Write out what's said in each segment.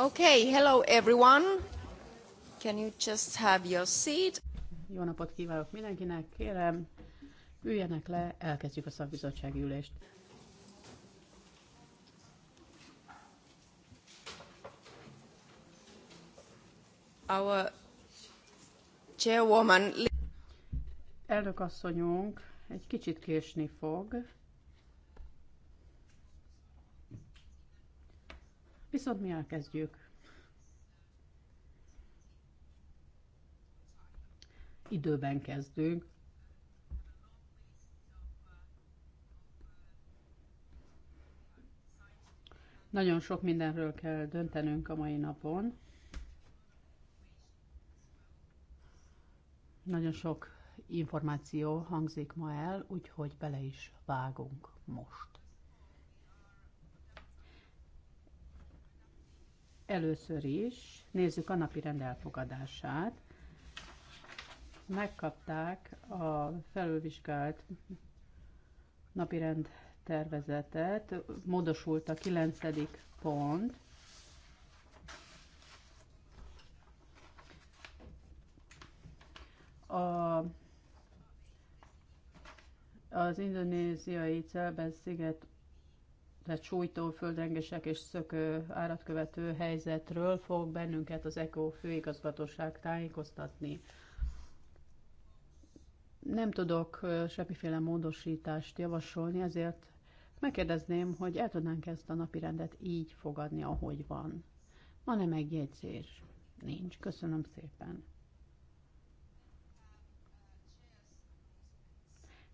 Okay, hello everyone. Can you just have your seat? Jó napot kívánok mindenkinek, kérem, üljenek le, elkezdjük a szakbizottsági ülést. Our chairwoman... Elnök asszonyunk egy kicsit késni fog, viszont mi elkezdjük. Időben kezdünk. Nagyon sok mindenről kell döntenünk a mai napon. Nagyon sok információ hangzik ma el, úgyhogy bele is vágunk most. Először is nézzük a napi rend elfogadását. Megkapták a felülvizsgált rend tervezetet, módosult a 9. pont, a, az indonéziai Celben sziget tehát sújtó, földrengesek és szökő áratkövető helyzetről fog bennünket az ECO főigazgatóság tájékoztatni. Nem tudok semmiféle módosítást javasolni, ezért megkérdezném, hogy el tudnánk ezt a napirendet így fogadni, ahogy van. Ma nem megjegyzés? Nincs. Köszönöm szépen.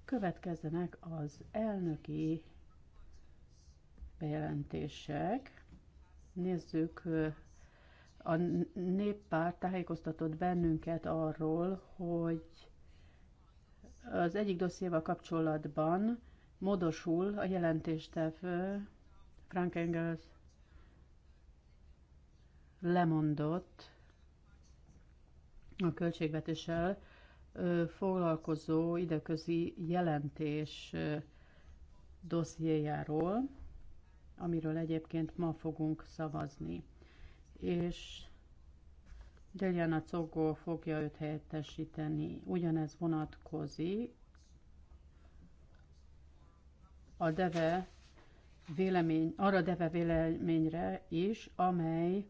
Következzenek az elnöki bejelentések. Nézzük, a néppárt tájékoztatott bennünket arról, hogy az egyik dossziéval kapcsolatban módosul a jelentéstevő Frank Engels lemondott a költségvetéssel foglalkozó időközi jelentés dossziéjáról amiről egyébként ma fogunk szavazni. És Deliana Cogó fogja őt helyettesíteni. Ugyanez vonatkozik a deve vélemény, arra deve véleményre is, amely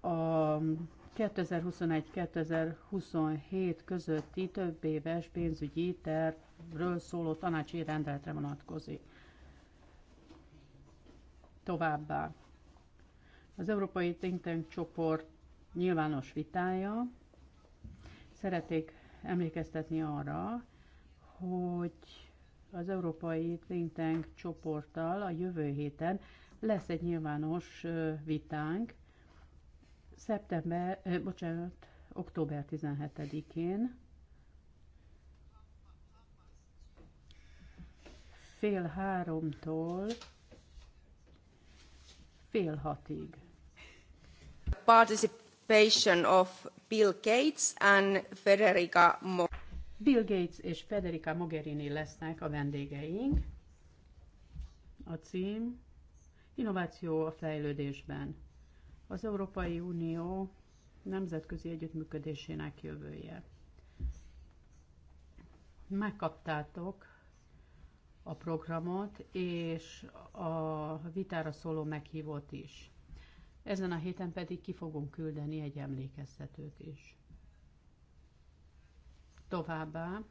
a 2021-2027 közötti több éves pénzügyi tervről szóló tanácsi rendeletre vonatkozik. Továbbá az Európai Think Tank csoport nyilvános vitája szeretnék emlékeztetni arra, hogy az Európai Think Tank csoporttal a jövő héten lesz egy nyilvános vitánk, szeptember, eh, bocsánat, október 17-én, fél háromtól fél hatig. Participation of Bill Gates and Federica Mogherini. Bill Gates és Federica Mogherini lesznek a vendégeink. A cím Innováció a fejlődésben. Az Európai Unió nemzetközi együttműködésének jövője. Megkaptátok a programot, és a vitára szóló meghívót is. Ezen a héten pedig ki fogunk küldeni egy emlékeztetőt is. Továbbá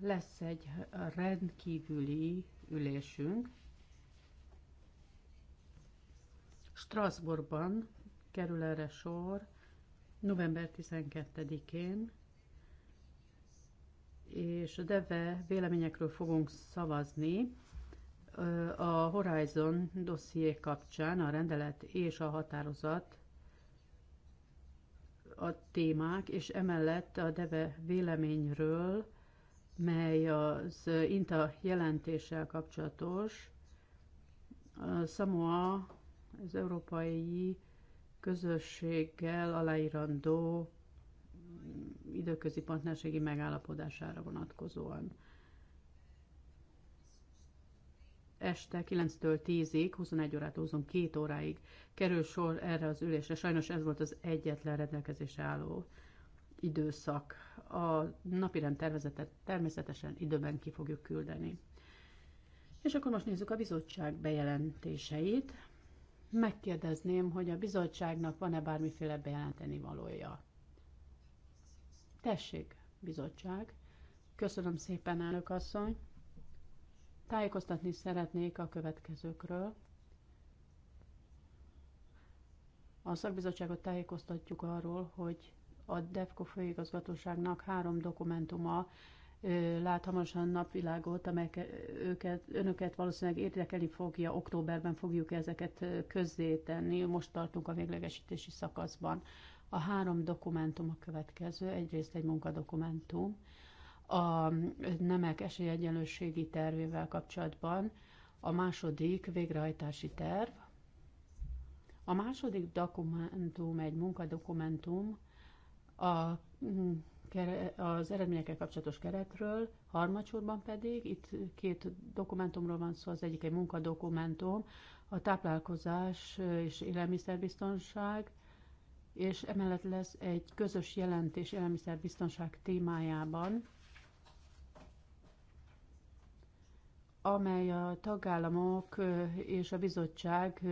lesz egy rendkívüli ülésünk. Strasbourgban kerül erre sor november 12-én és a DEVE véleményekről fogunk szavazni a Horizon dosszié kapcsán a rendelet és a határozat a témák, és emellett a DEVE véleményről, mely az INTA jelentéssel kapcsolatos, a Samoa az európai közösséggel aláírandó időközi partnerségi megállapodására vonatkozóan. Este 9-től 10-ig, 21 órától 22 óráig kerül sor erre az ülésre. Sajnos ez volt az egyetlen rendelkezésre álló időszak. A napirend tervezetet természetesen időben ki fogjuk küldeni. És akkor most nézzük a bizottság bejelentéseit. Megkérdezném, hogy a bizottságnak van-e bármiféle bejelenteni valója. Tessék, bizottság. Köszönöm szépen, elnök asszony. Tájékoztatni szeretnék a következőkről. A szakbizottságot tájékoztatjuk arról, hogy a DEFCO főigazgatóságnak három dokumentuma lát hamarosan napvilágot, amelyek őket, önöket valószínűleg érdekelni fogja, októberben fogjuk ezeket közzétenni, most tartunk a véglegesítési szakaszban. A három dokumentum a következő, egyrészt egy munkadokumentum, a nemek esélyegyenlőségi tervével kapcsolatban, a második végrehajtási terv, a második dokumentum egy munkadokumentum a, az eredményekkel kapcsolatos keretről, harmadsorban pedig itt két dokumentumról van szó, az egyik egy munkadokumentum, a táplálkozás és élelmiszerbiztonság, és emellett lesz egy közös jelentés élelmiszerbiztonság témájában, amely a tagállamok és a bizottság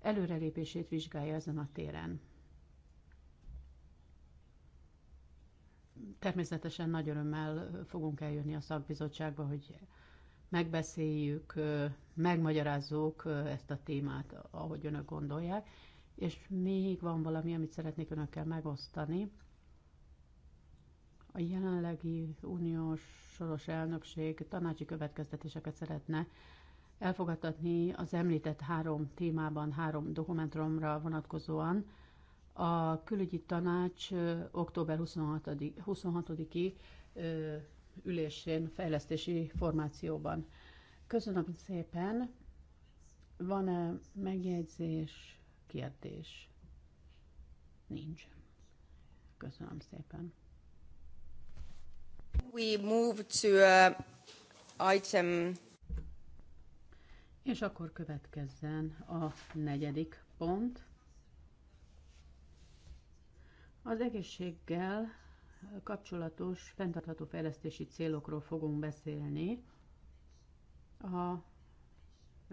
előrelépését vizsgálja ezen a téren. Természetesen nagy örömmel fogunk eljönni a szakbizottságba, hogy megbeszéljük, megmagyarázzuk ezt a témát, ahogy önök gondolják, és még van valami, amit szeretnék önökkel megosztani. A jelenlegi uniós soros elnökség tanácsi következtetéseket szeretne elfogadtatni az említett három témában, három dokumentumra vonatkozóan. A külügyi tanács október 26-i ülésén, fejlesztési formációban. Köszönöm szépen. Van-e megjegyzés kérdés nincs. Köszönöm szépen. We move to uh, item. És akkor következzen a negyedik pont. Az egészséggel kapcsolatos fenntartható fejlesztési célokról fogunk beszélni. A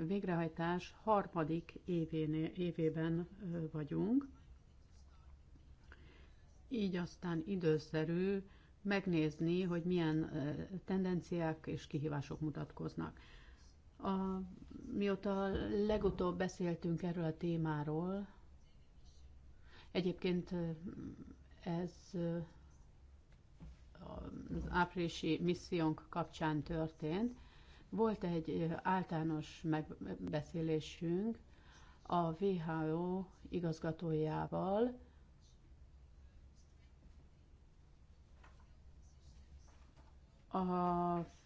végrehajtás harmadik événé, évében vagyunk, így aztán időszerű megnézni, hogy milyen tendenciák és kihívások mutatkoznak. A, mióta legutóbb beszéltünk erről a témáról, egyébként ez az áprilisi missziónk kapcsán történt, volt egy általános megbeszélésünk a WHO igazgatójával, a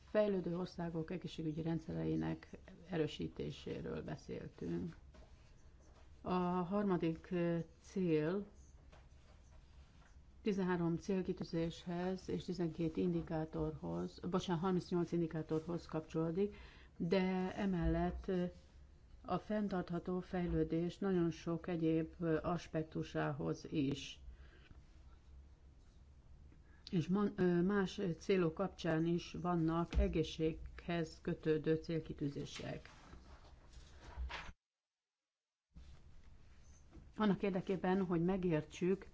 fejlődő országok egészségügyi rendszereinek erősítéséről beszéltünk. A harmadik cél 13 célkitűzéshez és 12 indikátorhoz, bocsánat, 38 indikátorhoz kapcsolódik, de emellett a fenntartható fejlődés nagyon sok egyéb aspektusához is. És más célok kapcsán is vannak egészséghez kötődő célkitűzések. Annak érdekében, hogy megértsük,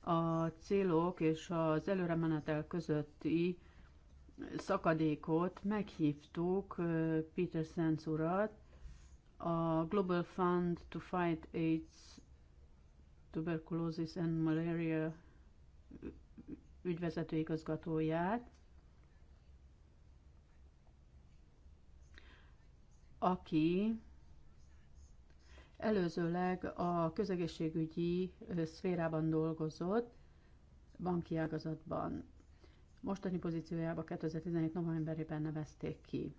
a célok és az menetel közötti szakadékot meghívtuk Peter Sands urat, a Global Fund to Fight AIDS, Tuberculosis and Malaria ügyvezető igazgatóját, aki Előzőleg a közegészségügyi szférában dolgozott, banki ágazatban. Mostani pozíciójába 2017. novemberében nevezték ki.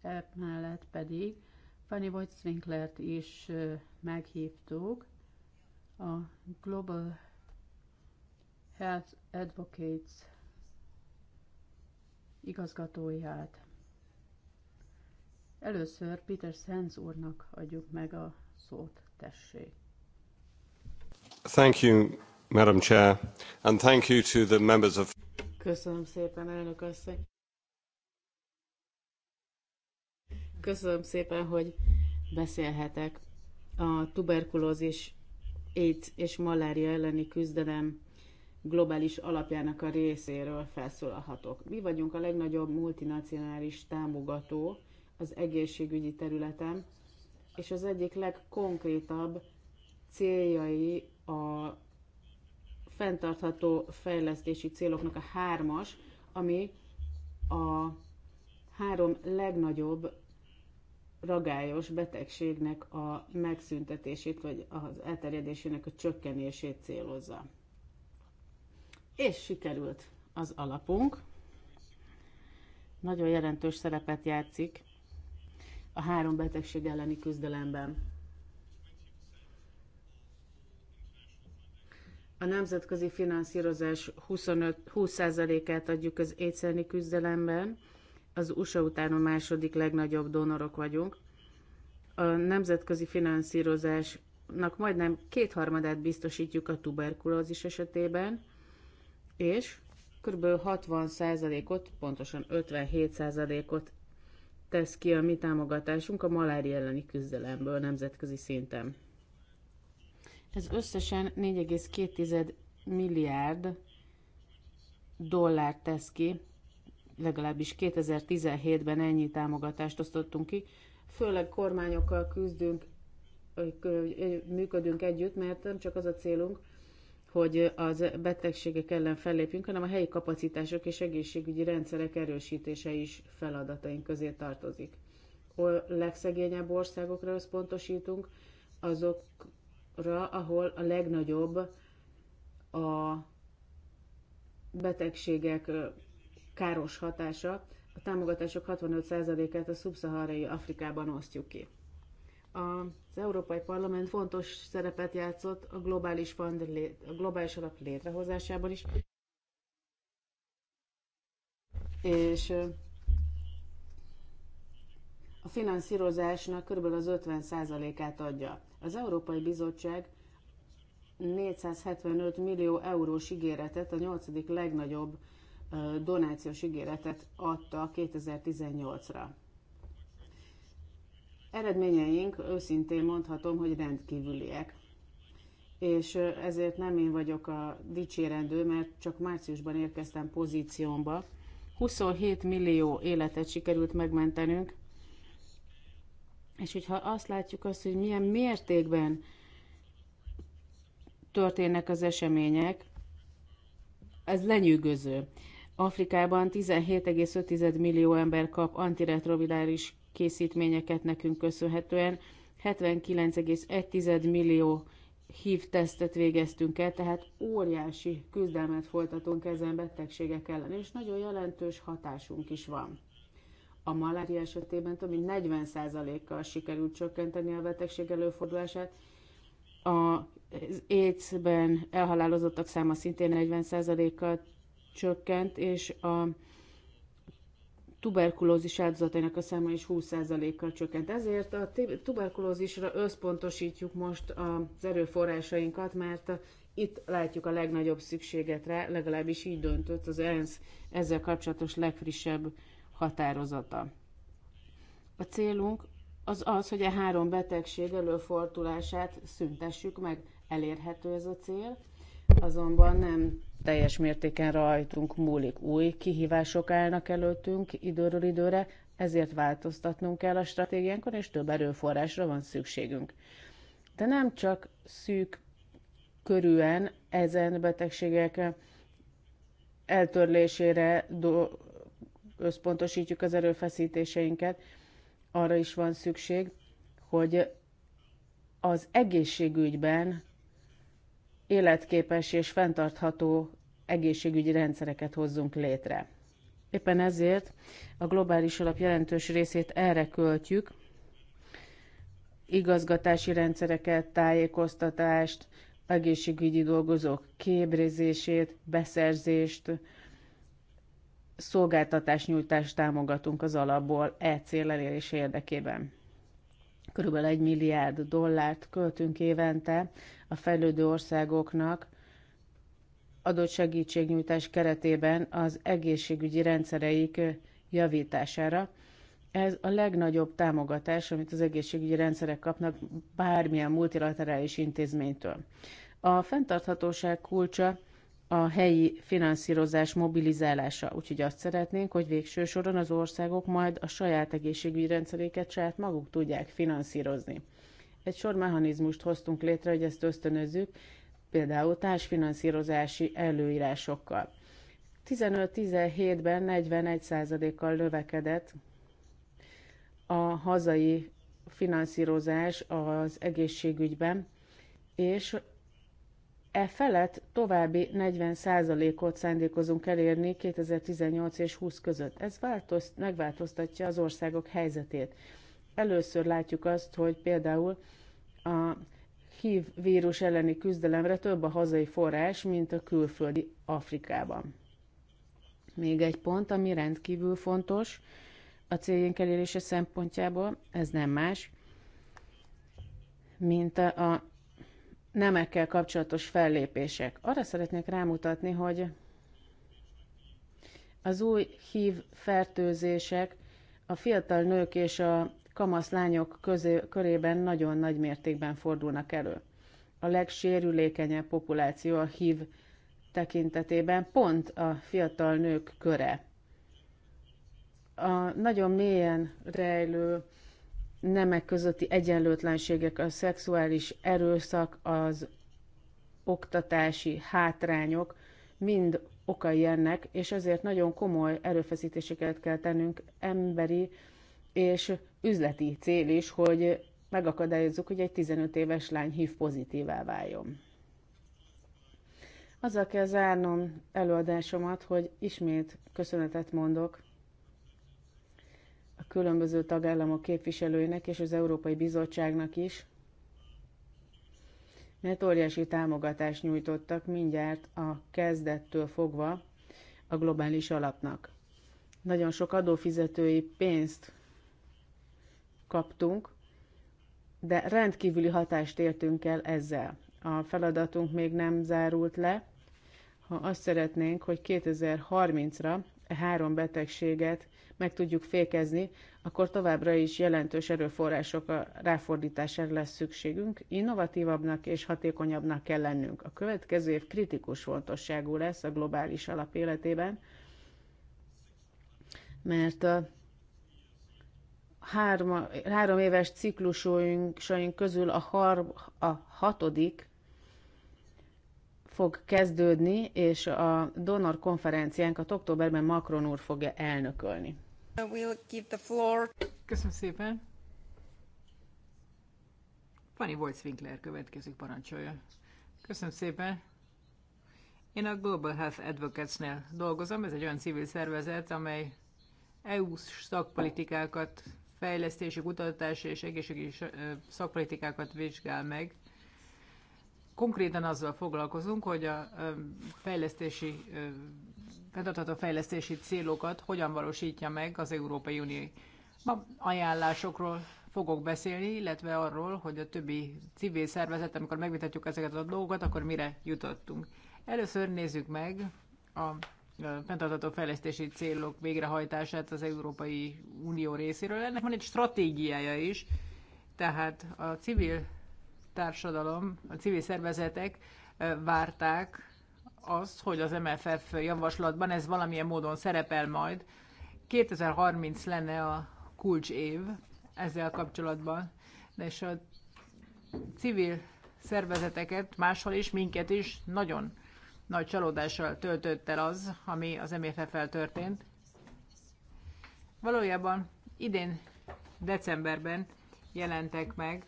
Emellett pedig Fanny Voigt-Swinklert is meghívtuk, a Global Health Advocates igazgatóját. Először Peter Sands úrnak adjuk meg a szót. Tessék. Thank you, Madam Chair, and thank you to the members of... Köszönöm szépen, elnök asszony. Köszönöm szépen, hogy beszélhetek a tuberkulózis, AIDS és malária elleni küzdelem globális alapjának a részéről felszólalhatok. Mi vagyunk a legnagyobb multinacionális támogató az egészségügyi területen, és az egyik legkonkrétabb céljai a fenntartható fejlesztési céloknak a hármas, ami a három legnagyobb ragályos betegségnek a megszüntetését, vagy az elterjedésének a csökkenését célozza. És sikerült az alapunk. Nagyon jelentős szerepet játszik a három betegség elleni küzdelemben. A nemzetközi finanszírozás 20%-át adjuk az étszerni küzdelemben, az USA után a második legnagyobb donorok vagyunk. A nemzetközi finanszírozásnak majdnem kétharmadát biztosítjuk a tuberkulózis esetében, és kb. 60%-ot, pontosan 57%-ot tesz ki a mi támogatásunk a malária elleni küzdelemből nemzetközi szinten. Ez összesen 4,2 milliárd dollárt tesz ki, legalábbis 2017-ben ennyi támogatást osztottunk ki, főleg kormányokkal küzdünk, működünk együtt, mert nem csak az a célunk, hogy az betegségek ellen fellépjünk, hanem a helyi kapacitások és egészségügyi rendszerek erősítése is feladataink közé tartozik. Hol legszegényebb országokra összpontosítunk, azokra, ahol a legnagyobb a betegségek káros hatása, a támogatások 65%-át a szubszaharai Afrikában osztjuk ki az Európai Parlament fontos szerepet játszott a globális, fund, a globális alap létrehozásában is. És a finanszírozásnak kb. az 50%-át adja. Az Európai Bizottság 475 millió eurós ígéretet, a nyolcadik legnagyobb donációs ígéretet adta 2018-ra. Eredményeink őszintén mondhatom, hogy rendkívüliek. És ezért nem én vagyok a dicsérendő, mert csak márciusban érkeztem pozíciómba. 27 millió életet sikerült megmentenünk, és hogyha azt látjuk azt, hogy milyen mértékben történnek az események, ez lenyűgöző. Afrikában 17,5 millió ember kap antiretrovirális készítményeket nekünk köszönhetően. 79,1 millió HIV tesztet végeztünk el, tehát óriási küzdelmet folytatunk ezen betegségek ellen, és nagyon jelentős hatásunk is van. A malária esetében több mint 40%-kal sikerült csökkenteni a betegség előfordulását, a AIDS-ben elhalálozottak száma szintén 40%-kal csökkent, és a tuberkulózis áldozatainak a száma is 20%-kal csökkent. Ezért a tuberkulózisra összpontosítjuk most az erőforrásainkat, mert itt látjuk a legnagyobb szükséget rá, legalábbis így döntött az ENSZ ezzel kapcsolatos legfrissebb határozata. A célunk az az, hogy a e három betegség előfordulását szüntessük meg. Elérhető ez a cél, azonban nem teljes mértéken rajtunk múlik. Új kihívások állnak előttünk időről időre, ezért változtatnunk kell a stratégiánkon, és több erőforrásra van szükségünk. De nem csak szűk körűen ezen betegségek eltörlésére do- összpontosítjuk az erőfeszítéseinket, arra is van szükség, hogy az egészségügyben életképes és fenntartható egészségügyi rendszereket hozzunk létre. Éppen ezért a globális alap jelentős részét erre költjük, igazgatási rendszereket, tájékoztatást, egészségügyi dolgozók képzését, beszerzést, szolgáltatásnyújtást támogatunk az alapból e cél elérése érdekében. Körülbelül egy milliárd dollárt költünk évente a fejlődő országoknak adott segítségnyújtás keretében az egészségügyi rendszereik javítására. Ez a legnagyobb támogatás, amit az egészségügyi rendszerek kapnak bármilyen multilaterális intézménytől. A fenntarthatóság kulcsa a helyi finanszírozás mobilizálása. Úgyhogy azt szeretnénk, hogy végső soron az országok majd a saját egészségügyi rendszeréket saját maguk tudják finanszírozni. Egy sor mechanizmust hoztunk létre, hogy ezt ösztönözzük, például társfinanszírozási előírásokkal. 15-17-ben 41%-kal növekedett a hazai finanszírozás az egészségügyben, és E felett további 40%-ot szándékozunk elérni 2018 és 20 között. Ez változt, megváltoztatja az országok helyzetét. Először látjuk azt, hogy például a HIV vírus elleni küzdelemre több a hazai forrás, mint a külföldi Afrikában. Még egy pont, ami rendkívül fontos a céljaink elérése szempontjából, ez nem más, mint a nemekkel kapcsolatos fellépések. Arra szeretnék rámutatni, hogy az új hív fertőzések a fiatal nők és a kamasz lányok közé, körében nagyon nagy mértékben fordulnak elő. A legsérülékenyebb populáció a hív tekintetében pont a fiatal nők köre. A nagyon mélyen rejlő nemek közötti egyenlőtlenségek, a szexuális erőszak, az oktatási hátrányok mind okai ennek, és ezért nagyon komoly erőfeszítéseket kell tennünk emberi és üzleti cél is, hogy megakadályozzuk, hogy egy 15 éves lány hív pozitívá váljon. Azzal kell zárnom előadásomat, hogy ismét köszönetet mondok a különböző tagállamok képviselőinek és az Európai Bizottságnak is, mert óriási támogatást nyújtottak mindjárt a kezdettől fogva a globális alapnak. Nagyon sok adófizetői pénzt kaptunk, de rendkívüli hatást értünk el ezzel. A feladatunk még nem zárult le. Ha azt szeretnénk, hogy 2030-ra három betegséget meg tudjuk fékezni, akkor továbbra is jelentős erőforrások ráfordítására lesz szükségünk, innovatívabbnak és hatékonyabbnak kell lennünk. A következő év kritikus fontosságú lesz a globális alap életében, mert a három, három éves ciklusunk közül a, har, a hatodik fog kezdődni, és a donor konferenciánkat októberben Macron úr fogja elnökölni. We'll give the floor. Köszönöm szépen. Fanny Wolfswinkler következik parancsolja. Köszönöm szépen. Én a Global Health Advocates-nél dolgozom, ez egy olyan civil szervezet, amely EU-s szakpolitikákat, fejlesztési, kutatási és egészségügyi szakpolitikákat vizsgál meg. Konkrétan azzal foglalkozunk, hogy a fejlesztési fenntartható fejlesztési célokat hogyan valósítja meg az Európai Unió. Ma ajánlásokról fogok beszélni, illetve arról, hogy a többi civil szervezet, amikor megvitatjuk ezeket a dolgokat, akkor mire jutottunk. Először nézzük meg a fenntartható fejlesztési célok végrehajtását az Európai Unió részéről. Ennek van egy stratégiája is, tehát a civil társadalom, a civil szervezetek várták az, hogy az MFF javaslatban ez valamilyen módon szerepel majd. 2030 lenne a kulcs év ezzel kapcsolatban, de és a civil szervezeteket, máshol is, minket is nagyon nagy csalódással töltött el az, ami az MFF-el történt. Valójában idén decemberben jelentek meg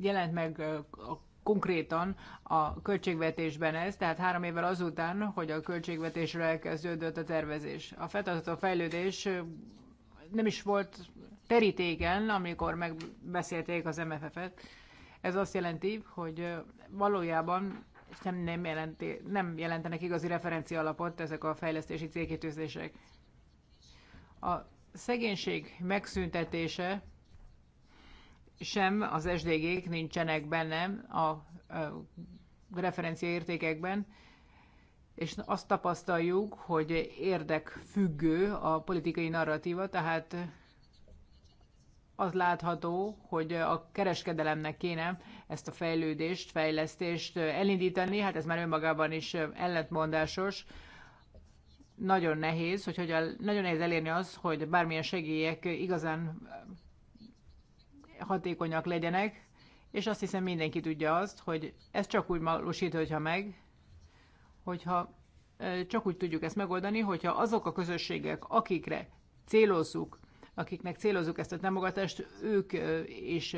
jelent meg a konkrétan a költségvetésben ez, tehát három évvel azután, hogy a költségvetésre elkezdődött a tervezés. A fenntartható fejlődés nem is volt terítéken, amikor megbeszélték az MFF-et. Ez azt jelenti, hogy valójában nem, nem, jelenti, nem jelentenek igazi referencia alapot ezek a fejlesztési célkitűzések. A szegénység megszüntetése sem az SDG-k nincsenek benne a, a referenciaértékekben, és azt tapasztaljuk, hogy érdekfüggő a politikai narratíva, tehát az látható, hogy a kereskedelemnek kéne ezt a fejlődést, fejlesztést elindítani, hát ez már önmagában is ellentmondásos. Nagyon nehéz, hogy hogyan, nagyon nehéz elérni az, hogy bármilyen segélyek igazán hatékonyak legyenek, és azt hiszem mindenki tudja azt, hogy ez csak úgy valósít, hogyha meg, hogyha csak úgy tudjuk ezt megoldani, hogyha azok a közösségek, akikre célozzuk, akiknek célozzuk ezt a támogatást, ők is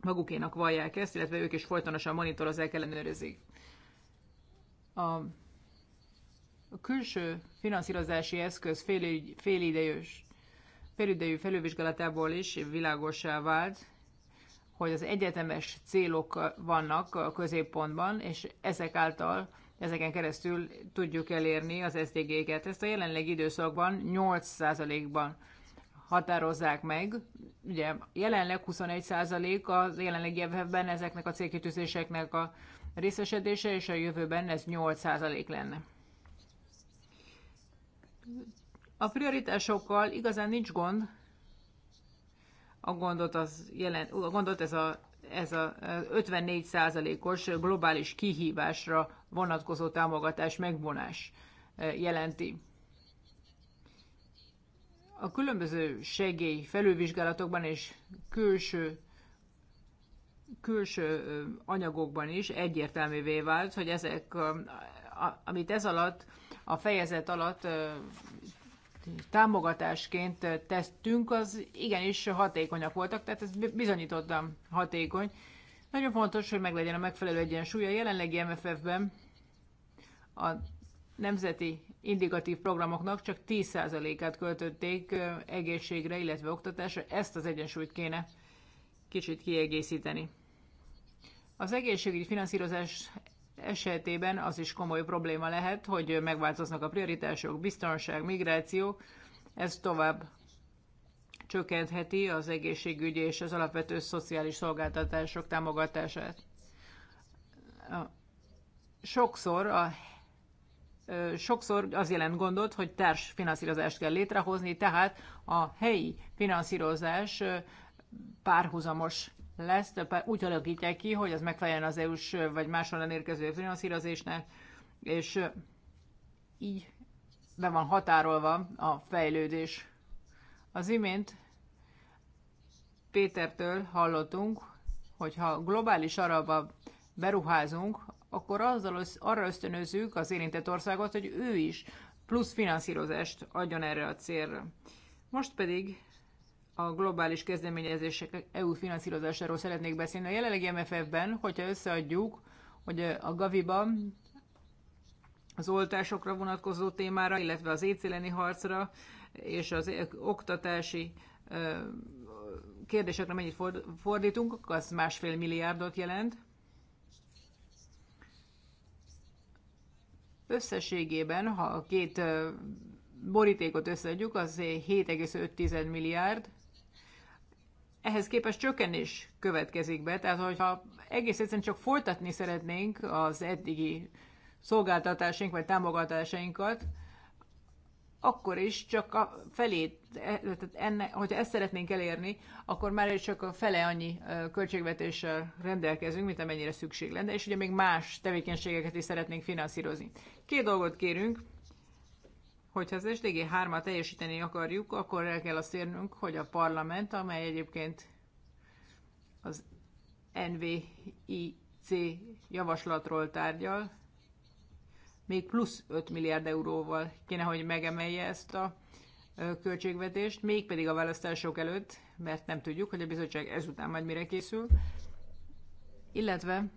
magukénak vallják ezt, illetve ők is folytonosan monitorozzák, ellenőrizik. A külső finanszírozási eszköz félidejős félidejű felülvizsgálatából is világosá vált, hogy az egyetemes célok vannak a középpontban, és ezek által, ezeken keresztül tudjuk elérni az SDG-ket. Ezt a jelenleg időszakban 8%-ban határozzák meg. Ugye jelenleg 21% az jelenlegi évben ezeknek a célkitűzéseknek a részesedése, és a jövőben ez 8% lenne. A prioritásokkal igazán nincs gond. A gondot, az jelen, a gondot ez a ez a 54%-os globális kihívásra vonatkozó támogatás megvonás jelenti. A különböző segély felülvizsgálatokban és külső, külső anyagokban is egyértelművé vált, hogy ezek, amit ez alatt, a fejezet alatt támogatásként tesztünk, az igenis hatékonyak voltak, tehát ez bizonyítottam hatékony. Nagyon fontos, hogy meglegyen a megfelelő egyensúly. A jelenlegi MFF-ben a nemzeti indikatív programoknak csak 10%-át költötték egészségre, illetve oktatásra. Ezt az egyensúlyt kéne kicsit kiegészíteni. Az egészségügyi finanszírozás esetében az is komoly probléma lehet, hogy megváltoznak a prioritások, biztonság, migráció, ez tovább csökkentheti az egészségügyi és az alapvető szociális szolgáltatások támogatását. Sokszor a sokszor az jelent gondot, hogy finanszírozást kell létrehozni, tehát a helyi finanszírozás párhuzamos lesz, úgy alakítják ki, hogy az megfeleljen az EU-s vagy máshonnan érkező finanszírozásnál, és így be van határolva a fejlődés. Az imént Pétertől hallottunk, hogy ha globális arabba beruházunk, akkor azzal arra ösztönözzük az érintett országot, hogy ő is plusz finanszírozást adjon erre a célra. Most pedig a globális kezdeményezések EU finanszírozásáról szeretnék beszélni. A jelenlegi MFF-ben, hogyha összeadjuk, hogy a Gavi-ban az oltásokra vonatkozó témára, illetve az éceleni harcra és az oktatási kérdésekre mennyit fordítunk, az másfél milliárdot jelent. Összességében, ha a két borítékot összeadjuk, az 7,5 milliárd, ehhez képest csökkenés következik be, tehát hogyha egész egyszerűen csak folytatni szeretnénk az eddigi szolgáltatásaink vagy támogatásainkat, akkor is csak a felét, tehát enne, hogyha ezt szeretnénk elérni, akkor már csak a fele annyi költségvetéssel rendelkezünk, mint amennyire szükség lenne, és ugye még más tevékenységeket is szeretnénk finanszírozni. Két dolgot kérünk, hogyha az SDG 3-at teljesíteni akarjuk, akkor el kell azt érnünk, hogy a parlament, amely egyébként az NVIC javaslatról tárgyal, még plusz 5 milliárd euróval kéne, hogy megemelje ezt a költségvetést, mégpedig a választások előtt, mert nem tudjuk, hogy a bizottság ezután majd mire készül, illetve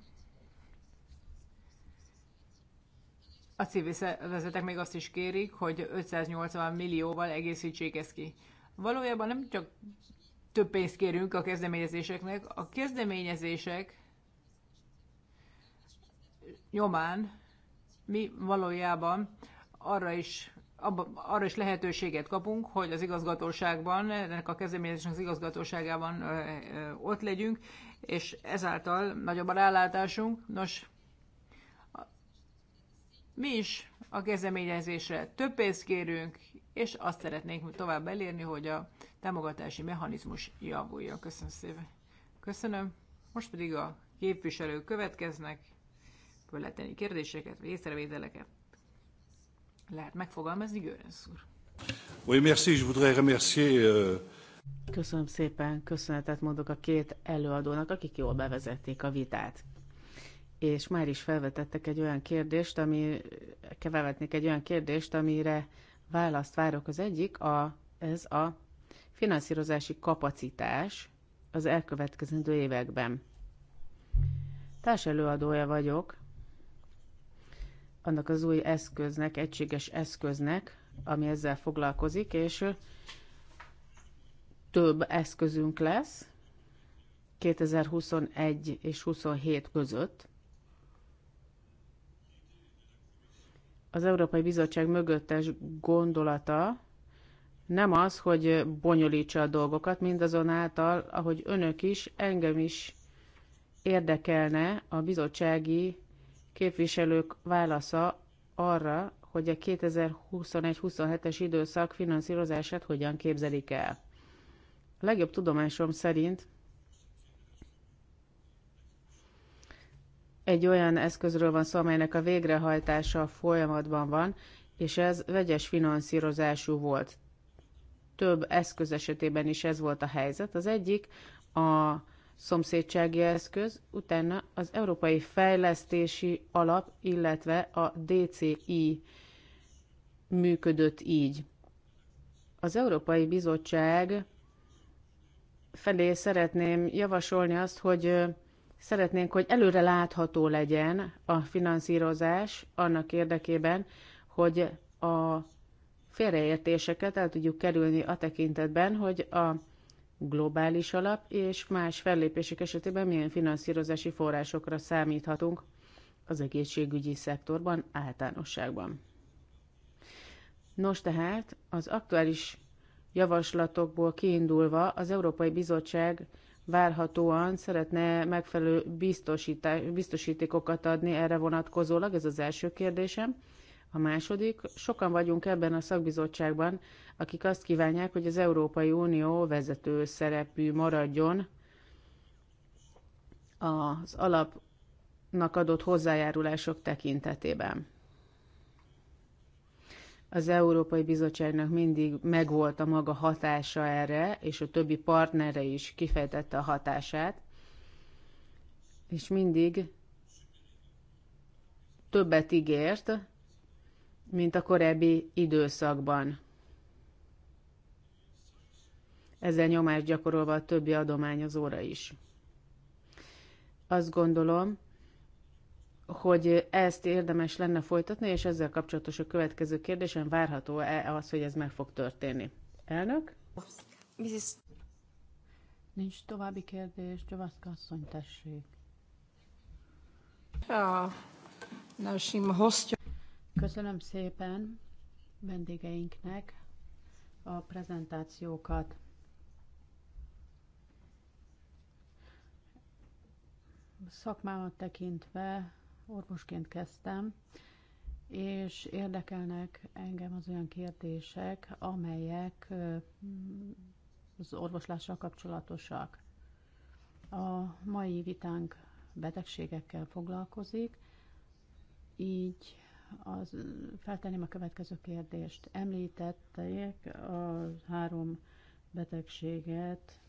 A civil szervezetek még azt is kérik, hogy 580 millióval egészítsék ezt ki. Valójában nem csak több pénzt kérünk a kezdeményezéseknek, a kezdeményezések nyomán mi valójában arra is, abba, arra is lehetőséget kapunk, hogy az igazgatóságban, ennek a kezdeményezésnek az igazgatóságában ott legyünk, és ezáltal nagyobb a rálátásunk. Nos, mi is a kezdeményezésre több pénzt kérünk, és azt szeretnénk tovább elérni, hogy a támogatási mechanizmus javuljon. Köszönöm szépen. Köszönöm. Most pedig a képviselők következnek, föl lehet tenni kérdéseket, vagy észrevételeket. Lehet megfogalmazni, Görönsz úr. Oui, merci, je voudrais remercier, euh, Köszönöm szépen, köszönetet mondok a két előadónak, akik jól bevezették a vitát és már is felvetettek egy olyan kérdést, ami, felvetnék egy olyan kérdést, amire választ várok. Az egyik, a, ez a finanszírozási kapacitás az elkövetkezendő években. Társelőadója vagyok annak az új eszköznek, egységes eszköznek, ami ezzel foglalkozik, és több eszközünk lesz 2021 és 27 között. az Európai Bizottság mögöttes gondolata nem az, hogy bonyolítsa a dolgokat, mindazonáltal, ahogy önök is, engem is érdekelne a bizottsági képviselők válasza arra, hogy a 2021-27-es időszak finanszírozását hogyan képzelik el. A legjobb tudomásom szerint egy olyan eszközről van szó, amelynek a végrehajtása folyamatban van, és ez vegyes finanszírozású volt. Több eszköz esetében is ez volt a helyzet. Az egyik a szomszédsági eszköz, utána az Európai Fejlesztési Alap, illetve a DCI működött így. Az Európai Bizottság felé szeretném javasolni azt, hogy Szeretnénk, hogy előre látható legyen a finanszírozás annak érdekében, hogy a félreértéseket el tudjuk kerülni a tekintetben, hogy a globális alap és más fellépések esetében milyen finanszírozási forrásokra számíthatunk az egészségügyi szektorban általánosságban. Nos tehát, az aktuális javaslatokból kiindulva az Európai Bizottság várhatóan szeretne megfelelő biztosítékokat adni erre vonatkozólag, ez az első kérdésem. A második, sokan vagyunk ebben a szakbizottságban, akik azt kívánják, hogy az Európai Unió vezető szerepű maradjon az alapnak adott hozzájárulások tekintetében. Az Európai Bizottságnak mindig megvolt a maga hatása erre, és a többi partnere is kifejtette a hatását, és mindig többet ígért, mint a korábbi időszakban. Ezzel nyomást gyakorolva a többi adományozóra is. Azt gondolom, hogy ezt érdemes lenne folytatni, és ezzel kapcsolatos a következő kérdésen várható-e az, hogy ez meg fog történni? Elnök? Mrs. Nincs további kérdés, Csavaszka asszony, tessék. Köszönöm szépen vendégeinknek a prezentációkat. Szakmámat tekintve orvosként kezdtem, és érdekelnek engem az olyan kérdések, amelyek az orvoslással kapcsolatosak. A mai vitánk betegségekkel foglalkozik, így az, feltenném a következő kérdést. Említették a három betegséget,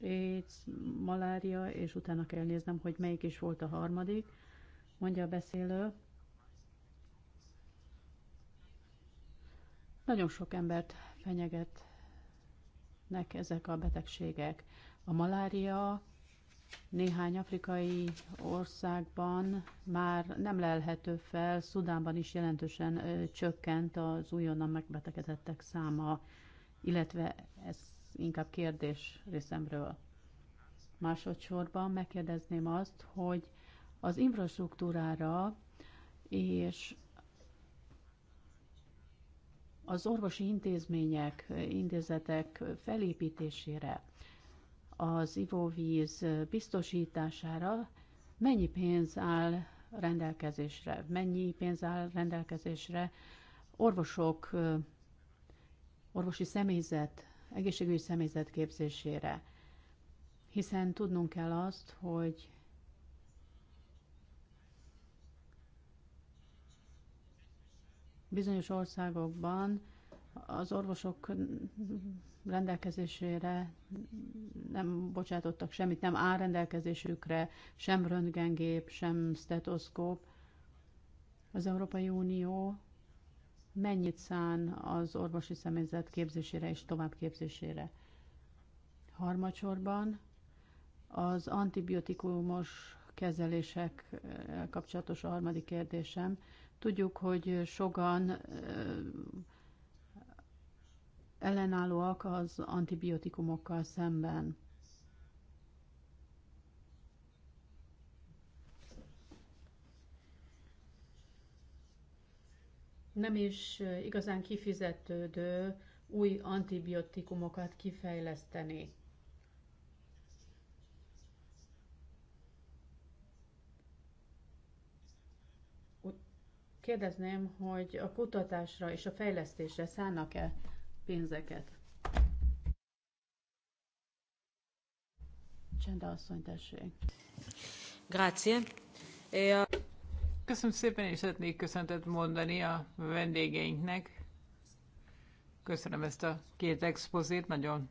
AIDS, malária, és utána kell néznem, hogy melyik is volt a harmadik, mondja a beszélő. Nagyon sok embert fenyegetnek ezek a betegségek. A malária néhány afrikai országban már nem lelhető fel, Szudánban is jelentősen ö, csökkent az újonnan megbetegedettek száma, illetve ez inkább kérdés részemről. Másodszorban megkérdezném azt, hogy az infrastruktúrára és az orvosi intézmények, intézetek felépítésére, az ivóvíz biztosítására mennyi pénz áll rendelkezésre, mennyi pénz áll rendelkezésre orvosok, orvosi személyzet egészségügyi személyzet képzésére, hiszen tudnunk kell azt, hogy bizonyos országokban az orvosok rendelkezésére nem bocsátottak semmit, nem áll rendelkezésükre sem röntgengép, sem stetoszkóp. Az Európai Unió mennyit szán az orvosi személyzet képzésére és továbbképzésére. Harmadsorban az antibiotikumos kezelések eh, kapcsolatos a harmadik kérdésem. Tudjuk, hogy sokan eh, ellenállóak az antibiotikumokkal szemben. nem is igazán kifizetődő új antibiotikumokat kifejleszteni. Kérdezném, hogy a kutatásra és a fejlesztésre szállnak-e pénzeket? Csenda asszony, tessék. Grazie. E a... Köszönöm szépen, és szeretnék köszöntet mondani a vendégeinknek. Köszönöm ezt a két expozit, nagyon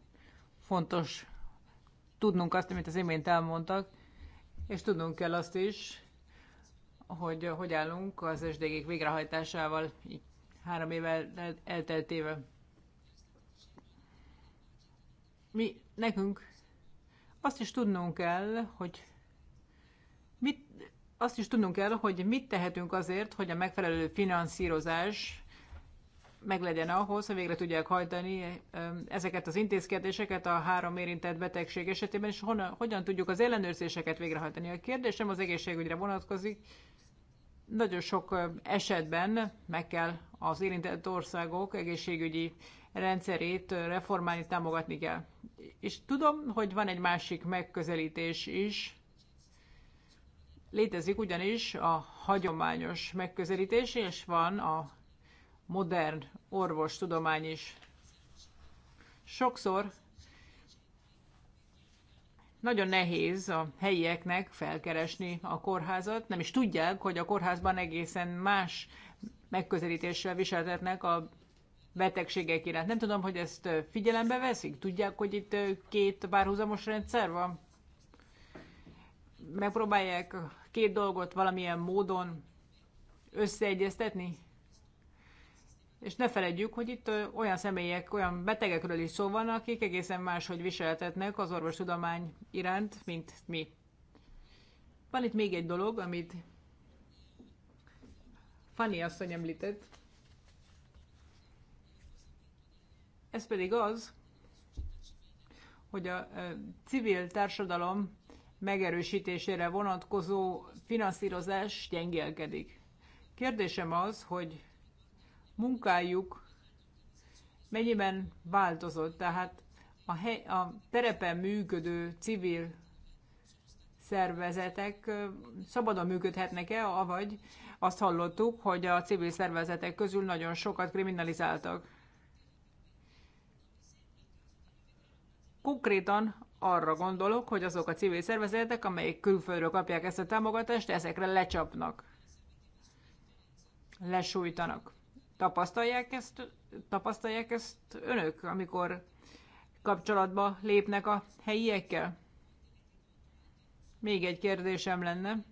fontos tudnunk azt, amit az imént elmondtak, és tudnunk kell azt is, hogy hogy állunk az sdg végrehajtásával így három évvel elteltével. Mi, nekünk azt is tudnunk kell, hogy azt is tudnunk kell, hogy mit tehetünk azért, hogy a megfelelő finanszírozás meglegyen ahhoz, hogy végre tudják hajtani ezeket az intézkedéseket a három érintett betegség esetében, és honnan, hogyan tudjuk az ellenőrzéseket végrehajtani. A kérdésem az egészségügyre vonatkozik. Nagyon sok esetben meg kell az érintett országok egészségügyi rendszerét reformálni, támogatni kell. És tudom, hogy van egy másik megközelítés is, Létezik ugyanis a hagyományos megközelítés, és van a modern orvostudomány is. Sokszor nagyon nehéz a helyieknek felkeresni a kórházat, nem is tudják, hogy a kórházban egészen más megközelítéssel viseltetnek a betegségek iránt. Nem tudom, hogy ezt figyelembe veszik? Tudják, hogy itt két párhuzamos rendszer van? megpróbálják két dolgot valamilyen módon összeegyeztetni? És ne feledjük, hogy itt olyan személyek, olyan betegekről is szó van, akik egészen máshogy viseltetnek az orvostudomány iránt, mint mi. Van itt még egy dolog, amit Fanny asszony említett. Ez pedig az, hogy a civil társadalom megerősítésére vonatkozó finanszírozás gyengélkedik. Kérdésem az, hogy munkájuk mennyiben változott, tehát a, hely, a terepen működő civil szervezetek szabadon működhetnek-e, avagy azt hallottuk, hogy a civil szervezetek közül nagyon sokat kriminalizáltak. Konkrétan arra gondolok, hogy azok a civil szervezetek, amelyek külföldről kapják ezt a támogatást, ezekre lecsapnak, lesújtanak. Tapasztalják ezt, tapasztalják ezt önök, amikor kapcsolatba lépnek a helyiekkel? Még egy kérdésem lenne.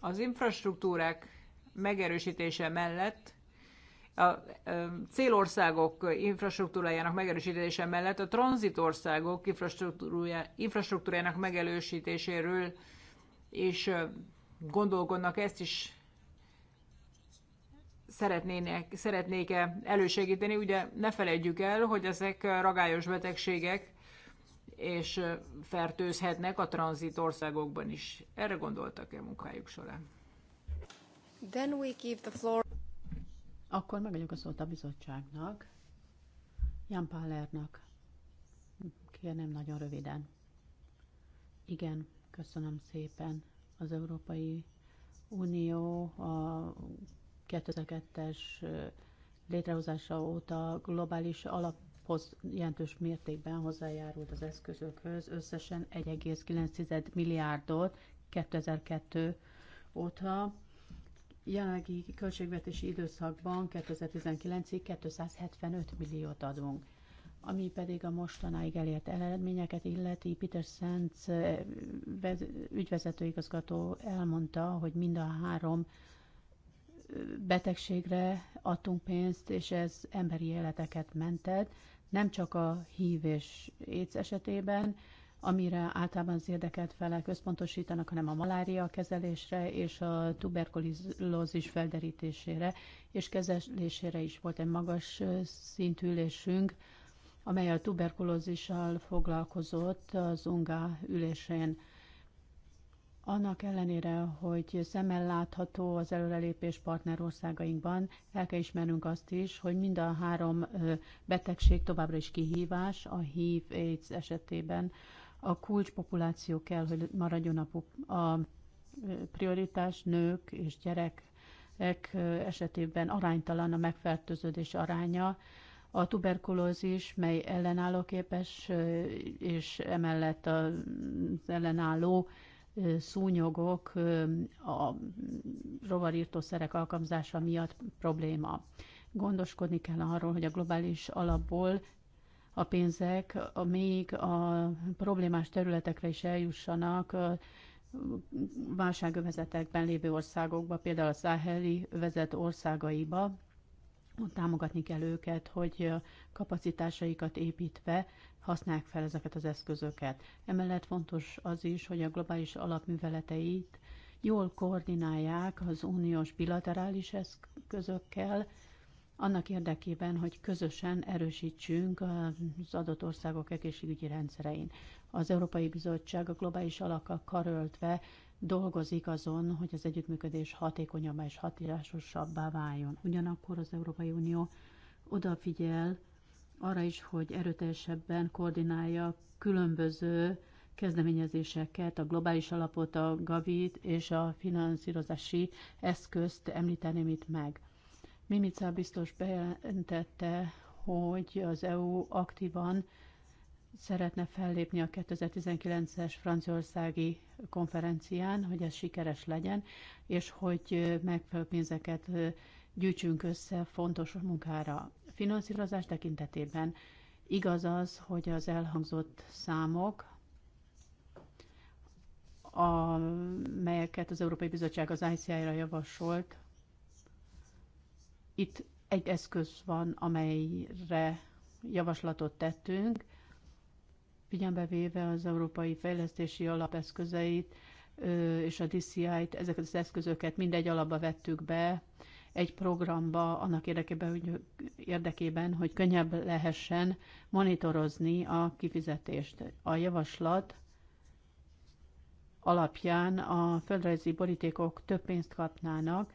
Az infrastruktúrák megerősítése mellett a célországok infrastruktúrájának megerősítése mellett a tranzitországok infrastruktúrájának megerősítéséről és gondolkodnak, ezt is szeretnének, szeretnék-e elősegíteni. Ugye ne felejtjük el, hogy ezek ragályos betegségek, és fertőzhetnek a tranzit országokban is. Erre gondoltak-e munkájuk során? Then we give the floor. Akkor megadjuk a szót a bizottságnak, Jan Pálernak. Kérném nagyon röviden. Igen, köszönöm szépen. Az Európai Unió a 2002-es létrehozása óta globális alap jelentős mértékben hozzájárult az eszközökhöz, összesen 1,9 milliárdot 2002 óta jelenlegi költségvetési időszakban 2019-ig 275 milliót adunk, ami pedig a mostanáig elért eredményeket illeti. Peter Sands eh, ügyvezetőigazgató elmondta, hogy mind a három eh, betegségre adtunk pénzt, és ez emberi életeket mentett, nem csak a hív és éc esetében, amire általában az érdekelt felek összpontosítanak, hanem a malária kezelésre és a tuberkulózis felderítésére és kezelésére is volt egy magas szintű ülésünk, amely a tuberkulózissal foglalkozott az UNGA ülésén. Annak ellenére, hogy szemmel látható az előrelépés partnerországainkban, el kell ismernünk azt is, hogy mind a három betegség továbbra is kihívás, a HIV AIDS esetében a kulcspopuláció kell, hogy maradjon a, a prioritás nők és gyerekek esetében aránytalan a megfertőződés aránya. A tuberkulózis, mely ellenállóképes, és emellett az ellenálló szúnyogok a rovarírtószerek alkalmazása miatt probléma. Gondoskodni kell arról, hogy a globális alapból a pénzek még a problémás területekre is eljussanak válságövezetekben lévő országokba, például a száheli vezet országaiba, támogatni kell őket, hogy kapacitásaikat építve használják fel ezeket az eszközöket. Emellett fontos az is, hogy a globális alapműveleteit jól koordinálják az uniós bilaterális eszközökkel, annak érdekében, hogy közösen erősítsünk az adott országok egészségügyi rendszerein. Az Európai Bizottság a globális alakkal karöltve dolgozik azon, hogy az együttműködés hatékonyabbá és hatásosabbá váljon. Ugyanakkor az Európai Unió odafigyel arra is, hogy erőteljesebben koordinálja különböző kezdeményezéseket, a globális alapot, a Gavit és a finanszírozási eszközt említeném itt meg. Mimica biztos bejelentette, hogy az EU aktívan szeretne fellépni a 2019-es franciaországi konferencián, hogy ez sikeres legyen, és hogy megfelelő pénzeket gyűjtsünk össze fontos munkára. Finanszírozás tekintetében igaz az, hogy az elhangzott számok, amelyeket az Európai Bizottság az ICI-ra javasolt, itt egy eszköz van, amelyre javaslatot tettünk, figyelembe véve az Európai Fejlesztési Alapeszközeit és a DCI-t, ezeket az eszközöket mindegy alapba vettük be, egy programba annak érdekében, hogy, érdekében, hogy könnyebb lehessen monitorozni a kifizetést. A javaslat alapján a földrajzi borítékok több pénzt kapnának,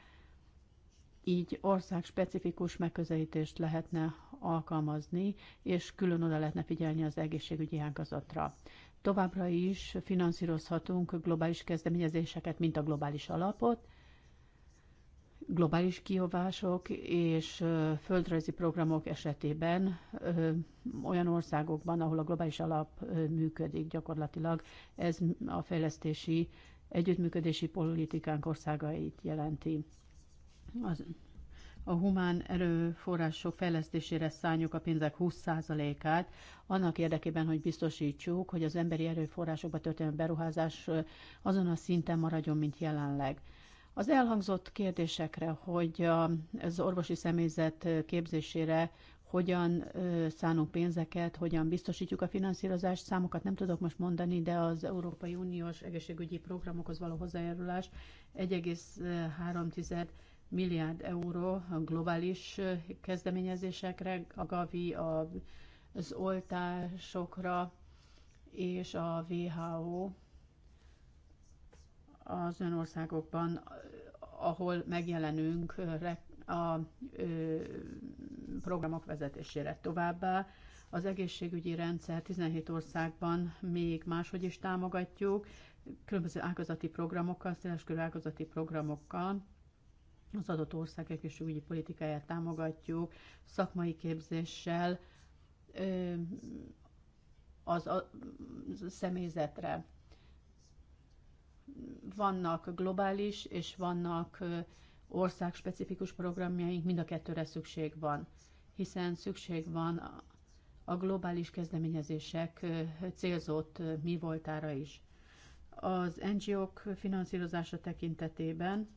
így országspecifikus megközelítést lehetne alkalmazni, és külön oda lehetne figyelni az egészségügyi ágazatra. Továbbra is finanszírozhatunk globális kezdeményezéseket, mint a globális alapot, globális kihovások és földrajzi programok esetében olyan országokban, ahol a globális alap működik gyakorlatilag, ez a fejlesztési együttműködési politikánk országait jelenti. Az, a humán erőforrások fejlesztésére szálljuk a pénzek 20%-át, annak érdekében, hogy biztosítsuk, hogy az emberi erőforrásokba történő beruházás azon a szinten maradjon, mint jelenleg. Az elhangzott kérdésekre, hogy az orvosi személyzet képzésére hogyan szánunk pénzeket, hogyan biztosítjuk a finanszírozást, számokat nem tudok most mondani, de az Európai Uniós egészségügyi programokhoz való hozzájárulás 1,3 milliárd euró a globális kezdeményezésekre, a GAVI, az oltásokra és a WHO az országokban, ahol megjelenünk a programok vezetésére továbbá. Az egészségügyi rendszer 17 országban még máshogy is támogatjuk, különböző ágazati programokkal, széleskörű ágazati programokkal, az adott ország egészségügyi politikáját támogatjuk, szakmai képzéssel, az a személyzetre. Vannak globális és vannak országspecifikus programjaink, mind a kettőre szükség van, hiszen szükség van a globális kezdeményezések célzott mi voltára is. Az NGO-k finanszírozása tekintetében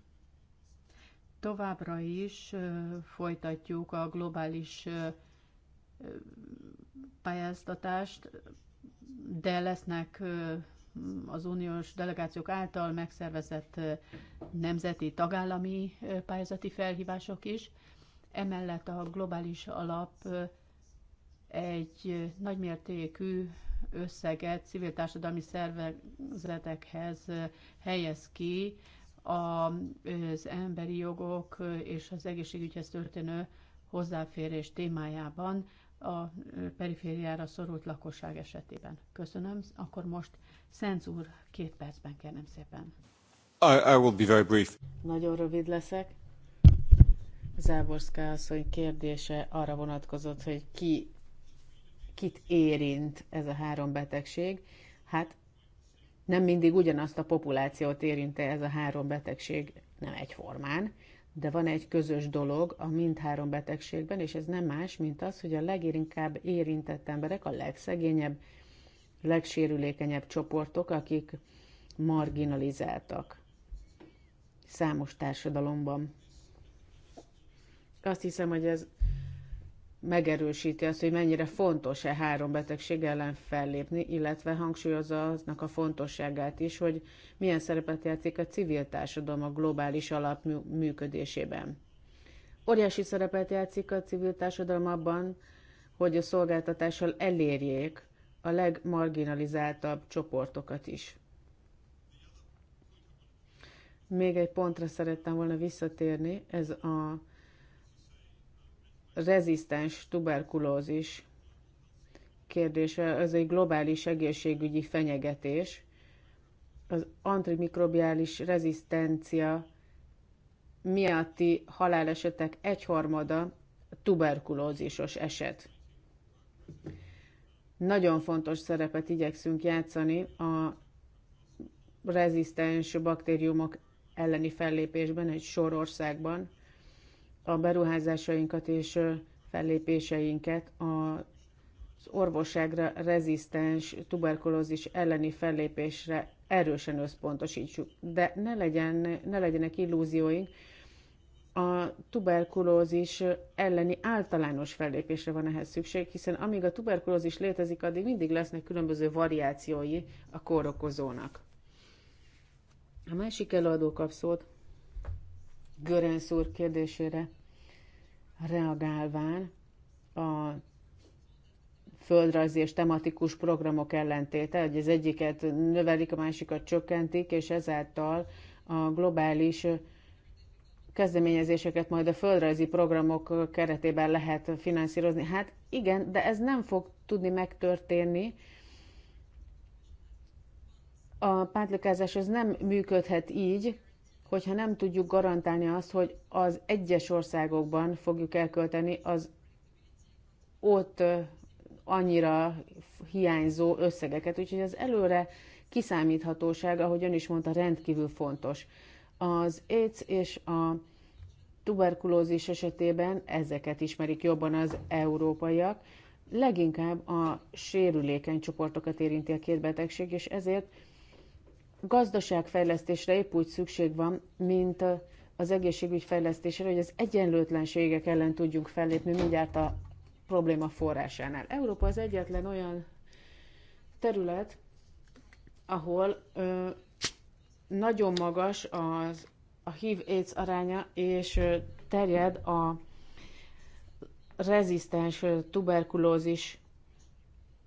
továbbra is folytatjuk a globális pályáztatást, de lesznek az uniós delegációk által megszervezett nemzeti tagállami pályázati felhívások is. Emellett a globális alap egy nagymértékű összeget civil társadalmi szervezetekhez helyez ki az emberi jogok és az egészségügyhez történő hozzáférés témájában a perifériára szorult lakosság esetében. Köszönöm. Akkor most Szenz úr, két percben kérem szépen. I, I will be very brief. Nagyon rövid leszek. Záborszka asszony kérdése arra vonatkozott, hogy ki, kit érint ez a három betegség. Hát nem mindig ugyanazt a populációt érinte ez a három betegség, nem egyformán, de van egy közös dolog a mindhárom betegségben, és ez nem más, mint az, hogy a leginkább érintett emberek a legszegényebb, legsérülékenyebb csoportok, akik marginalizáltak számos társadalomban. Azt hiszem, hogy ez megerősíti azt, hogy mennyire fontos-e három betegség ellen fellépni, illetve hangsúlyozza aznak a fontosságát is, hogy milyen szerepet játszik a civil társadalom a globális alap működésében. Óriási szerepet játszik a civil társadalom abban, hogy a szolgáltatással elérjék a legmarginalizáltabb csoportokat is. Még egy pontra szerettem volna visszatérni, ez a rezisztens tuberkulózis kérdése, ez egy globális egészségügyi fenyegetés. Az antimikrobiális rezisztencia miatti halálesetek egyharmada tuberkulózisos eset. Nagyon fontos szerepet igyekszünk játszani a rezisztens baktériumok elleni fellépésben egy sor országban, a beruházásainkat és fellépéseinket az orvosságra rezisztens tuberkulózis elleni fellépésre erősen összpontosítsuk. De ne, legyen, ne legyenek illúzióink, a tuberkulózis elleni általános fellépésre van ehhez szükség, hiszen amíg a tuberkulózis létezik, addig mindig lesznek különböző variációi a kórokozónak. A másik előadó kap szót, Görönsz úr kérdésére reagálván a földrajzi és tematikus programok ellentéte, hogy az egyiket növelik, a másikat csökkentik, és ezáltal a globális kezdeményezéseket majd a földrajzi programok keretében lehet finanszírozni. Hát igen, de ez nem fog tudni megtörténni. A pátlikázás az nem működhet így, hogyha nem tudjuk garantálni azt, hogy az egyes országokban fogjuk elkölteni az ott annyira hiányzó összegeket. Úgyhogy az előre kiszámíthatóság, ahogy ön is mondta, rendkívül fontos. Az AIDS és a tuberkulózis esetében ezeket ismerik jobban az európaiak, leginkább a sérülékeny csoportokat érinti a két betegség, és ezért gazdaságfejlesztésre épp úgy szükség van, mint az egészségügy fejlesztésére, hogy az egyenlőtlenségek ellen tudjunk fellépni mindjárt a probléma forrásánál. Európa az egyetlen olyan terület, ahol ö, nagyon magas az a HIV-AIDS aránya, és terjed a rezisztens tuberkulózis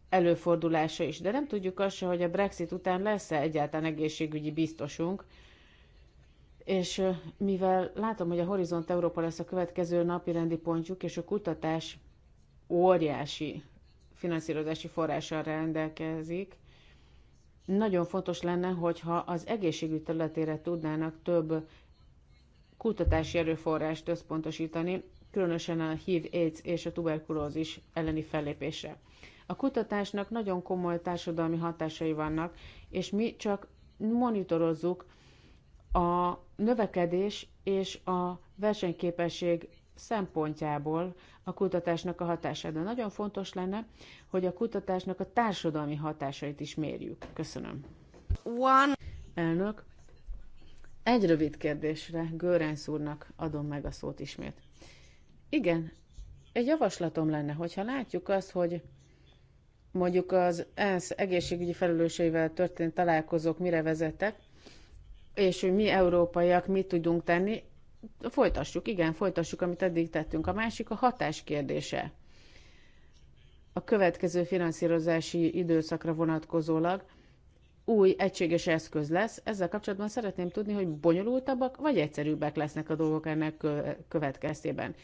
előfordulása is. De nem tudjuk azt se, hogy a Brexit után lesz-e egyáltalán egészségügyi biztosunk. És mivel látom, hogy a Horizont Európa lesz a következő napi rendi pontjuk, és a kutatás óriási finanszírozási forrással rendelkezik, nagyon fontos lenne, hogyha az egészségügy területére tudnának több kutatási erőforrást összpontosítani, különösen a HIV, AIDS és a tuberkulózis elleni fellépésre. A kutatásnak nagyon komoly társadalmi hatásai vannak, és mi csak monitorozzuk a növekedés és a versenyképesség szempontjából a kutatásnak a hatását. De nagyon fontos lenne, hogy a kutatásnak a társadalmi hatásait is mérjük. Köszönöm. One. Elnök, egy rövid kérdésre Görenc úrnak adom meg a szót ismét. Igen, egy javaslatom lenne, hogyha látjuk azt, hogy mondjuk az ENSZ egészségügyi felelőseivel történt találkozók mire vezettek, és hogy mi európaiak mit tudunk tenni, folytassuk, igen, folytassuk, amit eddig tettünk. A másik a hatás kérdése. A következő finanszírozási időszakra vonatkozólag új egységes eszköz lesz. Ezzel kapcsolatban szeretném tudni, hogy bonyolultabbak vagy egyszerűbbek lesznek a dolgok ennek következtében.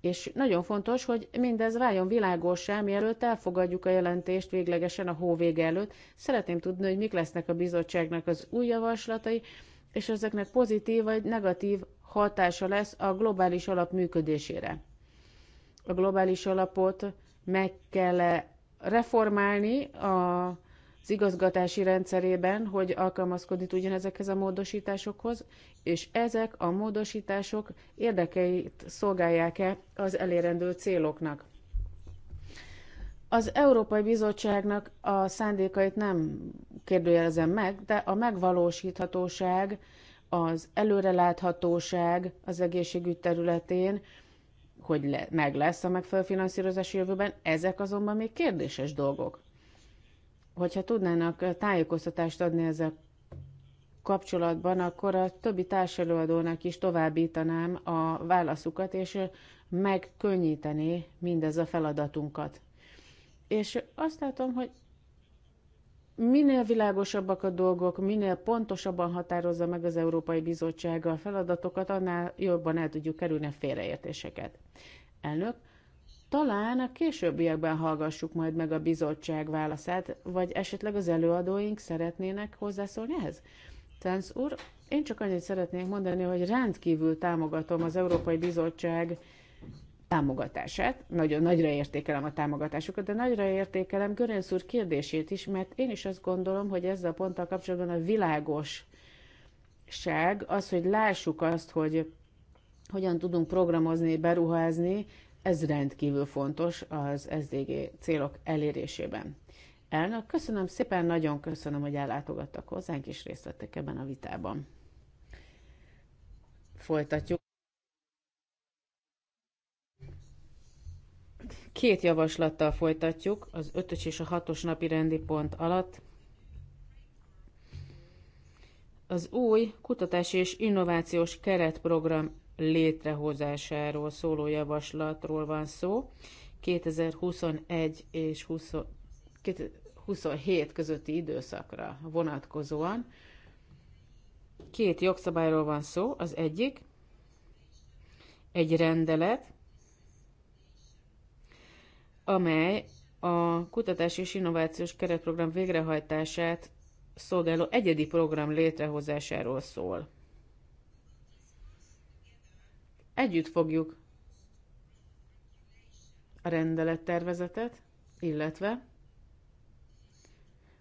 És nagyon fontos, hogy mindez váljon világosá, mielőtt elfogadjuk a jelentést véglegesen a hóvég előtt. Szeretném tudni, hogy mik lesznek a bizottságnak az új javaslatai, és ezeknek pozitív vagy negatív hatása lesz a globális alap működésére. A globális alapot meg kell reformálni a az igazgatási rendszerében, hogy alkalmazkodni tudjon ezekhez a módosításokhoz, és ezek a módosítások érdekeit szolgálják-e az elérendő céloknak. Az Európai Bizottságnak a szándékait nem kérdőjelezem meg, de a megvalósíthatóság, az előreláthatóság az egészségügy területén, hogy le, meg lesz a megfelelő finanszírozás jövőben, ezek azonban még kérdéses dolgok hogyha tudnának tájékoztatást adni ezzel kapcsolatban, akkor a többi társelőadónak is továbbítanám a válaszukat, és megkönnyítené mindez a feladatunkat. És azt látom, hogy minél világosabbak a dolgok, minél pontosabban határozza meg az Európai Bizottság a feladatokat, annál jobban el tudjuk kerülni a félreértéseket. Elnök, talán a későbbiekben hallgassuk majd meg a bizottság válaszát, vagy esetleg az előadóink szeretnének hozzászólni ehhez. Tánc úr, én csak annyit szeretnék mondani, hogy rendkívül támogatom az Európai Bizottság támogatását. Nagyon nagyra értékelem a támogatásukat, de nagyra értékelem Görönsz úr kérdését is, mert én is azt gondolom, hogy ezzel a ponttal kapcsolatban a világosság, az, hogy lássuk azt, hogy hogyan tudunk programozni, beruházni, ez rendkívül fontos az SDG célok elérésében. Elnök, köszönöm szépen, nagyon köszönöm, hogy ellátogattak hozzánk, és részt vettek ebben a vitában. Folytatjuk. Két javaslattal folytatjuk, az ötös és a hatos napi rendi pont alatt. Az új kutatási és innovációs keretprogram létrehozásáról szóló javaslatról van szó. 2021 és 20, közötti időszakra vonatkozóan. Két jogszabályról van szó, az egyik egy rendelet, amely a kutatási és innovációs keretprogram végrehajtását szolgáló egyedi program létrehozásáról szól. Együtt fogjuk a rendelettervezetet, illetve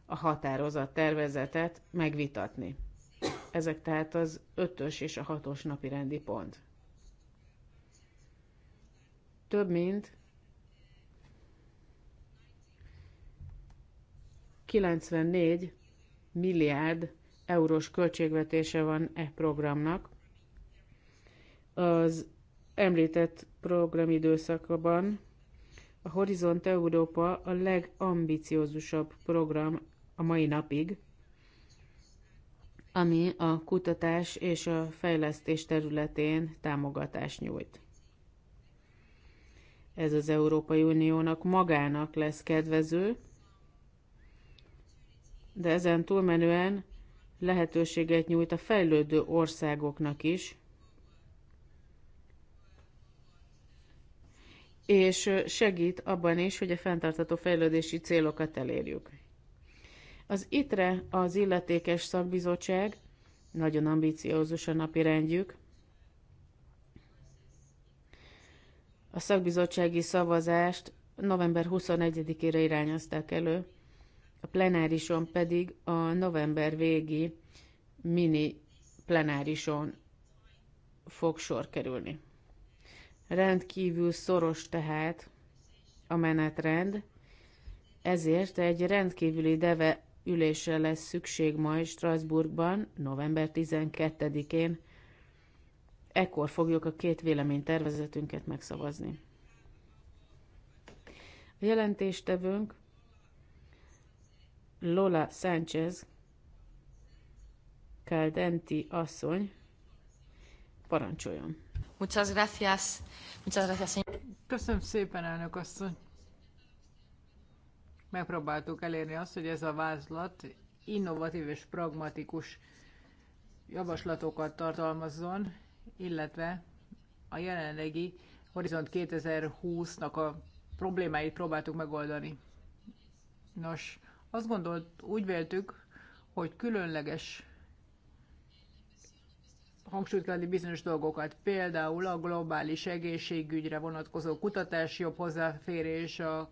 a határozat tervezetet megvitatni. Ezek tehát az ötös és a hatos napi rendi pont. Több mint 94 milliárd eurós költségvetése van e programnak, az említett programidőszakban a Horizont Európa a legambiciózusabb program a mai napig, ami a kutatás és a fejlesztés területén támogatást nyújt. Ez az Európai Uniónak magának lesz kedvező, de ezen túlmenően lehetőséget nyújt a fejlődő országoknak is, és segít abban is, hogy a fenntartató fejlődési célokat elérjük. Az ITRE, az illetékes szakbizottság, nagyon ambiciózus a napi rendjük. A szakbizottsági szavazást november 21-ére irányozták elő, a plenárison pedig a november végi mini plenárison fog sor kerülni. Rendkívül szoros tehát a menetrend, ezért egy rendkívüli deve ülésre lesz szükség majd Strasbourgban, november 12-én. Ekkor fogjuk a két véleménytervezetünket megszavazni. A jelentéstevőnk Lola Sánchez Caldenti asszony parancsoljon. Muchas gracias. Muchas gracias. Köszönöm szépen, elnök asszony. Megpróbáltuk elérni azt, hogy ez a vázlat innovatív és pragmatikus javaslatokat tartalmazzon, illetve a jelenlegi Horizont 2020-nak a problémáit próbáltuk megoldani. Nos, azt gondolt, úgy véltük, hogy különleges hangsúlyt kell adni bizonyos dolgokat, például a globális egészségügyre vonatkozó kutatás, jobb hozzáférés a, a,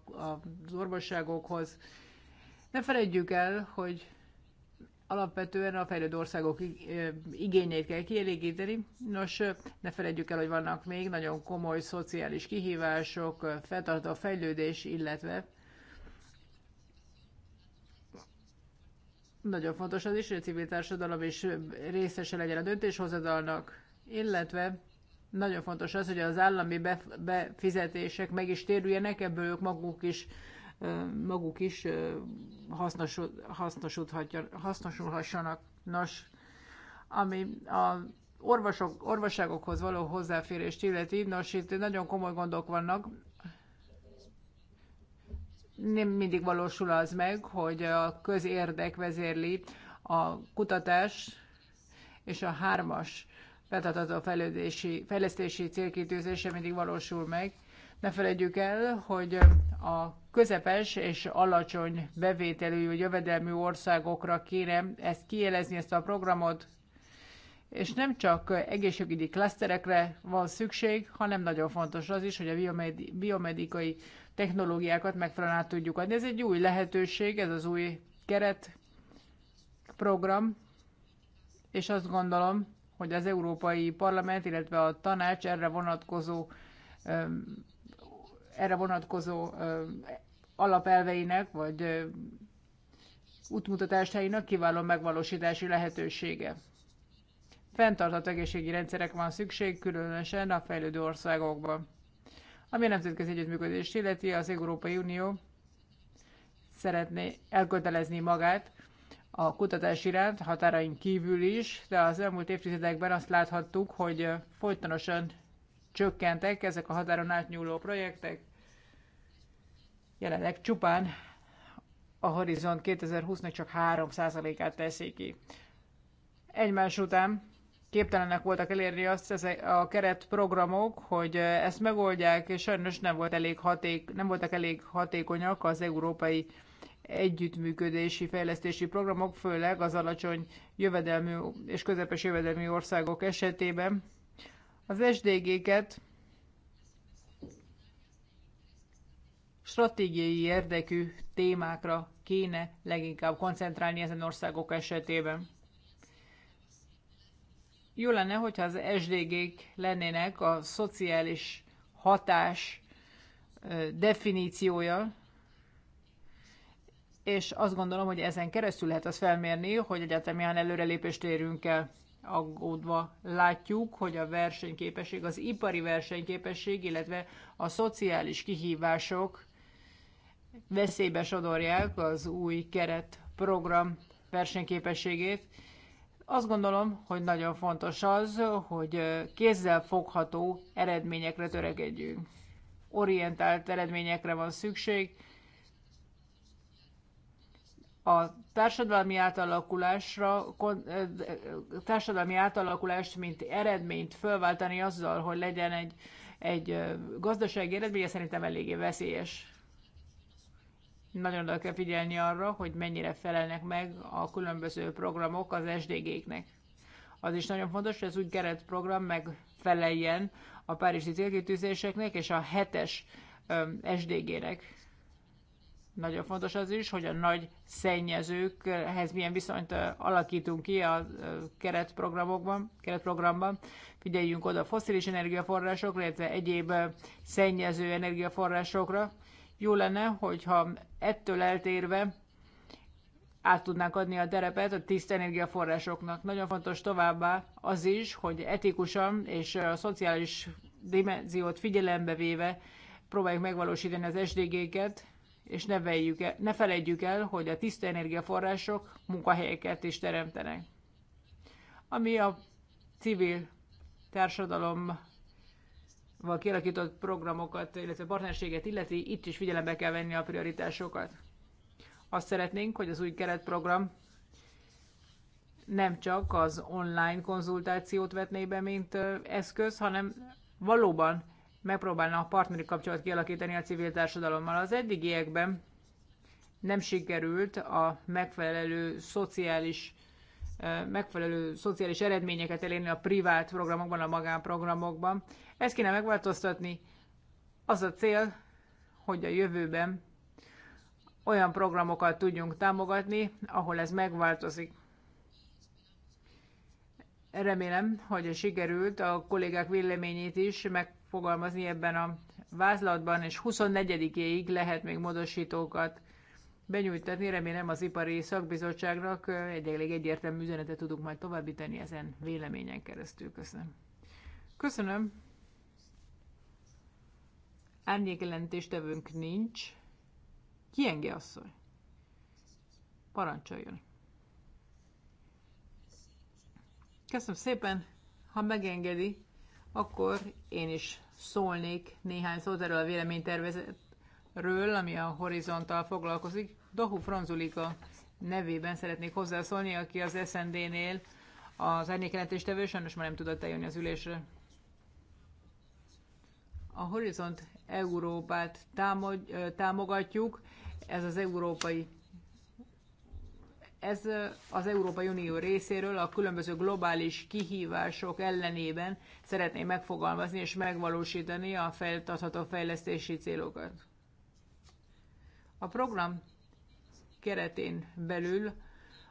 az orvosságokhoz. Ne felejtjük el, hogy alapvetően a fejlődő országok igényeit kell kielégíteni. Nos, ne felejtjük el, hogy vannak még nagyon komoly szociális kihívások, feltartó fejlődés, illetve Nagyon fontos az is, hogy a civil társadalom is részese legyen a döntéshozadalnak, illetve nagyon fontos az, hogy az állami befizetések meg is térüljenek, ebből ők maguk is maguk is hasznosulhassanak. Nos, ami a orvosok, orvosságokhoz való hozzáférést illeti, nos itt nagyon komoly gondok vannak nem mindig valósul az meg, hogy a közérdek vezérli a kutatás és a hármas betartató fejlődési, fejlesztési célkítőzése mindig valósul meg. Ne felejtjük el, hogy a közepes és alacsony bevételű vagy jövedelmű országokra kérem ezt kielezni, ezt a programot, és nem csak egészségügyi klaszterekre van szükség, hanem nagyon fontos az is, hogy a biomedikai technológiákat megfelelően át tudjuk adni. Ez egy új lehetőség, ez az új keret program, és azt gondolom, hogy az Európai Parlament, illetve a tanács erre vonatkozó erre vonatkozó alapelveinek, vagy útmutatásainak kiváló megvalósítási lehetősége. Fenntartott egészségi rendszerek van szükség, különösen a fejlődő országokban. Ami a nemzetközi együttműködést illeti, az Európai Unió szeretné elkötelezni magát a kutatás iránt határain kívül is, de az elmúlt évtizedekben azt láthattuk, hogy folytonosan csökkentek ezek a határon átnyúló projektek. Jelenleg csupán a Horizont 2020-nak csak 3%-át teszi ki. Egymás után képtelenek voltak elérni azt ezek a keretprogramok, hogy ezt megoldják, és sajnos nem, volt elég haték, nem voltak elég hatékonyak az európai együttműködési, fejlesztési programok, főleg az alacsony jövedelmű és közepes jövedelmi országok esetében. Az SDG-ket stratégiai érdekű témákra kéne leginkább koncentrálni ezen országok esetében. Jó lenne, hogyha az SDG-k lennének a szociális hatás definíciója, és azt gondolom, hogy ezen keresztül lehet azt felmérni, hogy egyáltalán milyen előrelépést érünk el aggódva látjuk, hogy a versenyképesség, az ipari versenyképesség, illetve a szociális kihívások veszélybe sodorják az új keret program versenyképességét. Azt gondolom, hogy nagyon fontos az, hogy kézzel fogható eredményekre törekedjünk. Orientált eredményekre van szükség. A társadalmi átalakulásra, társadalmi átalakulást, mint eredményt fölváltani azzal, hogy legyen egy, egy gazdasági eredménye, szerintem eléggé veszélyes. Nagyon oda kell figyelni arra, hogy mennyire felelnek meg a különböző programok az SDG-knek. Az is nagyon fontos, hogy az keret keretprogram megfeleljen a párizsi célkitűzéseknek és a hetes SDG-nek. Nagyon fontos az is, hogy a nagy szennyezőkhez milyen viszonyt alakítunk ki a keretprogramokban, keretprogramban. Figyeljünk oda a foszilis energiaforrásokra, illetve egyéb szennyező energiaforrásokra. Jó lenne, hogyha ettől eltérve át tudnánk adni a terepet a tiszta energiaforrásoknak. Nagyon fontos továbbá az is, hogy etikusan és a szociális dimenziót figyelembe véve próbáljuk megvalósítani az SDG-ket, és ne, el, ne felejtjük el, hogy a tiszta energiaforrások munkahelyeket is teremtenek. Ami a civil társadalom vagy szóval kialakított programokat, illetve partnerséget illeti, itt is figyelembe kell venni a prioritásokat. Azt szeretnénk, hogy az új keretprogram nem csak az online konzultációt vetné be, mint eszköz, hanem valóban megpróbálna a partneri kapcsolat kialakítani a civil társadalommal. Az eddigiekben nem sikerült a megfelelő szociális megfelelő szociális eredményeket elérni a privát programokban, a magánprogramokban. Ezt kéne megváltoztatni. Az a cél, hogy a jövőben olyan programokat tudjunk támogatni, ahol ez megváltozik. Remélem, hogy sikerült a kollégák véleményét is megfogalmazni ebben a vázlatban, és 24-éig lehet még módosítókat benyújtani. Remélem az Ipari Szakbizottságnak egy elég egyértelmű üzenetet tudunk majd továbbítani ezen véleményen keresztül. Köszönöm. Köszönöm tevőnk nincs. Kienge asszony. Parancsoljon. Köszönöm szépen. Ha megengedi, akkor én is szólnék néhány szót erről a véleménytervezetről, ami a horizontal foglalkozik. Dohu Franzulika nevében szeretnék hozzászólni, aki az SND-nél az tevő, sajnos már nem tudott eljönni az ülésre. A Horizont Európát támogatjuk, ez az európai ez az Európai Unió részéről a különböző globális kihívások ellenében szeretné megfogalmazni és megvalósítani a feltartható fejlesztési célokat. A program keretén belül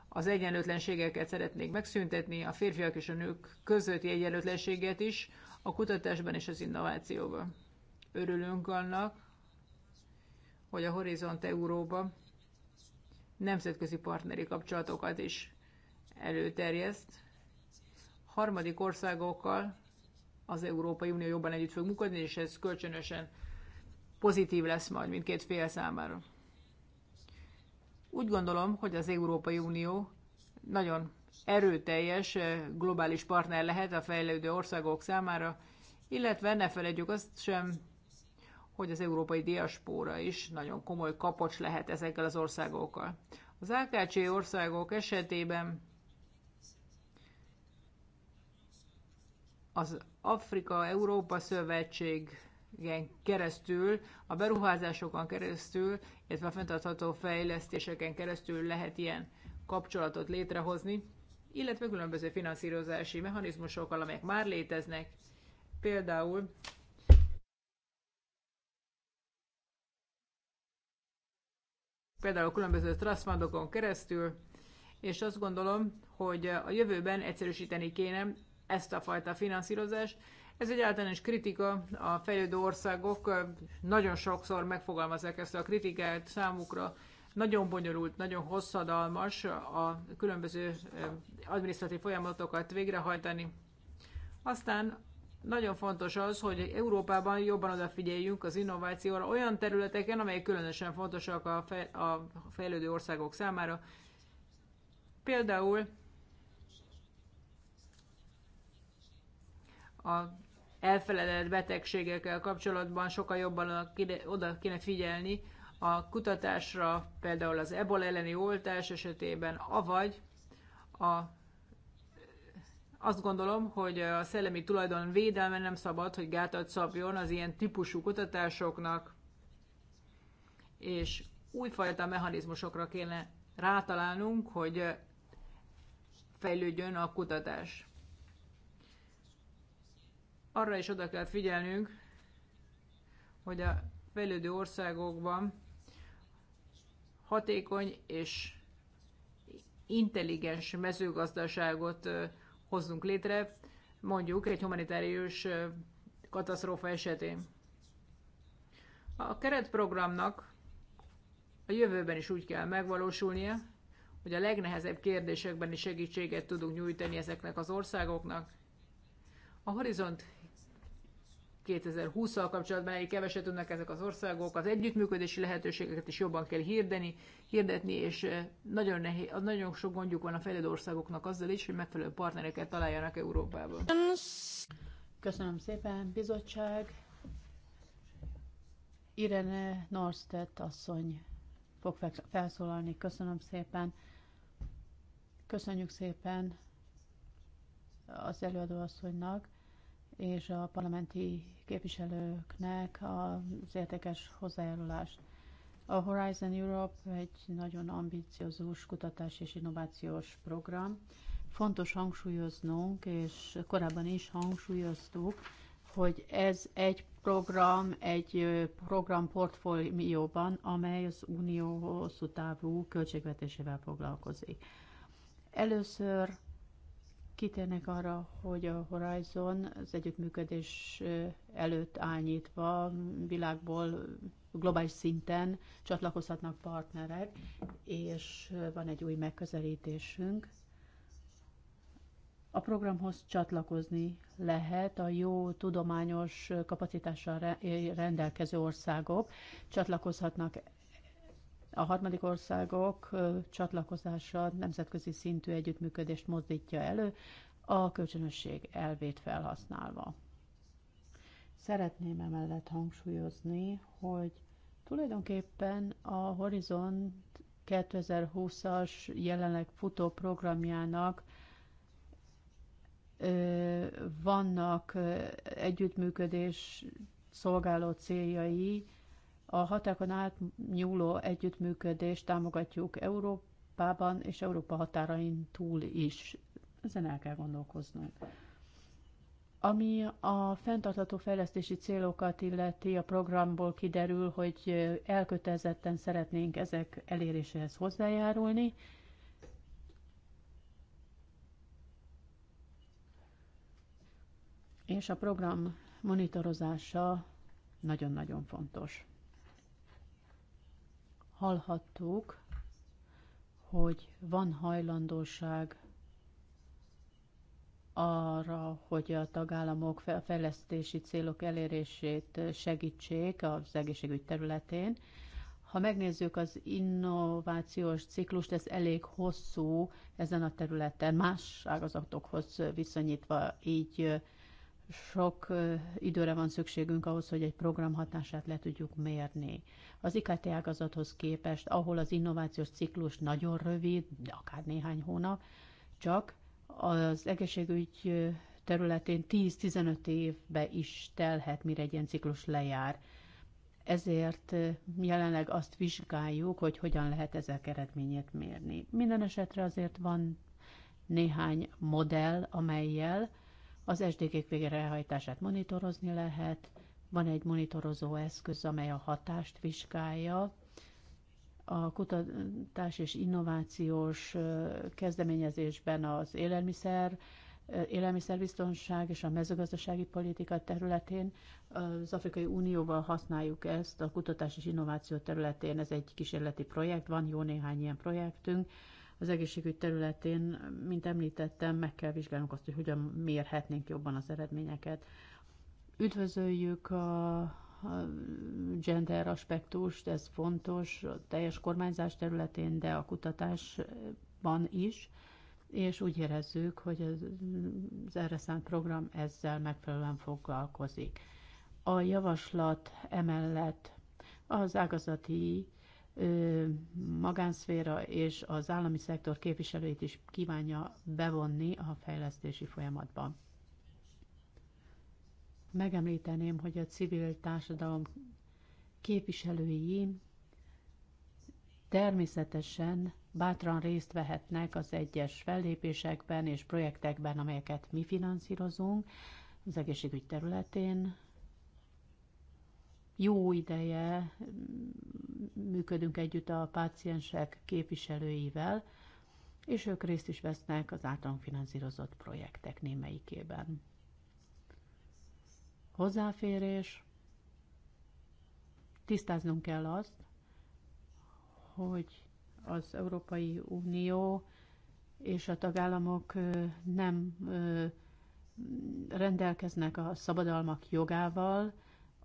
az egyenlőtlenségeket szeretnék megszüntetni, a férfiak és a nők közötti egyenlőtlenséget is, a kutatásban és az innovációban örülünk annak, hogy a Horizont Euróba nemzetközi partneri kapcsolatokat is előterjeszt. Harmadik országokkal az Európai Unió jobban együtt fog működni, és ez kölcsönösen pozitív lesz majd mindkét fél számára. Úgy gondolom, hogy az Európai Unió nagyon erőteljes eh, globális partner lehet a fejlődő országok számára, illetve ne felejtjük azt sem, hogy az európai diaspóra is nagyon komoly kapocs lehet ezekkel az országokkal. Az AKC országok esetében az Afrika-Európa Szövetségen keresztül, a beruházásokon keresztül, illetve a fenntartható fejlesztéseken keresztül lehet ilyen kapcsolatot létrehozni, illetve különböző finanszírozási mechanizmusokkal, amelyek már léteznek, például például különböző trustfundokon keresztül, és azt gondolom, hogy a jövőben egyszerűsíteni kéne ezt a fajta finanszírozást. Ez egy általános kritika, a fejlődő országok nagyon sokszor megfogalmazzák ezt a kritikát számukra, nagyon bonyolult, nagyon hosszadalmas a különböző adminisztratív folyamatokat végrehajtani. Aztán nagyon fontos az, hogy Európában jobban odafigyeljünk az innovációra olyan területeken, amelyek különösen fontosak a, fej, a fejlődő országok számára. Például a elfeledett betegségekkel kapcsolatban sokkal jobban oda kéne figyelni a kutatásra, például az ebola elleni oltás esetében, avagy a azt gondolom, hogy a szellemi tulajdon védelme nem szabad, hogy gátat szabjon az ilyen típusú kutatásoknak, és újfajta mechanizmusokra kéne rátalálnunk, hogy fejlődjön a kutatás. Arra is oda kell figyelnünk, hogy a fejlődő országokban hatékony és intelligens mezőgazdaságot hozzunk létre, mondjuk egy humanitárius katasztrófa esetén. A keretprogramnak a jövőben is úgy kell megvalósulnia, hogy a legnehezebb kérdésekben is segítséget tudunk nyújtani ezeknek az országoknak. A Horizont 2020-al kapcsolatban elég keveset tudnak ezek az országok, az együttműködési lehetőségeket is jobban kell hirdeni, hirdetni, és eh, nagyon, nehéz, nagyon sok gondjuk van a fejlődő országoknak azzal is, hogy megfelelő partnereket találjanak Európában. Köszönöm szépen, bizottság. Irene Norstedt asszony fog felszólalni. Köszönöm szépen. Köszönjük szépen az előadó asszonynak és a parlamenti képviselőknek az értékes hozzájárulást. A Horizon Europe egy nagyon ambiciózus kutatás és innovációs program. Fontos hangsúlyoznunk, és korábban is hangsúlyoztuk, hogy ez egy program, egy program portfólióban, amely az unió hosszú távú költségvetésével foglalkozik. Először kitérnek arra, hogy a Horizon az együttműködés előtt ányítva világból globális szinten csatlakozhatnak partnerek, és van egy új megközelítésünk. A programhoz csatlakozni lehet a jó tudományos kapacitással rendelkező országok, csatlakozhatnak a harmadik országok csatlakozása nemzetközi szintű együttműködést mozdítja elő, a kölcsönösség elvét felhasználva. Szeretném emellett hangsúlyozni, hogy tulajdonképpen a Horizont 2020-as jelenleg futó programjának vannak együttműködés szolgáló céljai, a határokon átnyúló együttműködést támogatjuk Európában és Európa határain túl is. Ezen el kell gondolkoznunk. Ami a fenntartható fejlesztési célokat illeti, a programból kiderül, hogy elkötelezetten szeretnénk ezek eléréséhez hozzájárulni. És a program monitorozása nagyon-nagyon fontos hallhattuk, hogy van hajlandóság arra, hogy a tagállamok fejlesztési célok elérését segítsék az egészségügy területén. Ha megnézzük az innovációs ciklust, ez elég hosszú ezen a területen, más ágazatokhoz viszonyítva, így sok időre van szükségünk ahhoz, hogy egy program hatását le tudjuk mérni. Az IKT ágazathoz képest, ahol az innovációs ciklus nagyon rövid, akár néhány hónap, csak az egészségügy területén 10-15 évbe is telhet, mire egy ilyen ciklus lejár. Ezért jelenleg azt vizsgáljuk, hogy hogyan lehet ezek eredményét mérni. Minden esetre azért van néhány modell, amelyel az SDG-k végrehajtását monitorozni lehet, van egy monitorozó eszköz, amely a hatást vizsgálja, a kutatás és innovációs kezdeményezésben az élelmiszer, élelmiszerbiztonság és a mezőgazdasági politika területén. Az Afrikai Unióval használjuk ezt a kutatás és innováció területén. Ez egy kísérleti projekt, van jó néhány ilyen projektünk az egészségügy területén, mint említettem, meg kell vizsgálnunk azt, hogy hogyan mérhetnénk jobban az eredményeket. Üdvözöljük a gender aspektust, ez fontos a teljes kormányzás területén, de a kutatásban is, és úgy érezzük, hogy az erre szánt program ezzel megfelelően foglalkozik. A javaslat emellett az ágazati magánszféra és az állami szektor képviselőit is kívánja bevonni a fejlesztési folyamatba. Megemlíteném, hogy a civil társadalom képviselői természetesen bátran részt vehetnek az egyes fellépésekben és projektekben, amelyeket mi finanszírozunk az egészségügy területén. Jó ideje működünk együtt a páciensek képviselőivel, és ők részt is vesznek az általunk finanszírozott projektek némelyikében. Hozzáférés. Tisztáznunk kell azt, hogy az Európai Unió és a tagállamok nem rendelkeznek a szabadalmak jogával,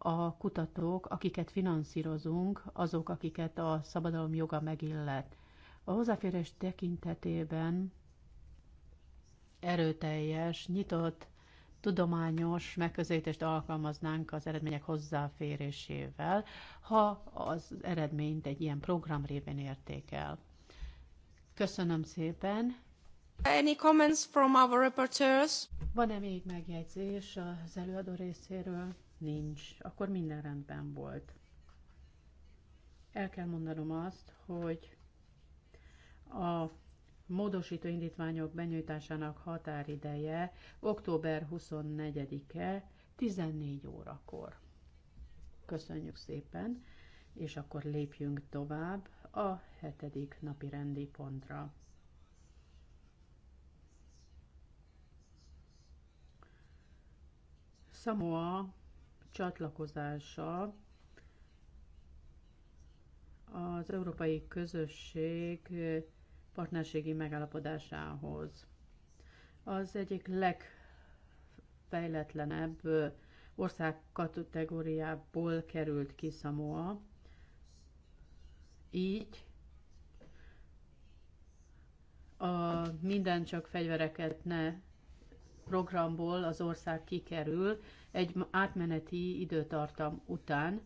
a kutatók, akiket finanszírozunk, azok, akiket a szabadalom joga megillet. A hozzáférés tekintetében erőteljes, nyitott, tudományos megközelítést alkalmaznánk az eredmények hozzáférésével, ha az eredményt egy ilyen program révén értékel. Köszönöm szépen! Any comments from our reporters? Van-e még megjegyzés az előadó részéről? Nincs. Akkor minden rendben volt. El kell mondanom azt, hogy a módosító indítványok benyújtásának határideje október 24-e 14 órakor. Köszönjük szépen, és akkor lépjünk tovább a hetedik napi rendi pontra. Samoa csatlakozása az Európai Közösség partnerségi megállapodásához. Az egyik legfejletlenebb ország kategóriából került ki Samoa, így a minden csak fegyvereket ne programból az ország kikerül, egy átmeneti időtartam után.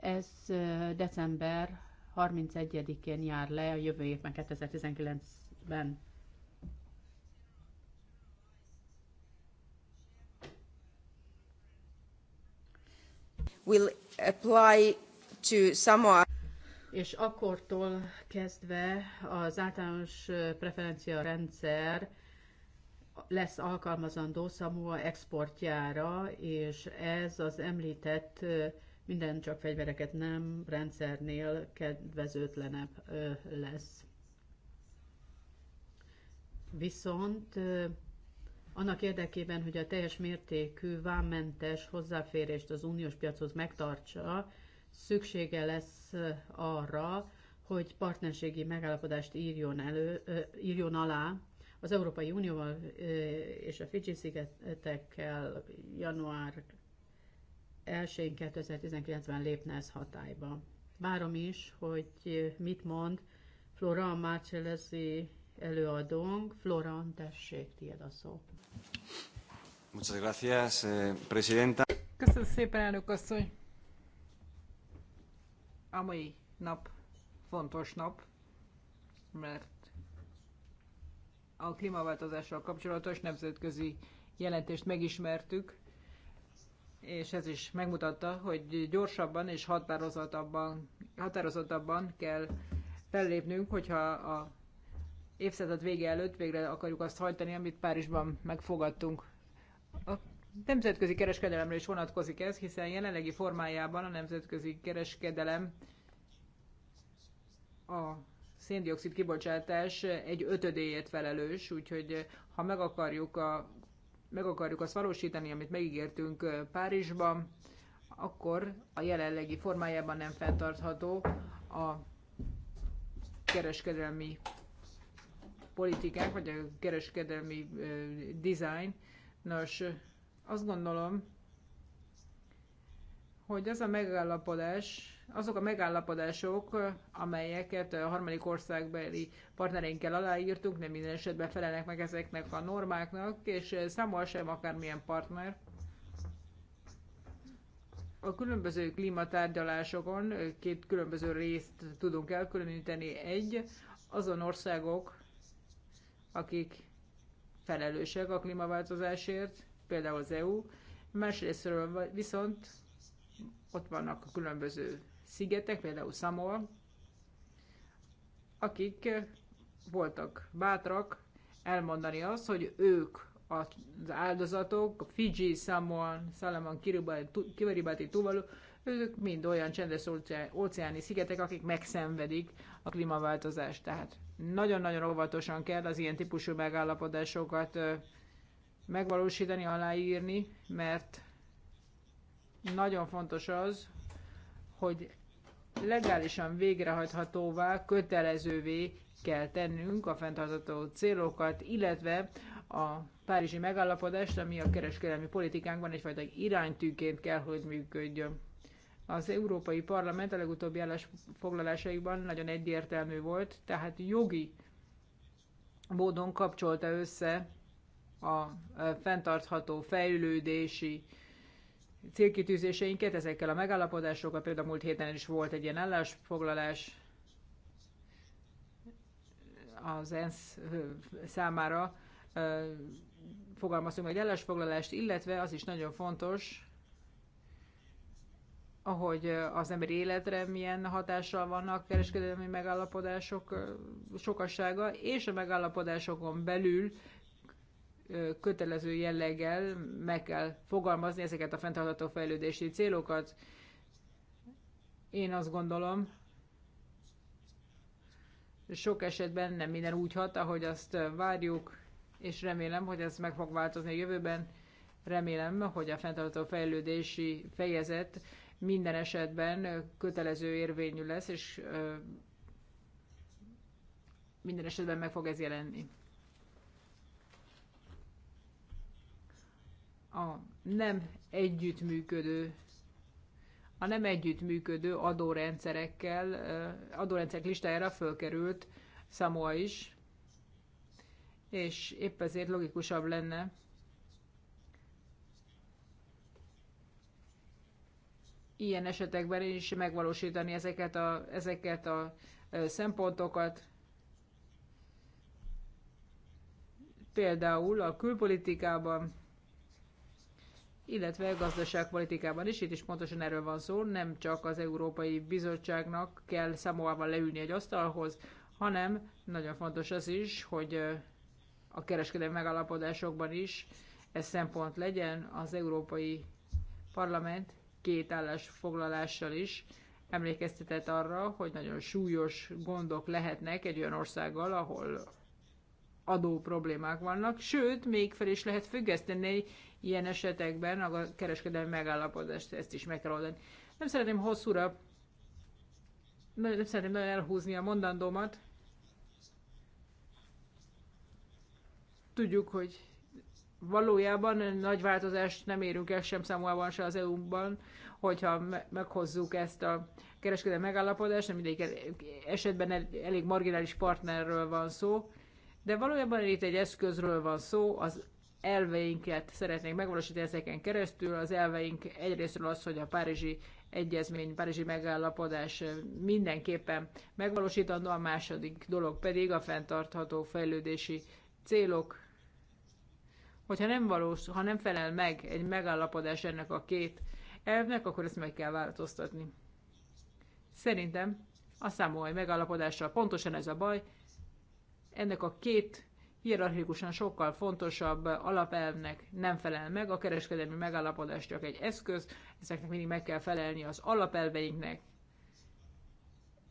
Ez december 31-én jár le a jövő évben, 2019-ben. will apply to Samoa. És akkortól kezdve az általános preferencia rendszer lesz alkalmazandó Samoa exportjára, és ez az említett minden csak fegyvereket nem rendszernél kedvezőtlenebb lesz. Viszont annak érdekében, hogy a teljes mértékű vámmentes hozzáférést az uniós piachoz megtartsa, szüksége lesz arra, hogy partnerségi megállapodást írjon, elő, írjon alá az Európai Unióval és a Fidzsi-szigetekkel január 1-én 2019-ben lépne ez hatályba. Várom is, hogy mit mond Flora Marcellesi előadónk. Flora, tessék, tiéd a szó. Muchas gracias, eh, presidenta. Köszönöm szépen, elnök asszony. A mai nap fontos nap, mert a klímaváltozással kapcsolatos nemzetközi jelentést megismertük, és ez is megmutatta, hogy gyorsabban és határozottabban, határozottabban kell fellépnünk, hogyha a évszázad vége előtt végre akarjuk azt hajtani, amit Párizsban megfogadtunk. A nemzetközi kereskedelemre is vonatkozik ez, hiszen jelenlegi formájában a nemzetközi kereskedelem a széndiokszid kibocsátás egy ötödéért felelős, úgyhogy eh, ha meg akarjuk, a, meg akarjuk azt valósítani, amit megígértünk eh, Párizsban, akkor a jelenlegi formájában nem fenntartható a kereskedelmi politikák, vagy a kereskedelmi eh, design. Nos, azt gondolom, hogy az a megállapodás, azok a megállapodások, amelyeket a harmadik országbeli partnereinkkel aláírtunk, nem minden esetben felelnek meg ezeknek a normáknak, és számol sem akármilyen partner. A különböző klímatárgyalásokon két különböző részt tudunk elkülöníteni. Egy, azon országok, akik felelősek a klímaváltozásért, például az EU, másrésztről viszont ott vannak a különböző szigetek, például Samoa, akik voltak bátrak elmondani azt, hogy ők az áldozatok, a Fiji, Samoa, Salomon, Kiribati, Tuvalu, ők mind olyan csendes óceáni szigetek, akik megszenvedik a klímaváltozást. Tehát nagyon-nagyon óvatosan kell az ilyen típusú megállapodásokat megvalósítani, aláírni, mert nagyon fontos az, hogy legálisan végrehajthatóvá, kötelezővé kell tennünk a fenntartható célokat, illetve a párizsi megállapodást, ami a kereskedelmi politikánkban egyfajta iránytűként kell, hogy működjön. Az Európai Parlament a legutóbbi állásfoglalásaikban nagyon egyértelmű volt, tehát jogi módon kapcsolta össze a fenntartható fejlődési célkitűzéseinket ezekkel a megállapodásokkal. Például múlt héten is volt egy ilyen állásfoglalás az ENSZ számára fogalmazunk egy állásfoglalást, illetve az is nagyon fontos, ahogy az emberi életre milyen hatással vannak kereskedelmi megállapodások sokassága, és a megállapodásokon belül kötelező jelleggel meg kell fogalmazni ezeket a fenntartható fejlődési célokat. Én azt gondolom, sok esetben nem minden úgy hat, ahogy azt várjuk, és remélem, hogy ez meg fog változni a jövőben. Remélem, hogy a fenntartható fejlődési fejezet minden esetben kötelező érvényű lesz, és minden esetben meg fog ez jelenni. a nem együttműködő a nem együttműködő adórendszerekkel, adórendszerek listájára fölkerült Samoa is, és épp ezért logikusabb lenne, ilyen esetekben is megvalósítani ezeket a, ezeket a szempontokat. Például a külpolitikában illetve gazdaságpolitikában is, itt is pontosan erről van szó, nem csak az Európai Bizottságnak kell Szamoával leülni egy asztalhoz, hanem nagyon fontos az is, hogy a kereskedelmi megalapodásokban is ez szempont legyen, az Európai Parlament két állásfoglalással is emlékeztetett arra, hogy nagyon súlyos gondok lehetnek egy olyan országgal, ahol adó problémák vannak, sőt, még fel is lehet függeszteni ilyen esetekben a kereskedelmi megállapodást, ezt is meg kell oldani. Nem szeretném hosszúra, nem szeretném nagyon elhúzni a mondandómat. Tudjuk, hogy valójában nagy változást nem érünk el sem Samoában, se az EU-ban, hogyha meghozzuk ezt a kereskedelmi megállapodást, nem mindegyik esetben elég marginális partnerről van szó, de valójában itt egy eszközről van szó, az elveinket szeretnénk megvalósítani ezeken keresztül. Az elveink egyrésztről az, hogy a Párizsi egyezmény, Párizsi megállapodás mindenképpen megvalósítandó, a második dolog pedig a fenntartható fejlődési célok. Hogyha nem, valós, ha nem felel meg egy megállapodás ennek a két elvnek, akkor ezt meg kell változtatni. Szerintem a számolai megállapodással pontosan ez a baj, ennek a két hierarchikusan sokkal fontosabb alapelvnek nem felel meg, a kereskedelmi megállapodás csak egy eszköz, ezeknek mindig meg kell felelni az alapelveinknek.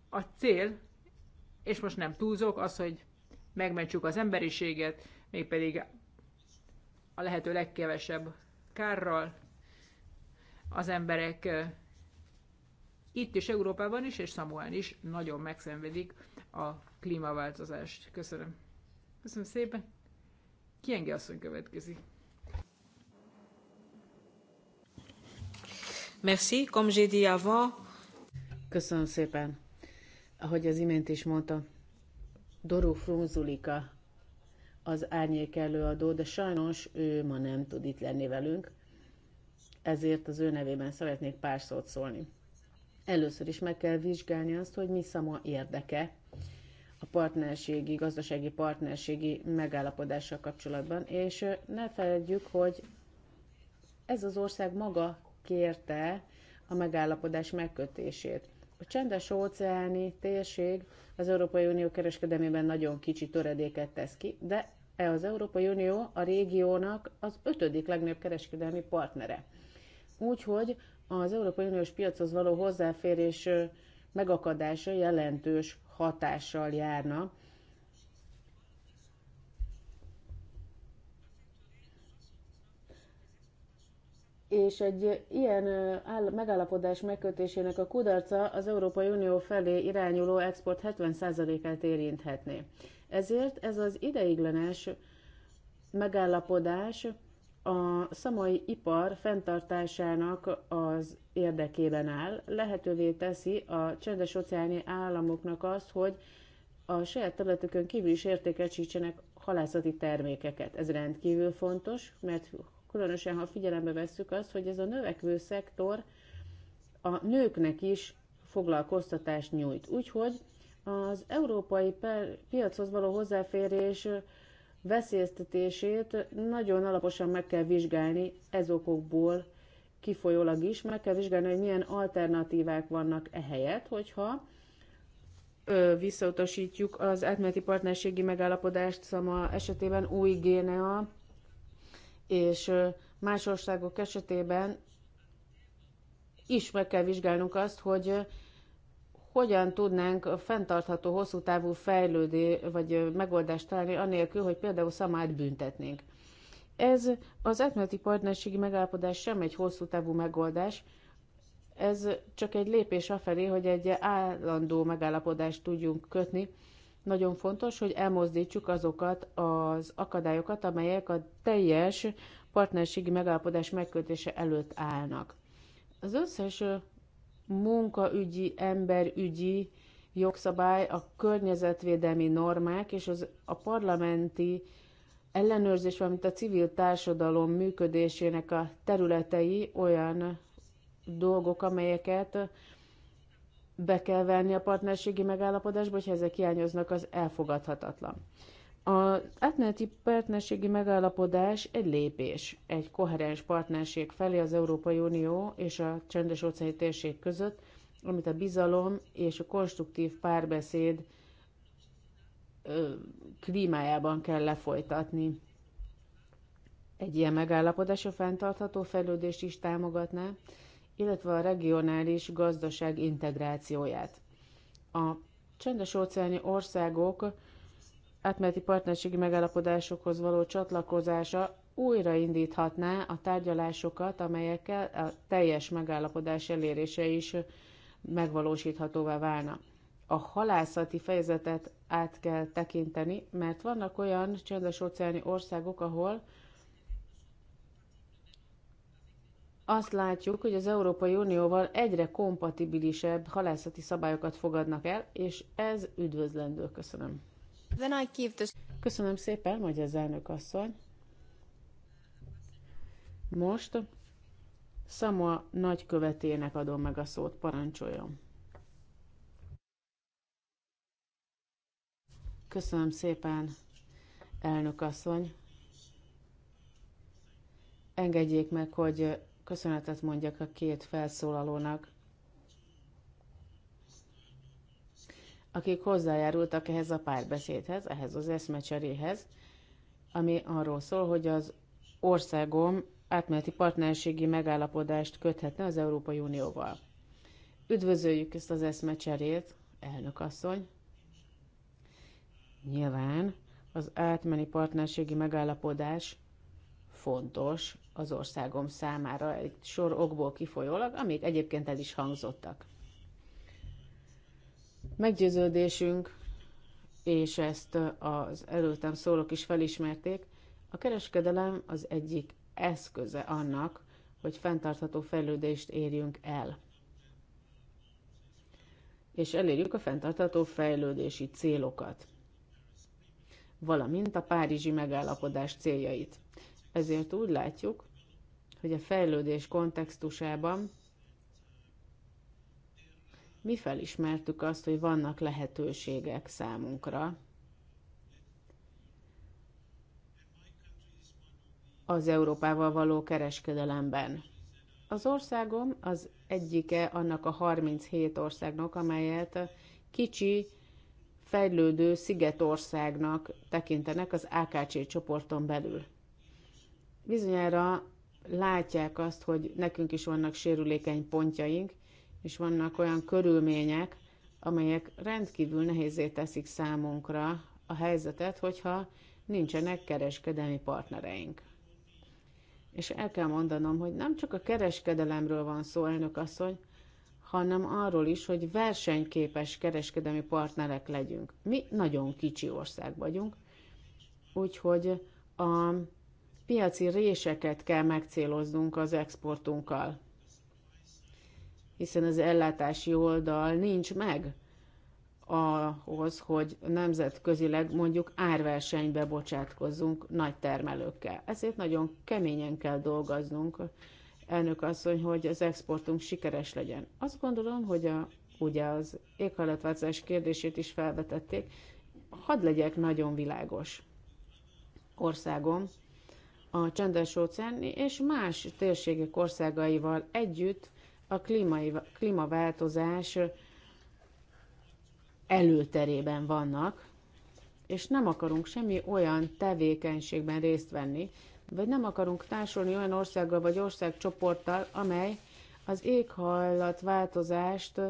A cél, és most nem túlzok, az, hogy megmentsük az emberiséget, mégpedig a lehető legkevesebb kárral az emberek eh, itt is Európában is, és Szamuán is nagyon megszenvedik a klímaváltozást. Köszönöm. Köszönöm szépen. Kienge asszony következik. Merci, comme j'ai dit avant. Köszönöm szépen. Ahogy az imént is mondtam, Doru Frunzulika az árnyék előadó, de sajnos ő ma nem tud itt lenni velünk, ezért az ő nevében szeretnék pár szót szólni. Először is meg kell vizsgálni azt, hogy mi szama érdeke a partnerségi, gazdasági partnerségi megállapodással kapcsolatban, és ne feledjük, hogy ez az ország maga kérte a megállapodás megkötését. A csendes óceáni térség az Európai Unió kereskedelmében nagyon kicsi töredéket tesz ki, de e az Európai Unió a régiónak az ötödik legnagyobb kereskedelmi partnere. Úgyhogy az Európai Uniós piachoz való hozzáférés megakadása jelentős hatással járna. És egy ilyen megállapodás megkötésének a kudarca az Európai Unió felé irányuló export 70%-át érinthetné. Ezért ez az ideiglenes megállapodás a szamai ipar fenntartásának az érdekében áll, lehetővé teszi a csendes óceáni államoknak azt, hogy a saját területükön kívül is értékesítsenek halászati termékeket. Ez rendkívül fontos, mert különösen, ha figyelembe vesszük azt, hogy ez a növekvő szektor a nőknek is foglalkoztatást nyújt. Úgyhogy az európai piachoz való hozzáférés veszélyeztetését nagyon alaposan meg kell vizsgálni ez okokból kifolyólag is, meg kell vizsgálni, hogy milyen alternatívák vannak ehelyett, hogyha ö, visszautasítjuk az átmeneti partnerségi megállapodást szama esetében új Génea, és ö, más országok esetében is meg kell vizsgálnunk azt, hogy hogyan tudnánk fenntartható, hosszú távú fejlődő vagy megoldást találni, anélkül, hogy például Szamát büntetnénk. Ez az etmeneti partnerségi megállapodás sem egy hosszú távú megoldás, ez csak egy lépés afelé, hogy egy állandó megállapodást tudjunk kötni. Nagyon fontos, hogy elmozdítsuk azokat az akadályokat, amelyek a teljes partnerségi megállapodás megkötése előtt állnak. Az összes munkaügyi, emberügyi jogszabály, a környezetvédelmi normák és az, a parlamenti ellenőrzés, valamint a civil társadalom működésének a területei olyan dolgok, amelyeket be kell venni a partnerségi megállapodásba, hogyha ezek hiányoznak, az elfogadhatatlan. Az átmeneti partnerségi megállapodás egy lépés egy koherens partnerség felé az Európai Unió és a csendes óceáni térség között, amit a bizalom és a konstruktív párbeszéd klímájában kell lefolytatni. Egy ilyen megállapodás a fenntartható fejlődést is támogatná, illetve a regionális gazdaság integrációját. A csendes óceáni országok átmeneti partnerségi megállapodásokhoz való csatlakozása újraindíthatná a tárgyalásokat, amelyekkel a teljes megállapodás elérése is megvalósíthatóvá válna. A halászati fejezetet át kell tekinteni, mert vannak olyan csendes óceáni országok, ahol azt látjuk, hogy az Európai Unióval egyre kompatibilisebb halászati szabályokat fogadnak el, és ez üdvözlendő. Köszönöm. Köszönöm szépen, hogy az elnök asszony. Most Samoa nagykövetének adom meg a szót, parancsoljon. Köszönöm szépen, elnök asszony. Engedjék meg, hogy köszönetet mondjak a két felszólalónak akik hozzájárultak ehhez a párbeszédhez, ehhez az eszmecseréhez, ami arról szól, hogy az országom átmeneti partnerségi megállapodást köthetne az Európai Unióval. Üdvözöljük ezt az eszmecserét, elnök asszony. Nyilván az átmeni partnerségi megállapodás fontos az országom számára egy sor okból kifolyólag, amik egyébként el is hangzottak. Meggyőződésünk, és ezt az előttem szólók is felismerték, a kereskedelem az egyik eszköze annak, hogy fenntartható fejlődést érjünk el. És elérjük a fenntartható fejlődési célokat, valamint a Párizsi megállapodás céljait. Ezért úgy látjuk, hogy a fejlődés kontextusában mi felismertük azt, hogy vannak lehetőségek számunkra. Az Európával való kereskedelemben. Az országom az egyike annak a 37 országnak, amelyet kicsi, fejlődő szigetországnak tekintenek az AKC csoporton belül. Bizonyára látják azt, hogy nekünk is vannak sérülékeny pontjaink, és vannak olyan körülmények, amelyek rendkívül nehézé teszik számunkra a helyzetet, hogyha nincsenek kereskedelmi partnereink. És el kell mondanom, hogy nem csak a kereskedelemről van szó, elnök asszony, hanem arról is, hogy versenyképes kereskedelmi partnerek legyünk. Mi nagyon kicsi ország vagyunk, úgyhogy a piaci réseket kell megcéloznunk az exportunkkal hiszen az ellátási oldal nincs meg ahhoz, hogy nemzetközileg mondjuk árversenybe bocsátkozzunk nagy termelőkkel. Ezért nagyon keményen kell dolgoznunk, elnök asszony, hogy az exportunk sikeres legyen. Azt gondolom, hogy a, ugye az éghajlatváltozás kérdését is felvetették, hadd legyek nagyon világos. Országom a csendes óceáni és más térségek országaival együtt a klímai, klímaváltozás előterében vannak, és nem akarunk semmi olyan tevékenységben részt venni, vagy nem akarunk társulni olyan országgal vagy országcsoporttal, amely az éghajlatváltozást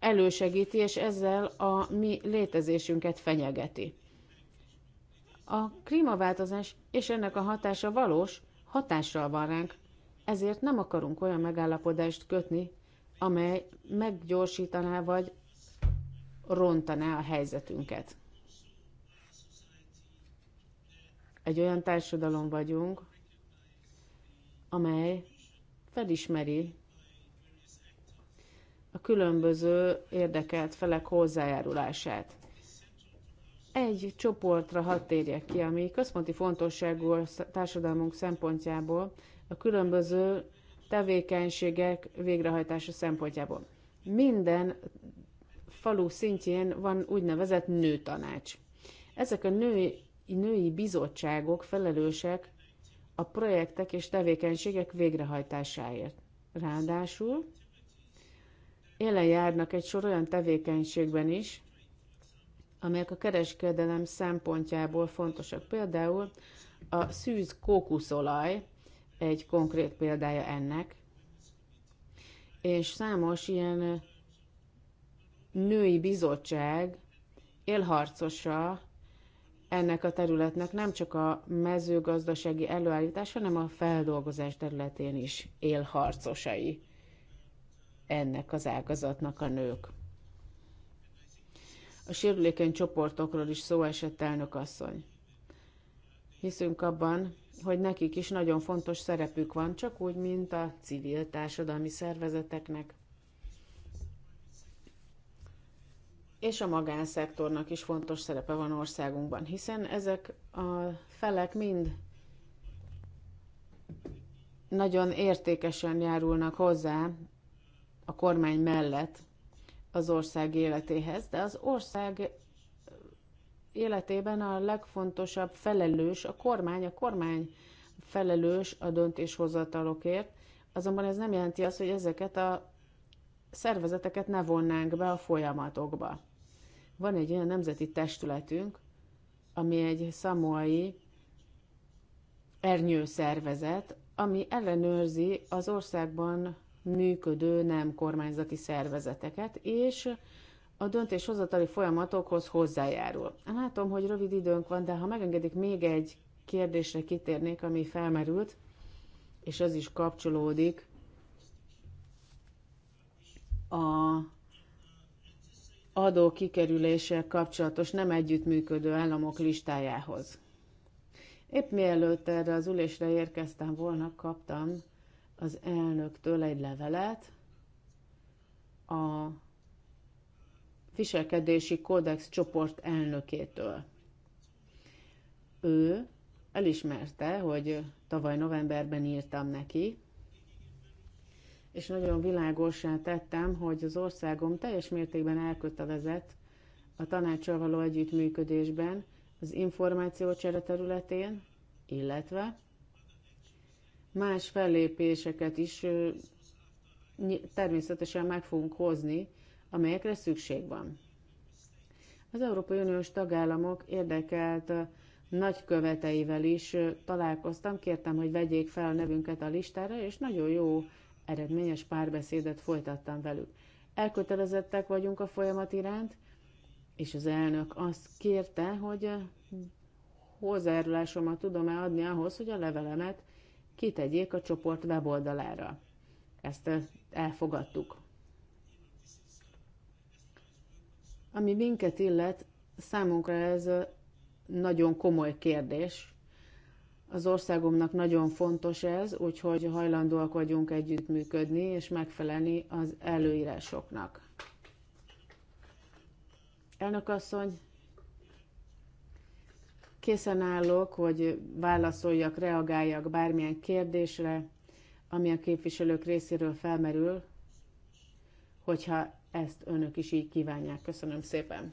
elősegíti, és ezzel a mi létezésünket fenyegeti. A klímaváltozás és ennek a hatása valós, hatással van ránk, ezért nem akarunk olyan megállapodást kötni, amely meggyorsítaná vagy rontaná a helyzetünket. Egy olyan társadalom vagyunk, amely felismeri a különböző érdekelt felek hozzájárulását. Egy csoportra hadd térjek ki, ami központi fontosságú a társadalmunk szempontjából, a különböző tevékenységek végrehajtása szempontjából. Minden falu szintjén van úgynevezett nőtanács. Ezek a női, női bizottságok felelősek a projektek és tevékenységek végrehajtásáért. Ráadásul élen járnak egy sor olyan tevékenységben is, amelyek a kereskedelem szempontjából fontosak. Például a szűz kókuszolaj egy konkrét példája ennek, és számos ilyen női bizottság élharcosa ennek a területnek nem csak a mezőgazdasági előállítás, hanem a feldolgozás területén is élharcosai ennek az ágazatnak a nők. A sérülékeny csoportokról is szó esett elnök asszony. Hiszünk abban, hogy nekik is nagyon fontos szerepük van, csak úgy, mint a civil társadalmi szervezeteknek. És a magánszektornak is fontos szerepe van országunkban, hiszen ezek a felek mind nagyon értékesen járulnak hozzá a kormány mellett az ország életéhez, de az ország életében a legfontosabb felelős a kormány, a kormány felelős a döntéshozatalokért, azonban ez nem jelenti azt, hogy ezeket a szervezeteket ne vonnánk be a folyamatokba. Van egy olyan nemzeti testületünk, ami egy szamoai ernyőszervezet, ami ellenőrzi az országban működő nem kormányzati szervezeteket, és a döntéshozatali folyamatokhoz hozzájárul. Látom, hogy rövid időnk van, de ha megengedik, még egy kérdésre kitérnék, ami felmerült, és az is kapcsolódik a adó kikerüléssel kapcsolatos nem együttműködő államok listájához. Épp mielőtt erre az ülésre érkeztem volna, kaptam az elnöktől egy levelet a viselkedési kódex csoport elnökétől. Ő elismerte, hogy tavaly novemberben írtam neki, és nagyon világosá tettem, hogy az országom teljes mértékben elkötelezett a tanácssal való együttműködésben, az információcsere területén, illetve más fellépéseket is természetesen meg fogunk hozni amelyekre szükség van. Az Európai Uniós tagállamok érdekelt nagyköveteivel is találkoztam, kértem, hogy vegyék fel a nevünket a listára, és nagyon jó, eredményes párbeszédet folytattam velük. Elkötelezettek vagyunk a folyamat iránt, és az elnök azt kérte, hogy hozzájárulásomat tudom-e adni ahhoz, hogy a levelemet kitegyék a csoport weboldalára. Ezt elfogadtuk. Ami minket illet, számunkra ez nagyon komoly kérdés. Az országomnak nagyon fontos ez, úgyhogy hajlandóak vagyunk együttműködni és megfelelni az előírásoknak. Elnök asszony, készen állok, hogy válaszoljak, reagáljak bármilyen kérdésre, ami a képviselők részéről felmerül, hogyha ezt önök is így kívánják. Köszönöm szépen.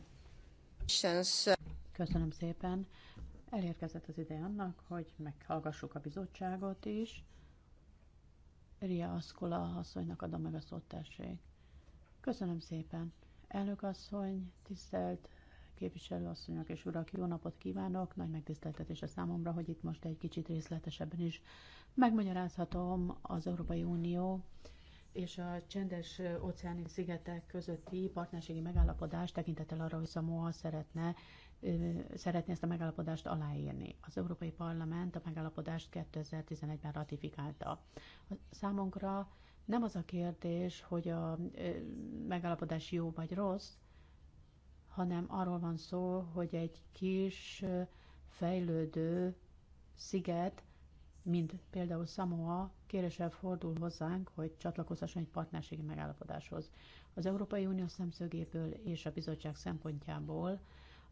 Köszönöm szépen. Elérkezett az ide annak, hogy meghallgassuk a bizottságot is. Ria Aszkola asszonynak adom meg a szót, tessék. Köszönöm szépen. Elnök asszony, tisztelt képviselőasszonyok és urak, jó napot kívánok! Nagy megtiszteltetés a számomra, hogy itt most egy kicsit részletesebben is megmagyarázhatom az Európai Unió és a csendes óceáni szigetek közötti partnerségi megállapodás tekintettel arra, hogy Samoa szeretne szeretné ezt a megállapodást aláírni. Az Európai Parlament a megállapodást 2011-ben ratifikálta. A számunkra nem az a kérdés, hogy a megállapodás jó vagy rossz, hanem arról van szó, hogy egy kis fejlődő sziget mint például Samoa kéréssel fordul hozzánk, hogy csatlakozhasson egy partnerségi megállapodáshoz. Az Európai Unió szemszögéből és a bizottság szempontjából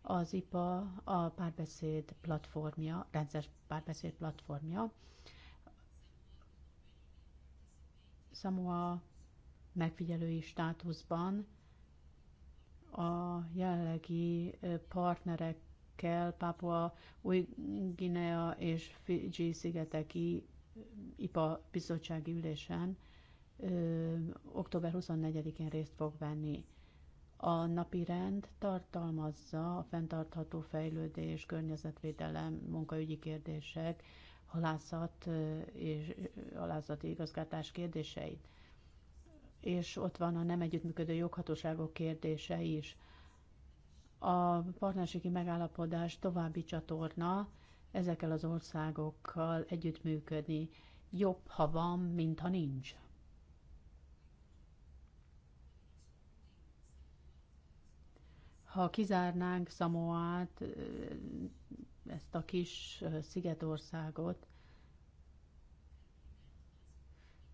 az IPA a párbeszéd platformja, rendszeres párbeszéd platformja. Samoa megfigyelői státuszban a jelenlegi partnerek kell Pápua, Új-Guinea és Fiji szigeteki IPA bizottsági ülésen ö, október 24-én részt fog venni. A napi rend tartalmazza a fenntartható fejlődés, környezetvédelem, munkaügyi kérdések, halászat és halászati igazgatás kérdéseit. És ott van a nem együttműködő joghatóságok kérdése is a partnerségi megállapodás további csatorna ezekkel az országokkal együttműködni. Jobb, ha van, mint ha nincs. Ha kizárnánk Szamoát, ezt a kis szigetországot,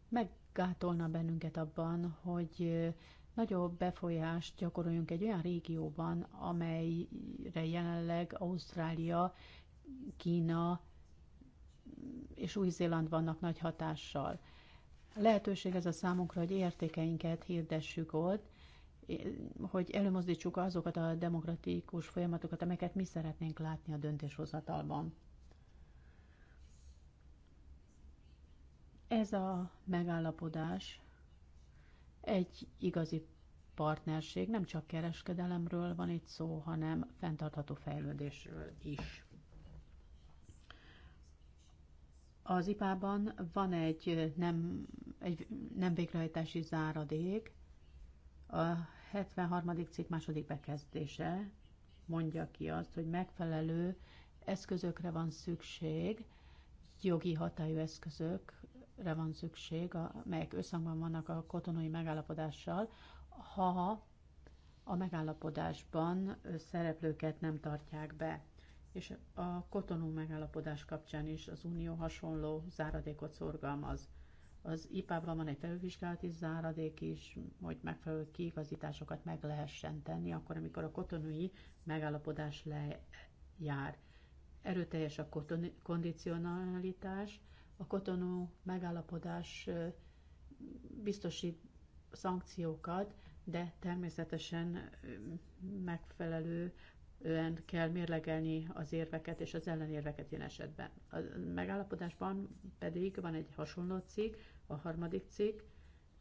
meggátolna bennünket abban, hogy nagyobb befolyást gyakoroljunk egy olyan régióban, amelyre jelenleg Ausztrália, Kína és Új-Zéland vannak nagy hatással. Lehetőség ez a számunkra, hogy értékeinket hirdessük ott, hogy előmozdítsuk azokat a demokratikus folyamatokat, amelyeket mi szeretnénk látni a döntéshozatalban. Ez a megállapodás egy igazi partnerség nem csak kereskedelemről van itt szó, hanem fenntartható fejlődésről is. Az IPA-ban van egy nem, egy nem végrehajtási záradék, a 73. cikk második bekezdése mondja ki azt, hogy megfelelő eszközökre van szükség, jogi hatályú eszközök re van szükség, amelyek összhangban vannak a katonai megállapodással, ha a megállapodásban szereplőket nem tartják be. És a kotonú megállapodás kapcsán is az Unió hasonló záradékot szorgalmaz. Az IPA-ban van egy felülvizsgálati záradék is, hogy megfelelő kiigazításokat meg lehessen tenni, akkor, amikor a kotonúi megállapodás lejár. Erőteljes a kondicionalitás, a kotonó megállapodás biztosít szankciókat, de természetesen megfelelően kell mérlegelni az érveket és az ellenérveket ilyen esetben. A megállapodásban pedig van egy hasonló cikk, a harmadik cikk,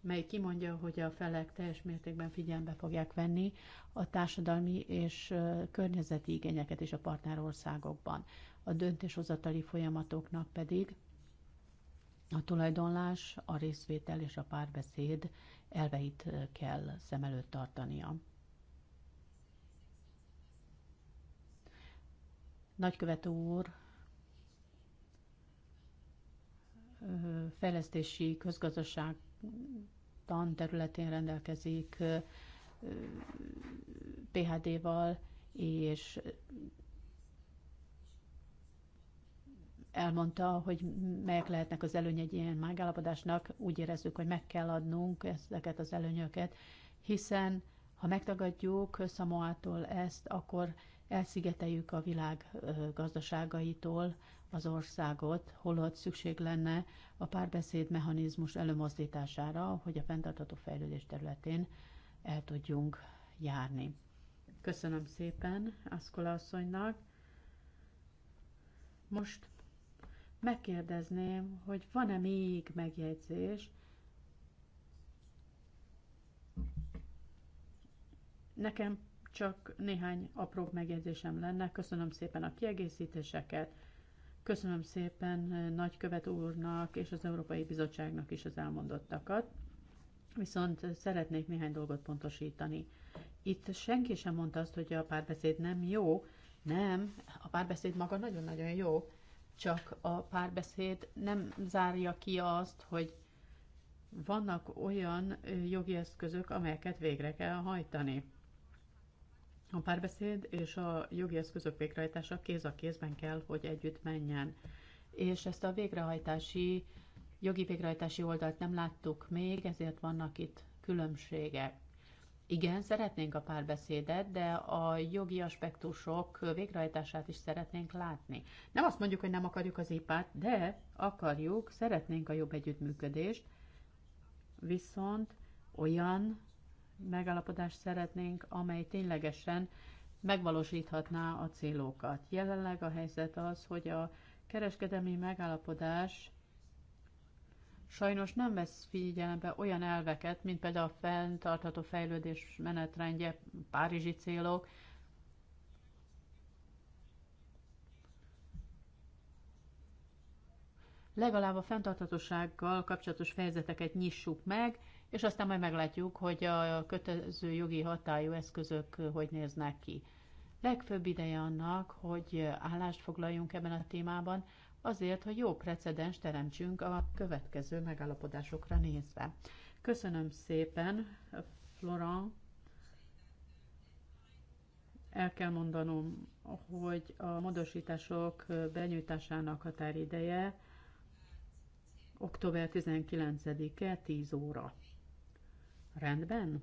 mely kimondja, hogy a felek teljes mértékben figyelembe fogják venni a társadalmi és környezeti igényeket is a partnerországokban. A döntéshozatali folyamatoknak pedig a tulajdonlás, a részvétel és a párbeszéd elveit kell szem előtt tartania. Nagykövető úr, fejlesztési közgazdaság tanterületén rendelkezik PHD-val, és elmondta, hogy melyek lehetnek az előnye egy ilyen megállapodásnak. Úgy érezzük, hogy meg kell adnunk ezeket az előnyöket, hiszen ha megtagadjuk Szamoától ezt, akkor elszigeteljük a világ gazdaságaitól az országot, holott szükség lenne a párbeszéd mechanizmus előmozdítására, hogy a fenntartható fejlődés területén el tudjunk járni. Köszönöm szépen Aszkola asszonynak. Most megkérdezném, hogy van-e még megjegyzés. Nekem csak néhány apró megjegyzésem lenne. Köszönöm szépen a kiegészítéseket, köszönöm szépen eh, nagykövet úrnak és az Európai Bizottságnak is az elmondottakat. Viszont eh, szeretnék néhány dolgot pontosítani. Itt senki sem mondta azt, hogy a párbeszéd nem jó. Nem, a párbeszéd maga nagyon-nagyon jó, csak a párbeszéd nem zárja ki azt, hogy vannak olyan jogi eszközök, amelyeket végre kell hajtani. A párbeszéd és a jogi eszközök végrehajtása kéz a kézben kell, hogy együtt menjen. És ezt a végrehajtási, jogi végrehajtási oldalt nem láttuk még, ezért vannak itt különbségek. Igen, szeretnénk a párbeszédet, de a jogi aspektusok végrehajtását is szeretnénk látni. Nem azt mondjuk, hogy nem akarjuk az ipát, de akarjuk, szeretnénk a jobb együttműködést, viszont olyan megállapodást szeretnénk, amely ténylegesen megvalósíthatná a célokat. Jelenleg a helyzet az, hogy a kereskedelmi megállapodás sajnos nem vesz figyelembe olyan elveket, mint például a fenntartható fejlődés menetrendje, párizsi célok, legalább a fenntarthatósággal kapcsolatos fejezeteket nyissuk meg, és aztán majd meglátjuk, hogy a kötelező jogi hatályú eszközök hogy néznek ki. Legfőbb ideje annak, hogy állást foglaljunk ebben a témában, azért, hogy jó precedens teremtsünk a következő megállapodásokra nézve. Köszönöm szépen, Florent. El kell mondanom, hogy a módosítások benyújtásának határideje október 19-e 10 óra. Rendben?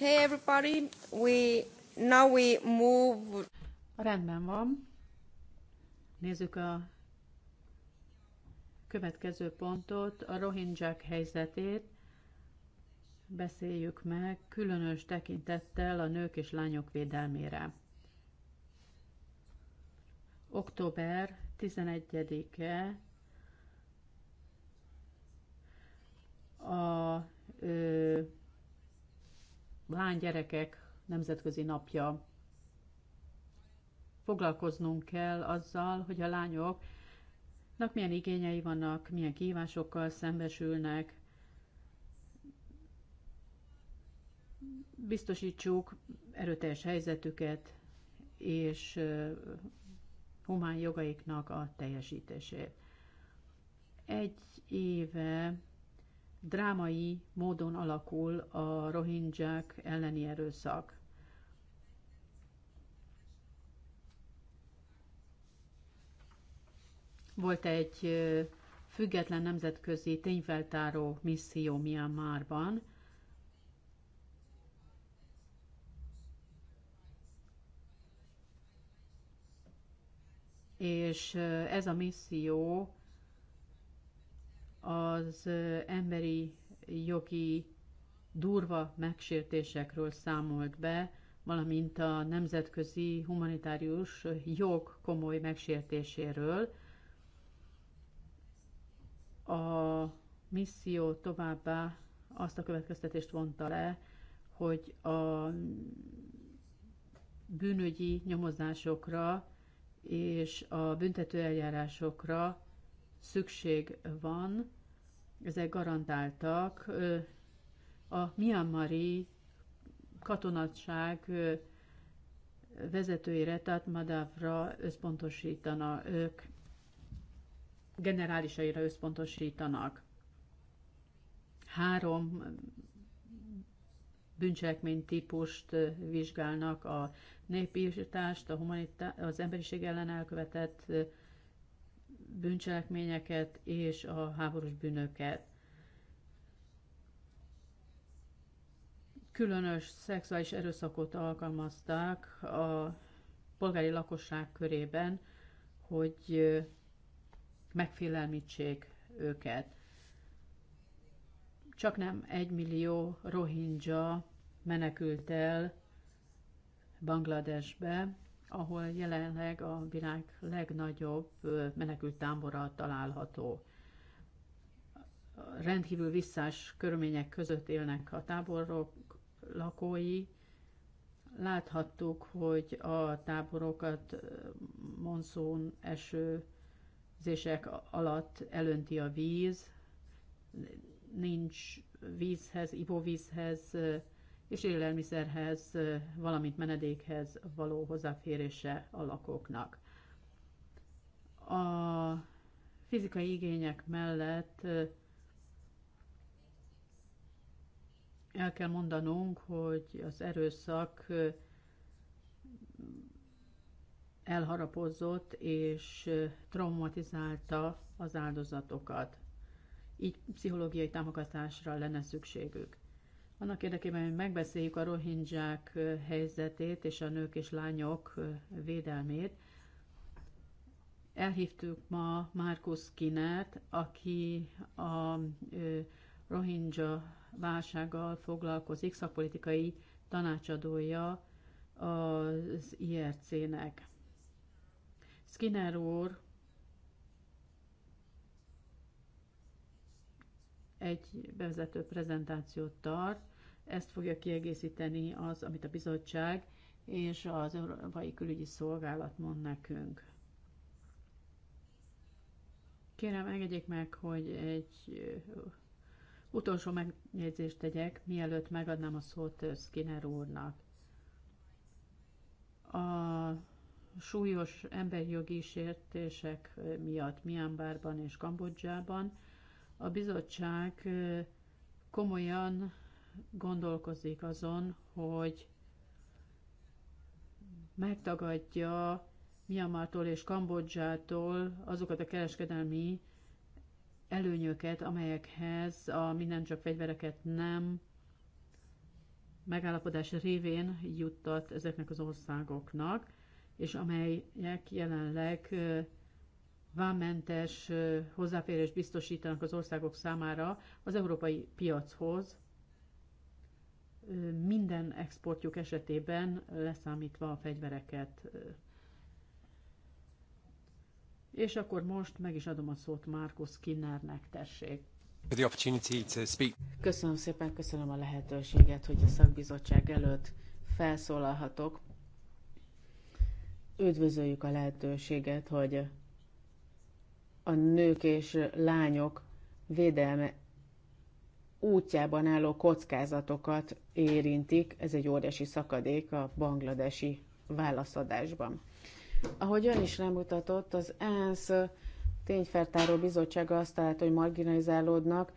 Okay, everybody, we, now we move... Rendben van. Nézzük a következő pontot, a rohingyák helyzetét beszéljük meg, különös tekintettel a nők és lányok védelmére. Október 11-e a ö, lánygyerekek nemzetközi napja. Foglalkoznunk kell azzal, hogy a lányoknak milyen igényei vannak, milyen kívásokkal szembesülnek. Biztosítsuk erőteljes helyzetüket és humán jogaiknak a teljesítését. Egy éve drámai módon alakul a rohingyák elleni erőszak. Volt egy független nemzetközi tényfeltáró misszió Myanmarban, és ez a misszió az emberi jogi durva megsértésekről számolt be, valamint a nemzetközi humanitárius jog komoly megsértéséről. A misszió továbbá azt a következtetést vonta le, hogy a bűnügyi nyomozásokra és a büntetőeljárásokra szükség van, ezek garantáltak a Myanmari katonatság vezetőire, tehát Madávra összpontosítanak, ők generálisaira összpontosítanak. Három bűncselekmény típust vizsgálnak, a népírtást, a humanitá- az emberiség ellen elkövetett bűncselekményeket és a háborús bűnöket. Különös szexuális erőszakot alkalmazták a polgári lakosság körében, hogy megfélelmítsék őket. Csak nem egy millió rohingya menekült el Bangladesbe, ahol jelenleg a világ legnagyobb menekült tábora található. Rendkívül visszás körülmények között élnek a táborok lakói. Láthattuk, hogy a táborokat monszón esőzések alatt elönti a víz, nincs vízhez, ivóvízhez és élelmiszerhez, valamint menedékhez való hozzáférése a lakóknak. A fizikai igények mellett el kell mondanunk, hogy az erőszak elharapozott és traumatizálta az áldozatokat. Így pszichológiai támogatásra lenne szükségük. Annak érdekében, hogy megbeszéljük a rohingyák helyzetét és a nők és lányok védelmét, elhívtuk ma Markus Kinert, aki a rohingya válsággal foglalkozik, szakpolitikai tanácsadója az IRC-nek. Skinner úr egy bevezető prezentációt tart, ezt fogja kiegészíteni az, amit a bizottság és az Európai Külügyi Szolgálat mond nekünk. Kérem, engedjék meg, hogy egy utolsó megjegyzést tegyek, mielőtt megadnám a szót Skinner úrnak. A súlyos emberjogi sértések miatt Mianbárban és Kambodzsában a bizottság komolyan gondolkozik azon, hogy megtagadja Miamától és Kambodzsától azokat a kereskedelmi előnyöket, amelyekhez a minden csak fegyvereket nem megállapodás révén juttat ezeknek az országoknak, és amelyek jelenleg vámmentes hozzáférés biztosítanak az országok számára az európai piachoz, minden exportjuk esetében leszámítva a fegyvereket. És akkor most meg is adom a szót Markus Skinnernek, tessék. Köszönöm szépen, köszönöm a lehetőséget, hogy a szakbizottság előtt felszólalhatok. Üdvözöljük a lehetőséget, hogy a nők és lányok védelme útjában álló kockázatokat érintik. Ez egy óriási szakadék a bangladesi válaszadásban. Ahogy ön is remutatott, az ENSZ tényfeltáró bizottsága azt állt, hogy marginalizálódnak,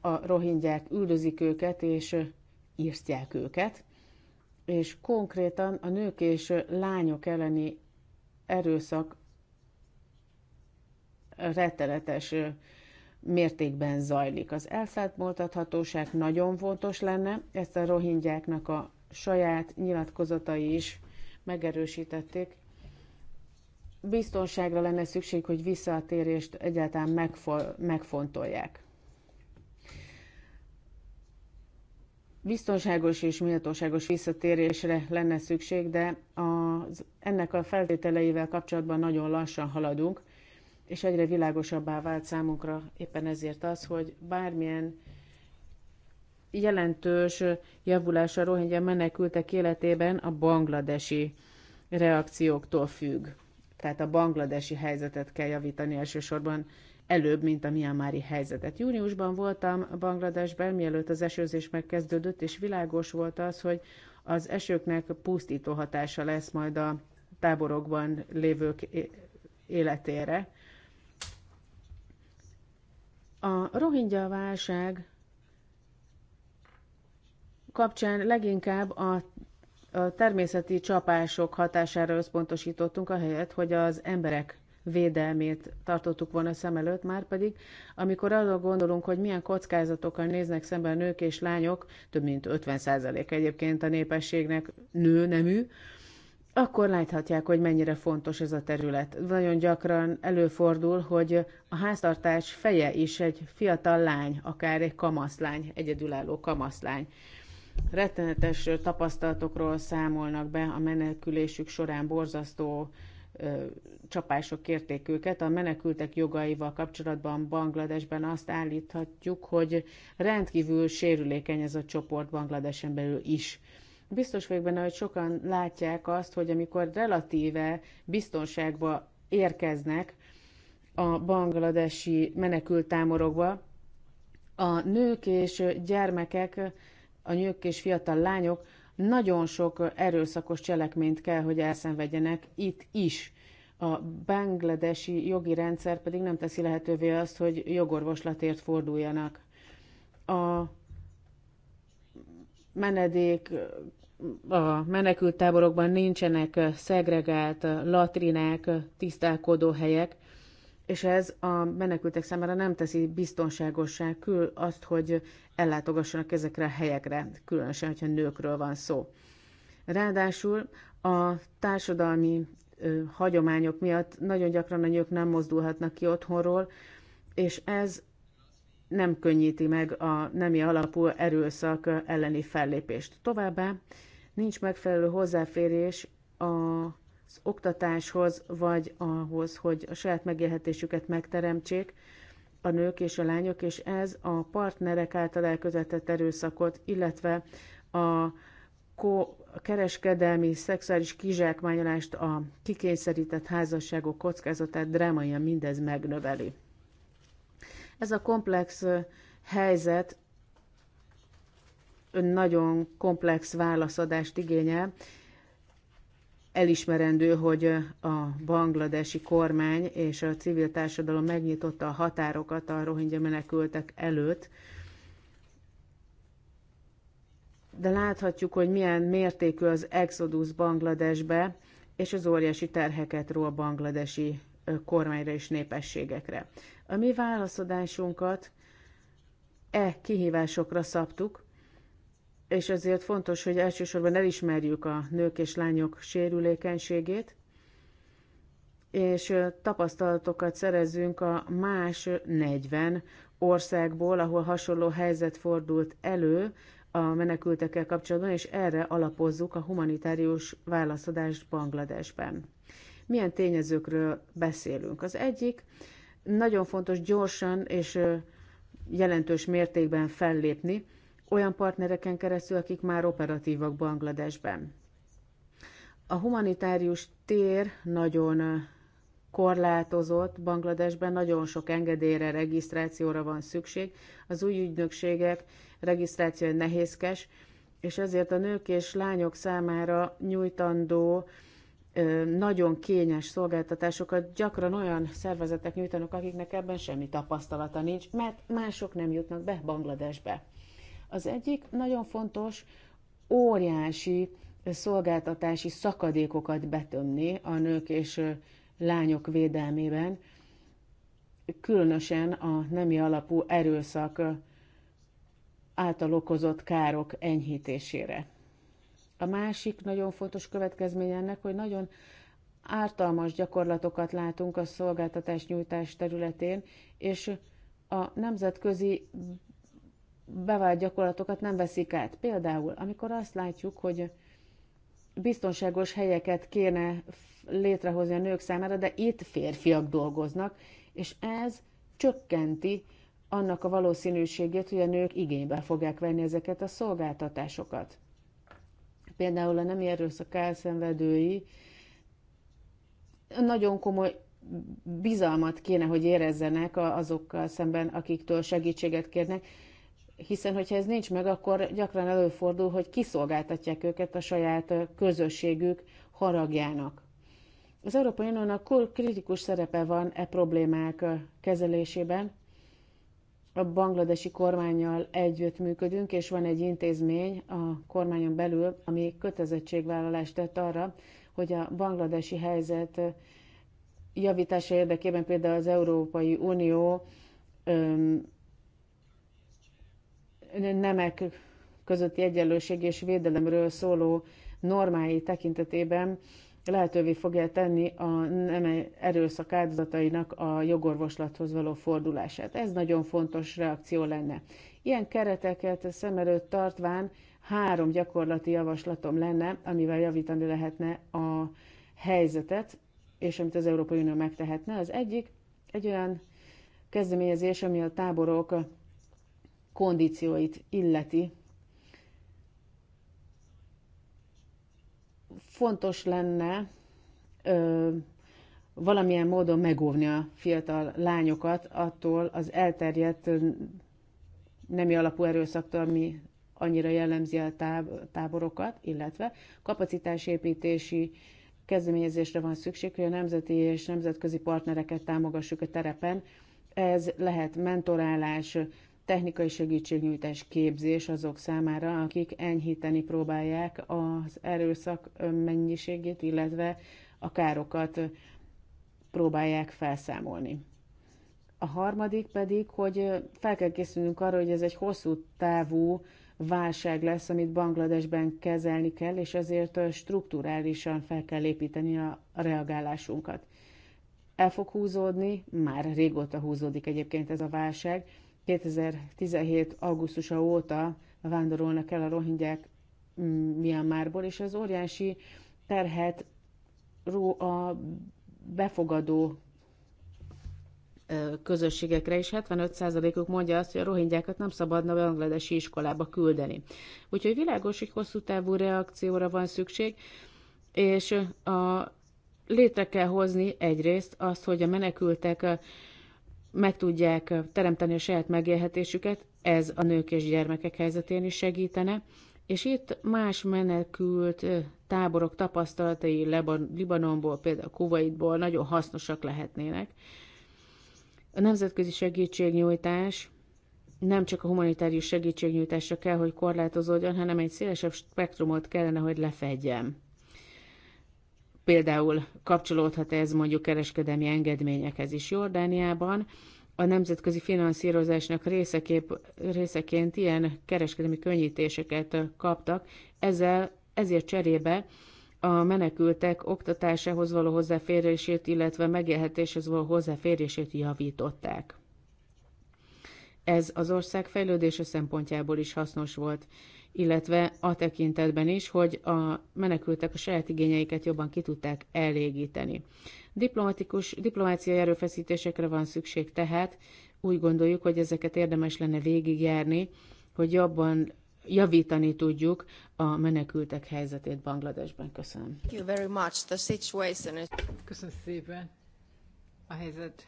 a rohingyák üldözik őket és írtják őket, és konkrétan a nők és lányok elleni erőszak rettenetes mértékben zajlik. Az elszámoltathatóság nagyon fontos lenne, ezt a rohingyáknak a saját nyilatkozatai is megerősítették. Biztonságra lenne szükség, hogy visszatérést egyáltalán megfo- megfontolják. Biztonságos és méltóságos visszatérésre lenne szükség, de az, ennek a feltételeivel kapcsolatban nagyon lassan haladunk és egyre világosabbá vált számunkra éppen ezért az, hogy bármilyen jelentős javulás a rohingya menekültek életében a bangladesi reakcióktól függ. Tehát a bangladesi helyzetet kell javítani elsősorban előbb, mint a miamári helyzetet. Júniusban voltam Bangladesben, mielőtt az esőzés megkezdődött, és világos volt az, hogy az esőknek pusztító hatása lesz majd a táborokban lévők életére. A rohingya válság kapcsán leginkább a, a természeti csapások hatására összpontosítottunk, a helyet, hogy az emberek védelmét tartottuk volna szem előtt, már pedig, amikor arra gondolunk, hogy milyen kockázatokkal néznek szembe nők és lányok, több mint 50% egyébként a népességnek nő nemű, akkor láthatják, hogy mennyire fontos ez a terület. Nagyon gyakran előfordul, hogy a háztartás feje is egy fiatal lány, akár egy kamaszlány, egyedülálló kamaszlány. Rettenetes tapasztalatokról számolnak be a menekülésük során borzasztó ö, csapások kérték őket. A menekültek jogaival kapcsolatban Bangladesben azt állíthatjuk, hogy rendkívül sérülékeny ez a csoport Bangladesen belül is Biztos vagyok benne, hogy sokan látják azt, hogy amikor relatíve biztonságba érkeznek a bangladesi menekültámorokba, a nők és gyermekek, a nők és fiatal lányok nagyon sok erőszakos cselekményt kell, hogy elszenvedjenek itt is. A bangladesi jogi rendszer pedig nem teszi lehetővé azt, hogy jogorvoslatért forduljanak. A menedék a menekülttáborokban nincsenek szegregált latrinák, tisztálkodó helyek, és ez a menekültek számára nem teszi biztonságossá kül azt, hogy ellátogassanak ezekre a helyekre, különösen, hogyha nőkről van szó. Ráadásul a társadalmi hagyományok miatt nagyon gyakran a nők nem mozdulhatnak ki otthonról, és ez nem könnyíti meg a nemi alapú erőszak elleni fellépést. Továbbá nincs megfelelő hozzáférés az oktatáshoz, vagy ahhoz, hogy a saját megélhetésüket megteremtsék a nők és a lányok, és ez a partnerek által elkövetett erőszakot, illetve a kereskedelmi szexuális kizsákmányolást, a kikényszerített házasságok kockázatát drámaian mindez megnöveli. Ez a komplex helyzet nagyon komplex válaszadást igényel. Elismerendő, hogy a bangladesi kormány és a civil társadalom megnyitotta a határokat a rohingya menekültek előtt, de láthatjuk, hogy milyen mértékű az exodus Bangladesbe, és az óriási terheket ró a bangladesi kormányra és népességekre. A mi válaszadásunkat e kihívásokra szabtuk, és ezért fontos, hogy elsősorban elismerjük a nők és lányok sérülékenységét, és tapasztalatokat szerezünk a más 40 országból, ahol hasonló helyzet fordult elő a menekültekkel kapcsolatban, és erre alapozzuk a humanitárius válaszadást Bangladesben. Milyen tényezőkről beszélünk? Az egyik nagyon fontos gyorsan és jelentős mértékben fellépni, olyan partnereken keresztül, akik már operatívak Bangladesben. A humanitárius tér nagyon korlátozott Bangladesben, nagyon sok engedélyre, regisztrációra van szükség. Az új ügynökségek regisztrációja nehézkes, és ezért a nők és lányok számára nyújtandó nagyon kényes szolgáltatásokat gyakran olyan szervezetek nyújtanak, akiknek ebben semmi tapasztalata nincs, mert mások nem jutnak be Bangladesbe. Az egyik nagyon fontos, óriási szolgáltatási szakadékokat betömni a nők és lányok védelmében, különösen a nemi alapú erőszak által okozott károk enyhítésére. A másik nagyon fontos következmény ennek, hogy nagyon ártalmas gyakorlatokat látunk a szolgáltatás nyújtás területén, és a nemzetközi bevált gyakorlatokat nem veszik át. Például, amikor azt látjuk, hogy biztonságos helyeket kéne létrehozni a nők számára, de itt férfiak dolgoznak, és ez csökkenti annak a valószínűségét, hogy a nők igénybe fogják venni ezeket a szolgáltatásokat. Például a nemi erőszak elszenvedői nagyon komoly bizalmat kéne, hogy érezzenek azokkal szemben, akiktől segítséget kérnek, hiszen hogyha ez nincs meg, akkor gyakran előfordul, hogy kiszolgáltatják őket a saját közösségük haragjának. Az Európai Uniónak kritikus szerepe van e problémák kezelésében. A bangladesi kormányjal együtt működünk, és van egy intézmény a kormányon belül, ami kötelezettségvállalást tett arra, hogy a bangladesi helyzet javítása érdekében például az Európai Unió öm, nemek közötti egyenlőség és védelemről szóló normái tekintetében lehetővé fogja tenni a nem erőszak áldozatainak a jogorvoslathoz való fordulását. Ez nagyon fontos reakció lenne. Ilyen kereteket szem előtt tartván három gyakorlati javaslatom lenne, amivel javítani lehetne a helyzetet, és amit az Európai Unió megtehetne. Az egyik egy olyan kezdeményezés, ami a táborok kondícióit illeti, fontos lenne ö, valamilyen módon megóvni a fiatal lányokat attól az elterjedt nemi alapú erőszaktól, ami annyira jellemzi a táborokat, illetve kapacitásépítési kezdeményezésre van szükség, hogy a nemzeti és nemzetközi partnereket támogassuk a terepen. Ez lehet mentorálás, technikai segítségnyújtás képzés azok számára, akik enyhíteni próbálják az erőszak mennyiségét, illetve a károkat próbálják felszámolni. A harmadik pedig, hogy fel kell készülnünk arra, hogy ez egy hosszú távú válság lesz, amit Bangladesben kezelni kell, és ezért strukturálisan fel kell építeni a reagálásunkat. El fog húzódni, már régóta húzódik egyébként ez a válság, 2017. augusztusa óta vándorolnak el a rohingyák mm, Myanmarból, és az óriási terhet ró a befogadó közösségekre, is 75%-uk mondja azt, hogy a rohingyákat nem szabadna bangladesi iskolába küldeni. Úgyhogy világos, hogy hosszú távú reakcióra van szükség, és a, létre kell hozni egyrészt azt, hogy a menekültek meg tudják teremteni a saját megélhetésüket, ez a nők és gyermekek helyzetén is segítene, és itt más menekült táborok tapasztalatai Libanonból, például Kuwaitból nagyon hasznosak lehetnének. A nemzetközi segítségnyújtás nem csak a humanitárius segítségnyújtásra kell, hogy korlátozódjon, hanem egy szélesebb spektrumot kellene, hogy lefedjem. Például kapcsolódhat ez mondjuk kereskedelmi engedményekhez is Jordániában. A nemzetközi finanszírozásnak részekép, részeként ilyen kereskedelmi könnyítéseket kaptak, ezzel, ezért cserébe a menekültek oktatásához való hozzáférését, illetve megélhetéshez való hozzáférését javították. Ez az ország fejlődése szempontjából is hasznos volt, illetve a tekintetben is, hogy a menekültek a saját igényeiket jobban ki tudták elégíteni. Diplomatikus, diplomáciai erőfeszítésekre van szükség tehát, úgy gondoljuk, hogy ezeket érdemes lenne végigjárni, hogy jobban javítani tudjuk a menekültek helyzetét Bangladesben. Köszönöm. Thank you very much. The situation is... Köszönöm szépen. A helyzet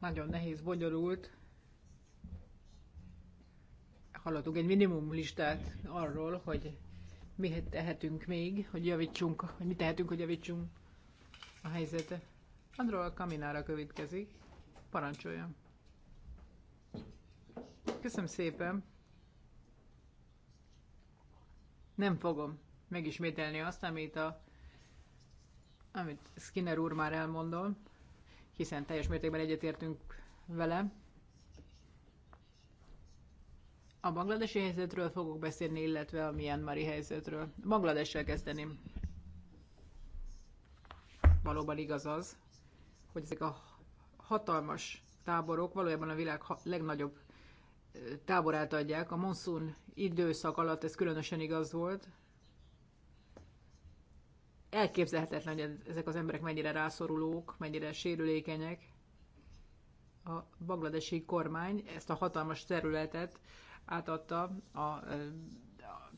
nagyon nehéz, bonyolult hallottunk egy minimum listát arról, hogy mi tehetünk még, hogy javítsunk, hogy mit tehetünk, hogy javítsunk a helyzetet. Andról Kaminára következik. Parancsoljon. Köszönöm szépen. Nem fogom megismételni azt, amit a amit Skinner úr már elmondom, hiszen teljes mértékben egyetértünk vele. A bangladesi helyzetről fogok beszélni, illetve a Myanmari helyzetről. Bangladessel kezdeném. Valóban igaz az, hogy ezek a hatalmas táborok valójában a világ legnagyobb táborát adják. A monszun időszak alatt ez különösen igaz volt. Elképzelhetetlen, hogy ezek az emberek mennyire rászorulók, mennyire sérülékenyek. A bangladesi kormány ezt a hatalmas területet átadta a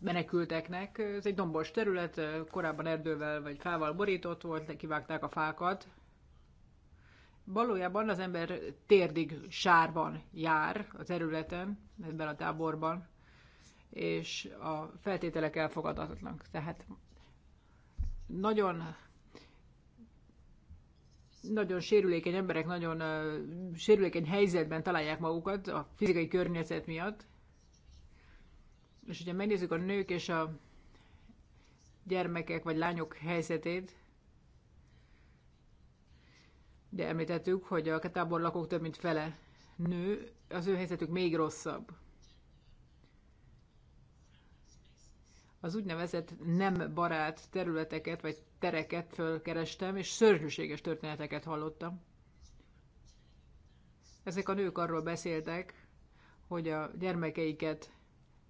menekülteknek. Ez egy dombos terület, korábban erdővel vagy fával borított volt, kivágták a fákat. Valójában az ember térdig sárban jár a területen, ebben a táborban, és a feltételek elfogadhatatlanak. Tehát nagyon nagyon sérülékeny emberek nagyon uh, sérülékeny helyzetben találják magukat a fizikai környezet miatt, és hogyha megnézzük a nők és a gyermekek vagy lányok helyzetét, de említettük, hogy a tábor lakók több mint fele nő, az ő helyzetük még rosszabb. Az úgynevezett nem barát területeket vagy tereket fölkerestem, és szörnyűséges történeteket hallottam. Ezek a nők arról beszéltek, hogy a gyermekeiket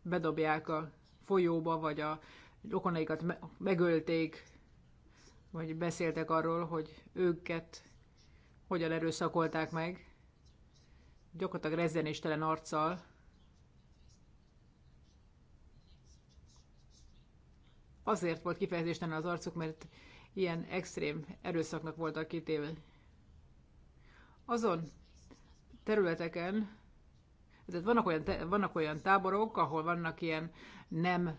bedobják a folyóba, vagy a rokonaikat megölték, vagy beszéltek arról, hogy őket hogyan erőszakolták meg, gyakorlatilag rezzenéstelen arccal. Azért volt kifejezéstelen az arcuk, mert ilyen extrém erőszaknak voltak kitéve. Azon területeken, tehát vannak olyan, vannak olyan táborok, ahol vannak ilyen nem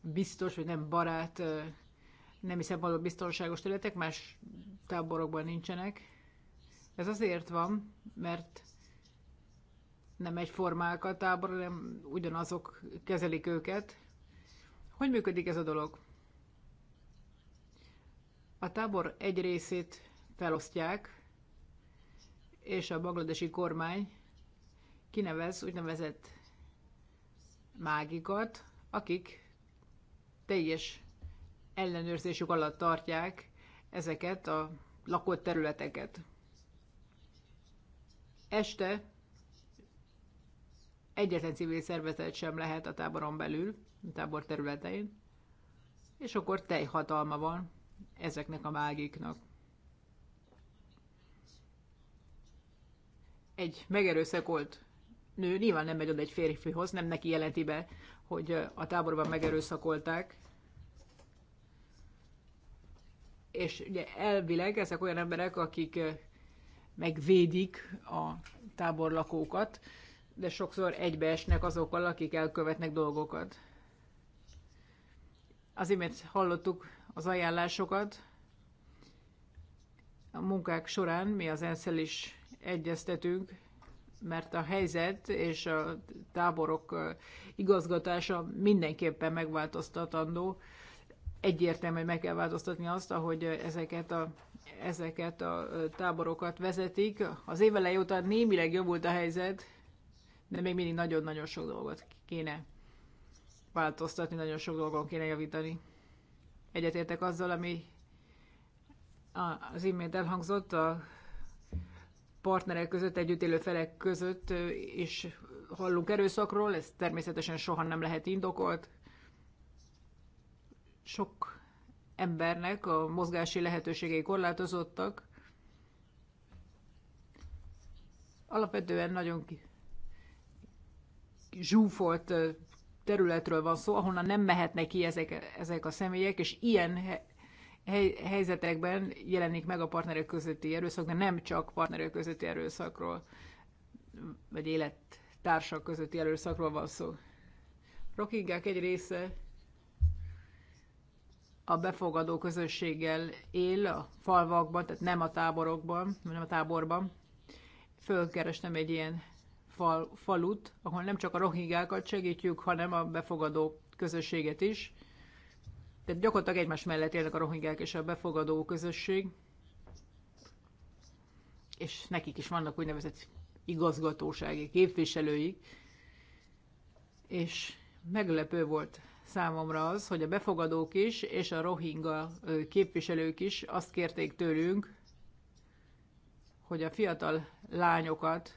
biztos, vagy nem barát, nem hiszem való biztonságos területek, más táborokban nincsenek. Ez azért van, mert nem egyformák a tábor, hanem ugyanazok kezelik őket. Hogy működik ez a dolog? A tábor egy részét felosztják, és a bangladesi kormány kinevez úgynevezett mágikat, akik teljes ellenőrzésük alatt tartják ezeket a lakott területeket. Este egyetlen civil szervezet sem lehet a táboron belül, a tábor területein, és akkor hatalma van ezeknek a mágiknak. Egy megerőszekolt nő nyilván nem megy oda egy férfihoz, nem neki jelenti be, hogy a táborban megerőszakolták. És ugye elvileg ezek olyan emberek, akik megvédik a táborlakókat, de sokszor egybeesnek azokkal, akik elkövetnek dolgokat. Az imént hallottuk az ajánlásokat. A munkák során mi az ensz is egyeztetünk, mert a helyzet és a táborok igazgatása mindenképpen megváltoztatandó. Egyértelműen meg kell változtatni azt, ahogy ezeket a, ezeket a táborokat vezetik. Az évelej óta némileg volt a helyzet, de még mindig nagyon-nagyon sok dolgot kéne változtatni, nagyon sok dolgon kéne javítani. Egyetértek azzal, ami az imént elhangzott, a partnerek között, együtt élő felek között is hallunk erőszakról, ez természetesen soha nem lehet indokolt. Sok embernek a mozgási lehetőségei korlátozottak. Alapvetően nagyon zsúfolt területről van szó, ahonnan nem mehetnek ki ezek, ezek a személyek, és ilyen helyzetekben jelenik meg a partnerek közötti erőszak, de nem csak partnerek közötti erőszakról, vagy élettársak közötti erőszakról van szó. Rokingák egy része a befogadó közösséggel él a falvakban, tehát nem a táborokban, nem a táborban. Fölkerestem egy ilyen fal, falut, ahol nem csak a rohingákat segítjük, hanem a befogadó közösséget is. Tehát gyakorlatilag egymás mellett élnek a rohingyák és a befogadó közösség, és nekik is vannak úgynevezett igazgatósági képviselőik, és meglepő volt számomra az, hogy a befogadók is, és a rohinga képviselők is azt kérték tőlünk, hogy a fiatal lányokat,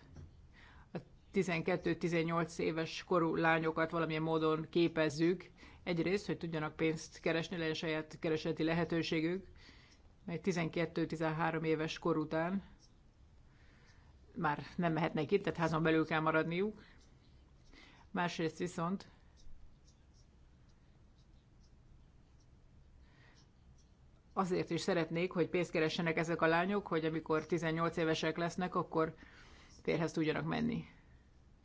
a 12-18 éves korú lányokat valamilyen módon képezzük, Egyrészt, hogy tudjanak pénzt keresni, legyen saját kereseti lehetőségük, mert 12-13 éves kor után már nem mehetnek itt, tehát házon belül kell maradniuk. Másrészt viszont azért is szeretnék, hogy pénzt keressenek ezek a lányok, hogy amikor 18 évesek lesznek, akkor férhez tudjanak menni.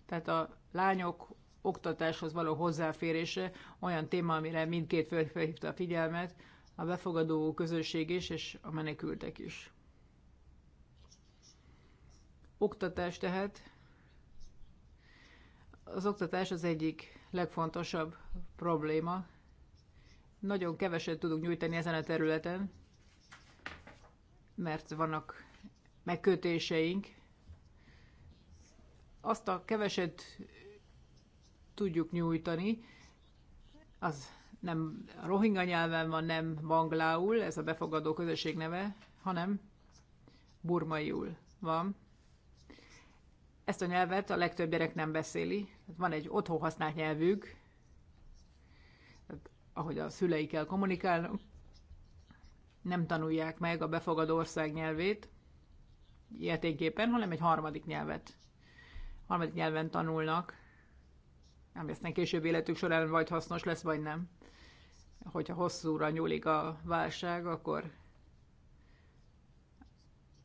Tehát a lányok oktatáshoz való hozzáférése olyan téma, amire mindkét föl felhívta a figyelmet, a befogadó közösség is, és a menekültek is. Oktatás tehát. Az oktatás az egyik legfontosabb probléma. Nagyon keveset tudunk nyújtani ezen a területen, mert vannak megkötéseink. Azt a keveset tudjuk nyújtani. Az nem a rohinga nyelven van, nem banglául, ez a befogadó közösség neve, hanem burmaiul van. Ezt a nyelvet a legtöbb gyerek nem beszéli. Van egy otthon használt nyelvük, ahogy a szüleikkel kommunikálnak, nem tanulják meg a befogadó ország nyelvét ilyeténképpen, hanem egy harmadik nyelvet. Harmadik nyelven tanulnak nem lesznek később életük során, vagy hasznos lesz, vagy nem. Hogyha hosszúra nyúlik a válság, akkor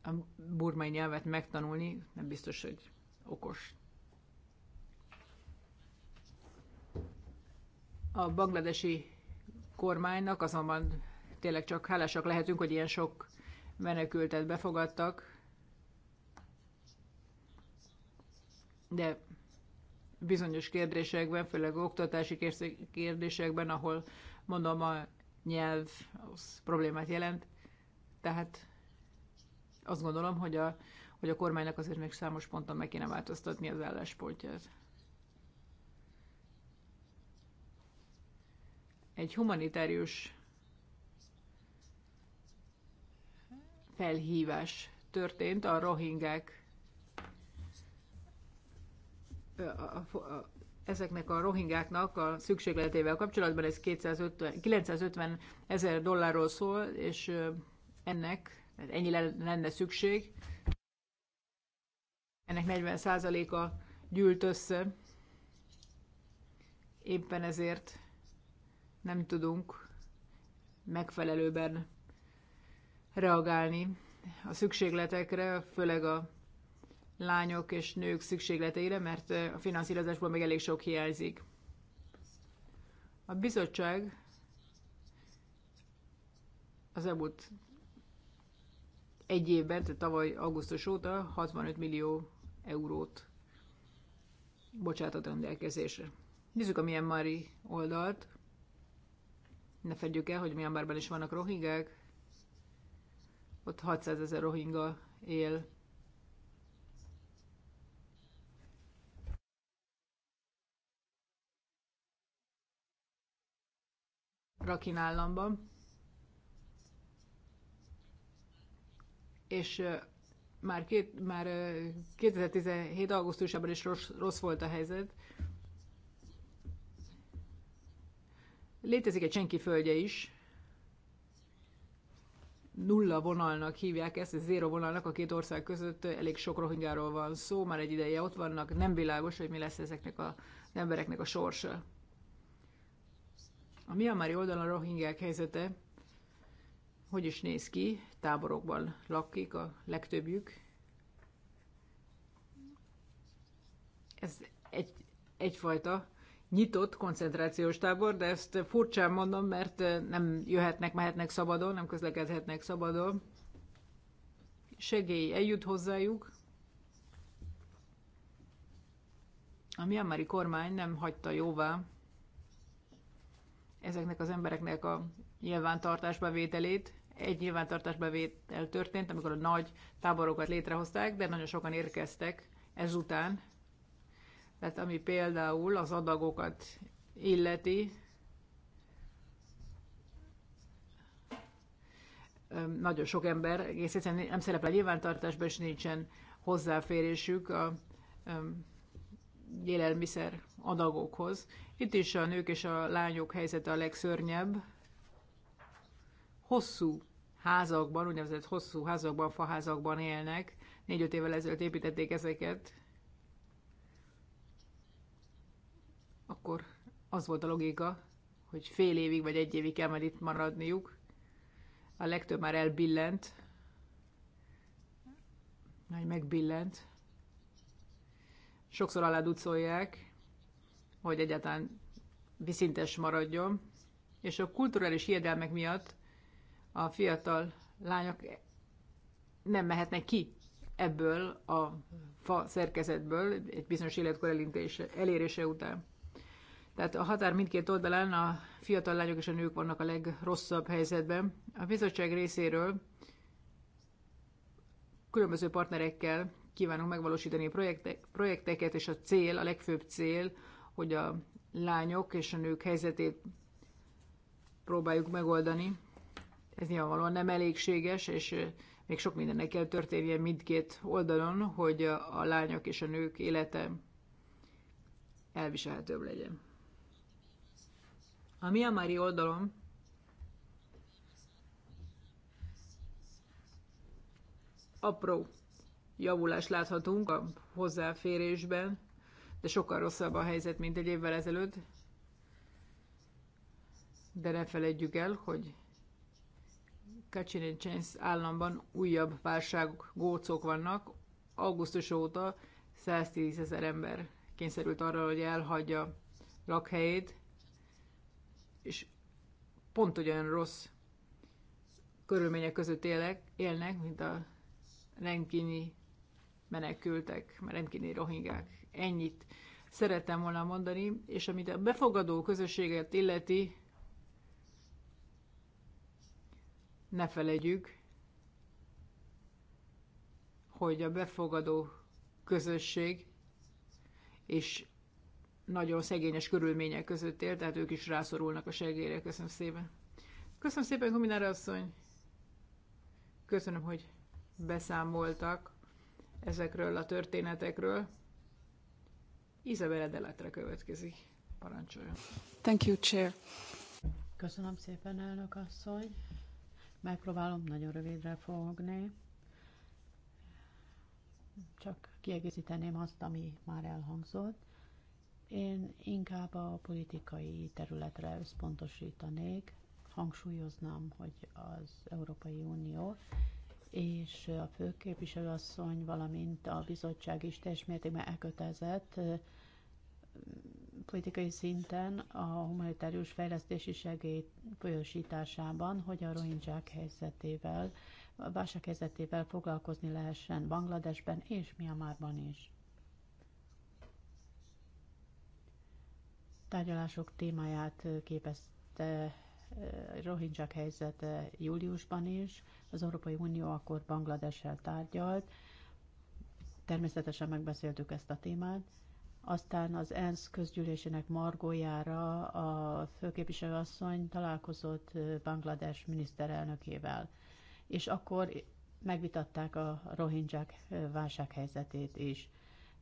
a burmai nyelvet megtanulni nem biztos, hogy okos. A bangladesi kormánynak azonban tényleg csak hálásak lehetünk, hogy ilyen sok menekültet befogadtak, de bizonyos kérdésekben, főleg oktatási kérdésekben, ahol mondom a nyelv az problémát jelent. Tehát azt gondolom, hogy a, hogy a kormánynak azért még számos ponton meg kéne változtatni az álláspontját. Egy humanitárius felhívás történt a rohingák a, a, ezeknek a rohingáknak a szükségletével kapcsolatban ez 250, 950 ezer dollárról szól, és ennek ennyi lenne szükség. Ennek 40%-a gyűlt össze. Éppen ezért nem tudunk megfelelőben reagálni a szükségletekre, főleg a lányok és nők szükségleteire, mert a finanszírozásból még elég sok hiányzik. A bizottság az elmúlt egy évben, tehát tavaly augusztus óta 65 millió eurót bocsátott rendelkezésre. Nézzük a Myanmari oldalt. Ne fedjük el, hogy Myanmarban is vannak rohingák. Ott 600 ezer rohinga él. Rakin államban, és már, két, már 2017. augusztusában is rossz, rossz volt a helyzet. Létezik egy senki földje is. Nulla vonalnak hívják ezt, ez zéro vonalnak a két ország között. Elég sok rohingáról van szó, már egy ideje ott vannak. Nem világos, hogy mi lesz ezeknek az embereknek a sorsa. A Myanmari oldalon a rohingyák helyzete hogy is néz ki? Táborokban lakik a legtöbbjük. Ez egy, egyfajta nyitott koncentrációs tábor, de ezt furcsán mondom, mert nem jöhetnek, mehetnek szabadon, nem közlekedhetnek szabadon. Segély eljut hozzájuk. A Myanmari kormány nem hagyta jóvá ezeknek az embereknek a nyilvántartásba vételét. Egy nyilvántartásba vétel történt, amikor a nagy táborokat létrehozták, de nagyon sokan érkeztek ezután. Tehát ami például az adagokat illeti, nagyon sok ember egész egyszerűen nem szerepel a nyilvántartásban, és nincsen hozzáférésük a, a élelmiszer adagokhoz. Itt is a nők és a lányok helyzete a legszörnyebb. Hosszú házakban, úgynevezett hosszú házakban, faházakban élnek. Négy-öt évvel ezelőtt építették ezeket. Akkor az volt a logika, hogy fél évig vagy egy évig kell majd itt maradniuk. A legtöbb már elbillent. Nagy megbillent. Sokszor alá ducolják hogy egyáltalán viszintes maradjon, és a kulturális hiedelmek miatt a fiatal lányok nem mehetnek ki ebből a fa szerkezetből egy bizonyos életkor elérése után. Tehát a határ mindkét oldalán a fiatal lányok és a nők vannak a legrosszabb helyzetben. A bizottság részéről különböző partnerekkel kívánunk megvalósítani a projekteket, és a cél, a legfőbb cél hogy a lányok és a nők helyzetét próbáljuk megoldani. Ez nyilvánvalóan nem elégséges, és még sok mindennek kell történnie mindkét oldalon, hogy a lányok és a nők élete elviselhetőbb legyen. A Miamari oldalon apró javulást láthatunk a hozzáférésben de sokkal rosszabb a helyzet, mint egy évvel ezelőtt. De ne felejtjük el, hogy Kacsinicsensz államban újabb válságok, gócok vannak. Augusztus óta 110 ezer ember kényszerült arra, hogy elhagyja lakhelyét, és pont olyan rossz körülmények között élek, élnek, mint a rendkini menekültek, rendkini rohingák. Ennyit szerettem volna mondani, és amit a befogadó közösséget illeti, ne felejtjük, hogy a befogadó közösség és nagyon szegényes körülmények között él, tehát ők is rászorulnak a segélyre. Köszönöm szépen. Köszönöm szépen, Kominára asszony. Köszönöm, hogy beszámoltak ezekről a történetekről. Izabella Deletre következik. Parancsoljon. Thank you, Chair. Köszönöm szépen, elnök asszony. Megpróbálom nagyon rövidre fogni. Csak kiegészíteném azt, ami már elhangzott. Én inkább a politikai területre összpontosítanék, hangsúlyoznám, hogy az Európai Unió és a főképviselőasszony, valamint a bizottság is teljes mértékben elkötelezett politikai szinten a humanitárius fejlesztési segély folyosításában, hogy a rohingyák helyzetével, a válság helyzetével foglalkozni lehessen Bangladesben és Myanmarban is. Tárgyalások témáját képezte rohingyák helyzete júliusban is. Az Európai Unió akkor Bangladessel tárgyalt. Természetesen megbeszéltük ezt a témát. Aztán az ENSZ közgyűlésének margójára a főképviselőasszony találkozott Banglades miniszterelnökével, és akkor megvitatták a rohingyák válsághelyzetét is.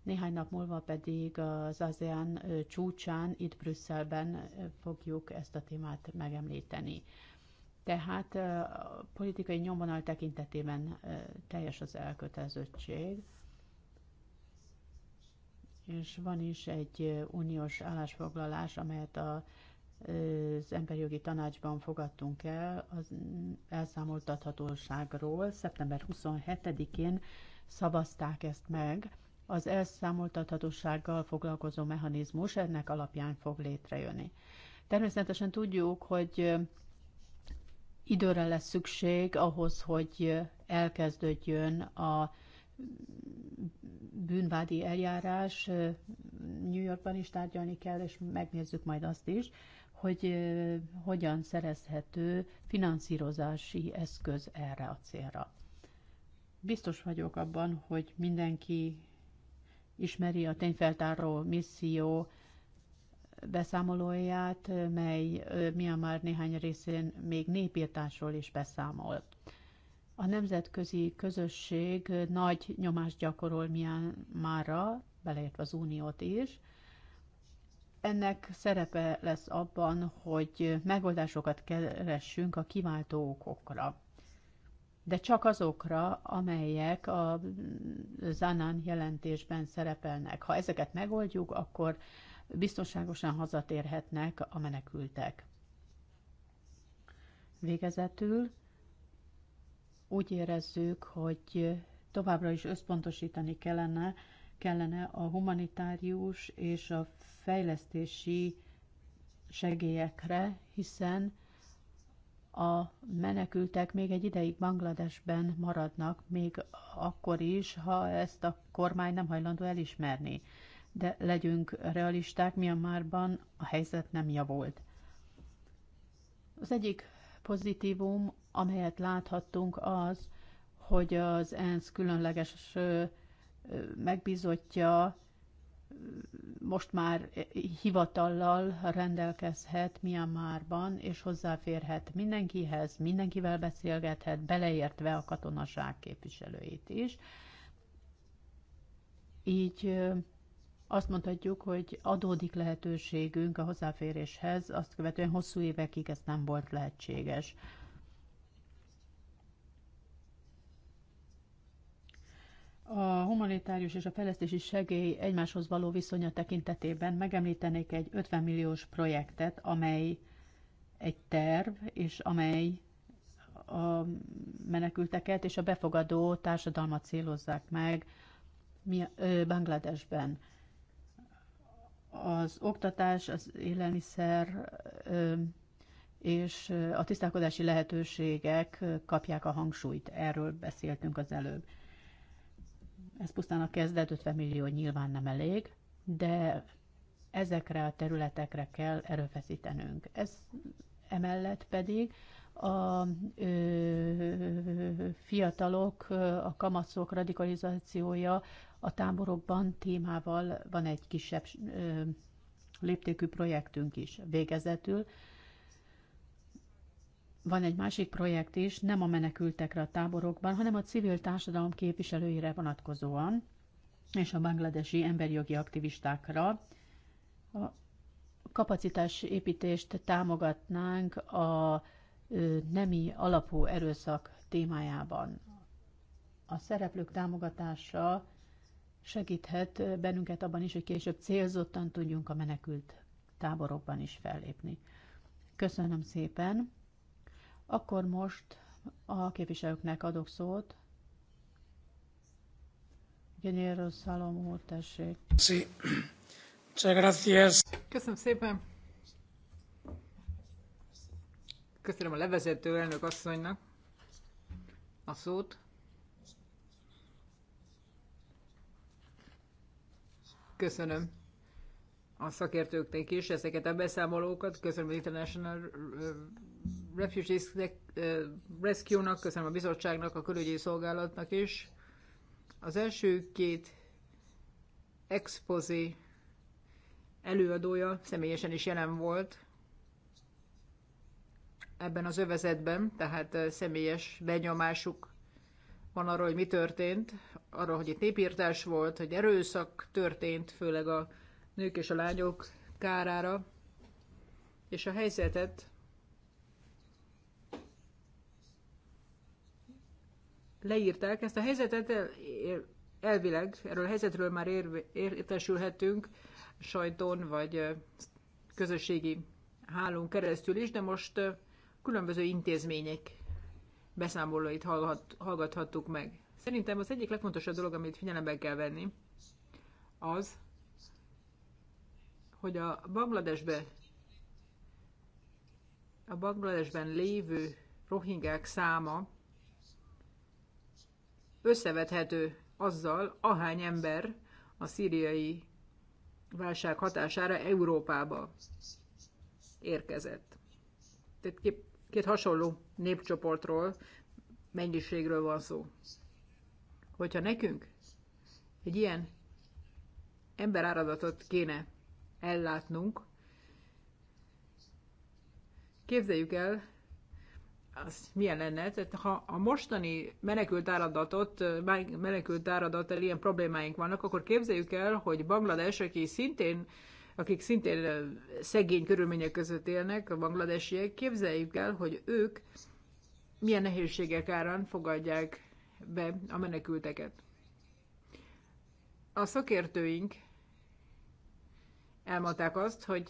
Néhány nap múlva pedig az ASEAN csúcsán, itt Brüsszelben fogjuk ezt a témát megemlíteni. Tehát politikai nyomvonal tekintetében teljes az elkötelezettség, és van is egy uniós állásfoglalás, amelyet a az emberi jogi tanácsban fogadtunk el az elszámoltathatóságról. Szeptember 27-én szavazták ezt meg, az elszámoltathatósággal foglalkozó mechanizmus ennek alapján fog létrejönni. Természetesen tudjuk, hogy időre lesz szükség ahhoz, hogy elkezdődjön a bűnvádi eljárás. New Yorkban is tárgyalni kell, és megnézzük majd azt is, hogy hogyan szerezhető finanszírozási eszköz erre a célra. Biztos vagyok abban, hogy mindenki ismeri a tényfeltáró misszió beszámolóját, mely Myanmar néhány részén még népírtásról is beszámolt. A nemzetközi közösség nagy nyomást gyakorol Myanmarra, beleértve az Uniót is. Ennek szerepe lesz abban, hogy megoldásokat keressünk a kiváltó okokra de csak azokra, amelyek a zanán jelentésben szerepelnek. Ha ezeket megoldjuk, akkor biztonságosan hazatérhetnek a menekültek. Végezetül úgy érezzük, hogy továbbra is összpontosítani kellene, kellene a humanitárius és a fejlesztési segélyekre, hiszen a menekültek még egy ideig Bangladesben maradnak, még akkor is, ha ezt a kormány nem hajlandó elismerni. De legyünk realisták, Myanmarban a helyzet nem javult. Az egyik pozitívum, amelyet láthattunk az, hogy az ENSZ különleges megbízottja most már hivatallal rendelkezhet Myanmarban, és hozzáférhet mindenkihez, mindenkivel beszélgethet, beleértve a katonaság képviselőit is. Így azt mondhatjuk, hogy adódik lehetőségünk a hozzáféréshez, azt követően hosszú évekig ez nem volt lehetséges. a humanitárius és a fejlesztési segély egymáshoz való viszonya tekintetében megemlítenék egy 50 milliós projektet, amely egy terv, és amely a menekülteket és a befogadó társadalmat célozzák meg Bangladesben. Az oktatás, az élelmiszer és a tisztálkodási lehetőségek kapják a hangsúlyt. Erről beszéltünk az előbb. Ez pusztán a kezdet, 50 millió nyilván nem elég, de ezekre a területekre kell erőfeszítenünk. Ez emellett pedig a ö, fiatalok, a kamaszok radikalizációja a táborokban témával van egy kisebb ö, léptékű projektünk is végezetül. Van egy másik projekt is, nem a menekültekre a táborokban, hanem a civil társadalom képviselőire vonatkozóan, és a bangladesi emberjogi aktivistákra. A kapacitásépítést támogatnánk a nemi alapú erőszak témájában. A szereplők támogatása segíthet bennünket abban is, hogy később célzottan tudjunk a menekült táborokban is fellépni. Köszönöm szépen! Akkor most a képviselőknek adok szót. Genyéro Szalom úr, tessék. Köszönöm szépen. Köszönöm a levezető elnök asszonynak a szót. Köszönöm a szakértőknek is ezeket a beszámolókat. Köszönöm az International Refugees Rescue-nak, köszönöm a bizottságnak, a körügyi szolgálatnak is. Az első két expozi előadója személyesen is jelen volt ebben az övezetben, tehát személyes benyomásuk van arról, hogy mi történt, arról, hogy itt népírtás volt, hogy erőszak történt, főleg a nők és a lányok kárára, és a helyzetet leírták ezt a helyzetet, elvileg erről a helyzetről már értesülhetünk sajton vagy közösségi hálón keresztül is, de most különböző intézmények beszámolóit hallhat, hallgathattuk meg. Szerintem az egyik legfontosabb dolog, amit figyelembe kell venni, az, hogy a Bangladesbe a Bangladesben lévő rohingák száma összevethető azzal, ahány ember a szíriai válság hatására Európába érkezett. Tehát két hasonló népcsoportról, mennyiségről van szó. Hogyha nekünk egy ilyen emberáradatot kéne ellátnunk, képzeljük el, az milyen lenne, tehát ha a mostani menekült áradatot, menekült áradattal ilyen problémáink vannak, akkor képzeljük el, hogy Banglades, aki szintén akik szintén szegény körülmények között élnek, a bangladesiek, képzeljük el, hogy ők milyen nehézségek árán fogadják be a menekülteket. A szakértőink elmondták azt, hogy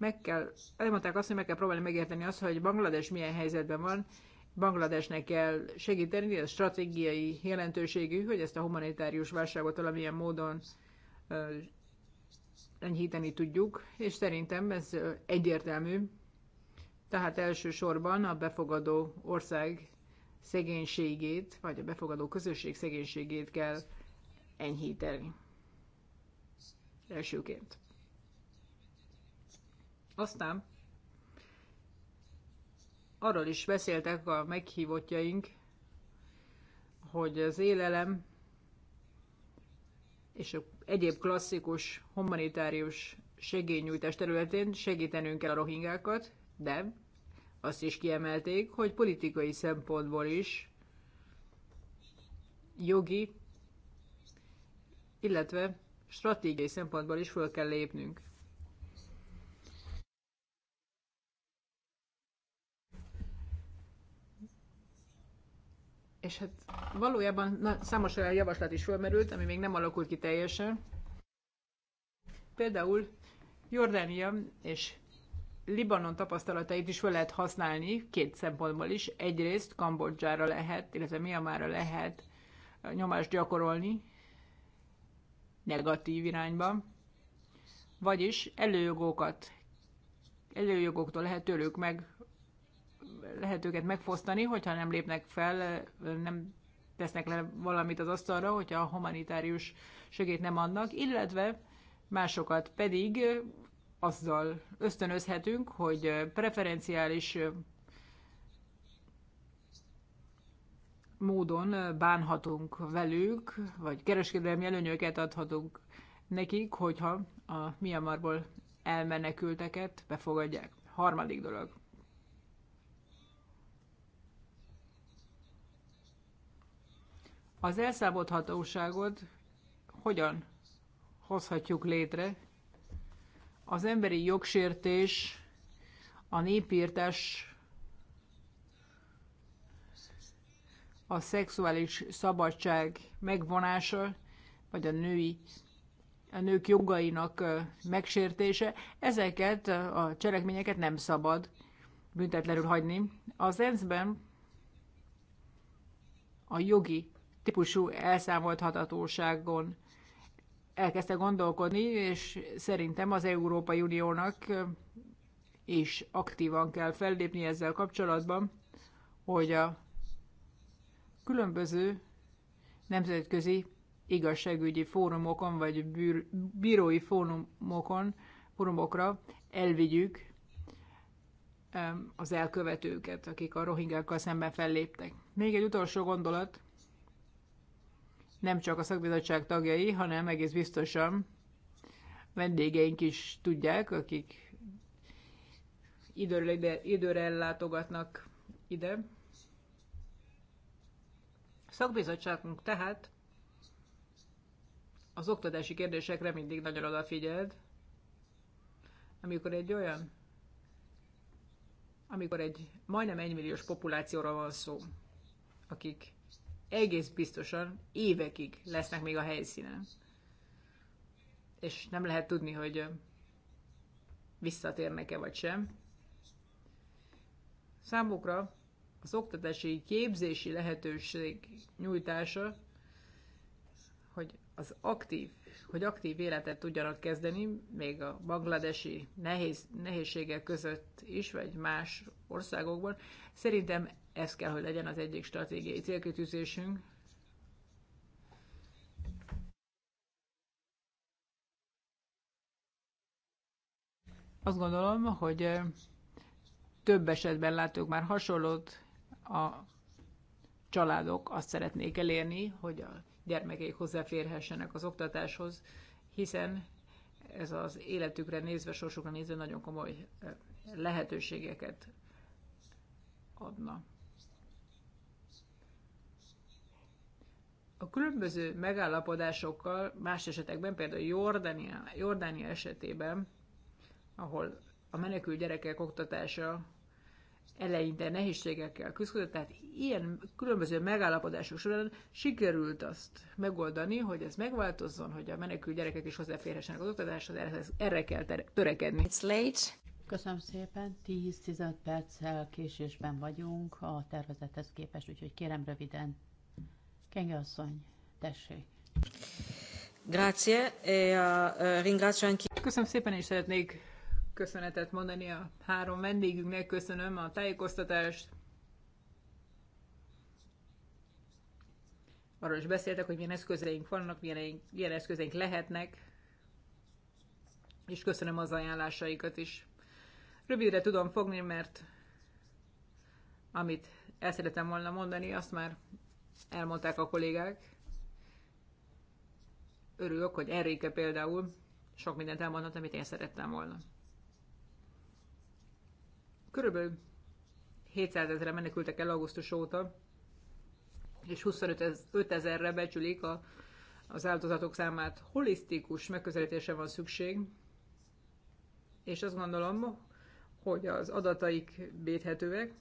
meg kell, elmondták azt, hogy meg kell próbálni megérteni azt, hogy Banglades milyen helyzetben van, Bangladesnek kell segíteni, ez stratégiai jelentőségű, hogy ezt a humanitárius válságot valamilyen módon enyhíteni tudjuk, és szerintem ez egyértelmű. Tehát elsősorban a befogadó ország szegénységét, vagy a befogadó közösség szegénységét kell enyhíteni. Elsőként. Aztán arról is beszéltek a meghívottjaink, hogy az élelem és egyéb klasszikus humanitárius segélynyújtás területén segítenünk kell a rohingákat, de azt is kiemelték, hogy politikai szempontból is jogi, illetve stratégiai szempontból is föl kell lépnünk. és hát valójában na, számos olyan javaslat is fölmerült, ami még nem alakult ki teljesen. Például Jordánia és Libanon tapasztalatait is fel lehet használni két szempontból is. Egyrészt Kambodzsára lehet, illetve Myanmarra lehet nyomást gyakorolni negatív irányba, vagyis előjogokat, előjogoktól tőlük meg lehet őket megfosztani, hogyha nem lépnek fel, nem tesznek le valamit az asztalra, hogyha a humanitárius segét nem adnak, illetve másokat pedig azzal ösztönözhetünk, hogy preferenciális módon bánhatunk velük, vagy kereskedelmi előnyöket adhatunk nekik, hogyha a Myanmarból elmenekülteket befogadják. Harmadik dolog. Az elszámolhatóságot hogyan hozhatjuk létre? Az emberi jogsértés, a népírtás, a szexuális szabadság megvonása, vagy a női a nők jogainak megsértése, ezeket a cselekményeket nem szabad büntetlenül hagyni. Az ENSZ-ben a jogi típusú hatatóságon elkezdte gondolkodni, és szerintem az Európai Uniónak is aktívan kell fellépni ezzel kapcsolatban, hogy a különböző nemzetközi igazságügyi fórumokon vagy bűr, bírói fórumokon, fórumokra elvigyük az elkövetőket, akik a rohingákkal szemben felléptek. Még egy utolsó gondolat nem csak a szakbizottság tagjai, hanem egész biztosan vendégeink is tudják, akik időre, ide, időre ellátogatnak ide. A szakbizottságunk tehát az oktatási kérdésekre mindig nagyon odafigyeld, amikor egy olyan, amikor egy majdnem egymilliós populációra van szó, akik egész biztosan évekig lesznek még a helyszínen. És nem lehet tudni, hogy visszatérnek-e vagy sem. Számukra az oktatási képzési lehetőség nyújtása, hogy az aktív hogy aktív életet tudjanak kezdeni, még a bangladesi nehéz, nehézségek között is, vagy más országokban. Szerintem ez kell, hogy legyen az egyik stratégiai célkötűzésünk. azt gondolom, hogy eh, több esetben látok már hasonlót, a családok azt szeretnék elérni, hogy a gyermekeik hozzáférhessenek az oktatáshoz, hiszen ez az életükre nézve, sorsukra nézve nagyon komoly lehetőségeket adna. A különböző megállapodásokkal más esetekben, például Jordánia, Jordánia esetében, ahol a menekül gyerekek oktatása eleinte nehézségekkel küzdött, tehát ilyen különböző megállapodások során sikerült azt megoldani, hogy ez megváltozzon, hogy a menekült gyerekek is hozzáférhessenek az oktatáshoz, erre, erre kell törekedni. It's late. Köszönöm szépen, 10-15 perccel késésben vagyunk a tervezethez képest, úgyhogy kérem röviden. Kenge asszony, tessék. Grazie, e, a, e, anche... Köszönöm szépen, és szeretnék köszönetet mondani a három vendégünknek, köszönöm a tájékoztatást. Arról is beszéltek, hogy milyen eszközeink vannak, milyen, milyen eszközeink lehetnek, és köszönöm az ajánlásaikat is. Rövidre tudom fogni, mert amit el szeretem volna mondani, azt már elmondták a kollégák. Örülök, hogy Enrique például sok mindent elmondott, amit én szerettem volna. Körülbelül 700 ezerre menekültek el augusztus óta, és 25 ezerre becsülik a, az áldozatok számát. Holisztikus megközelítésre van szükség, és azt gondolom, hogy az adataik védhetőek,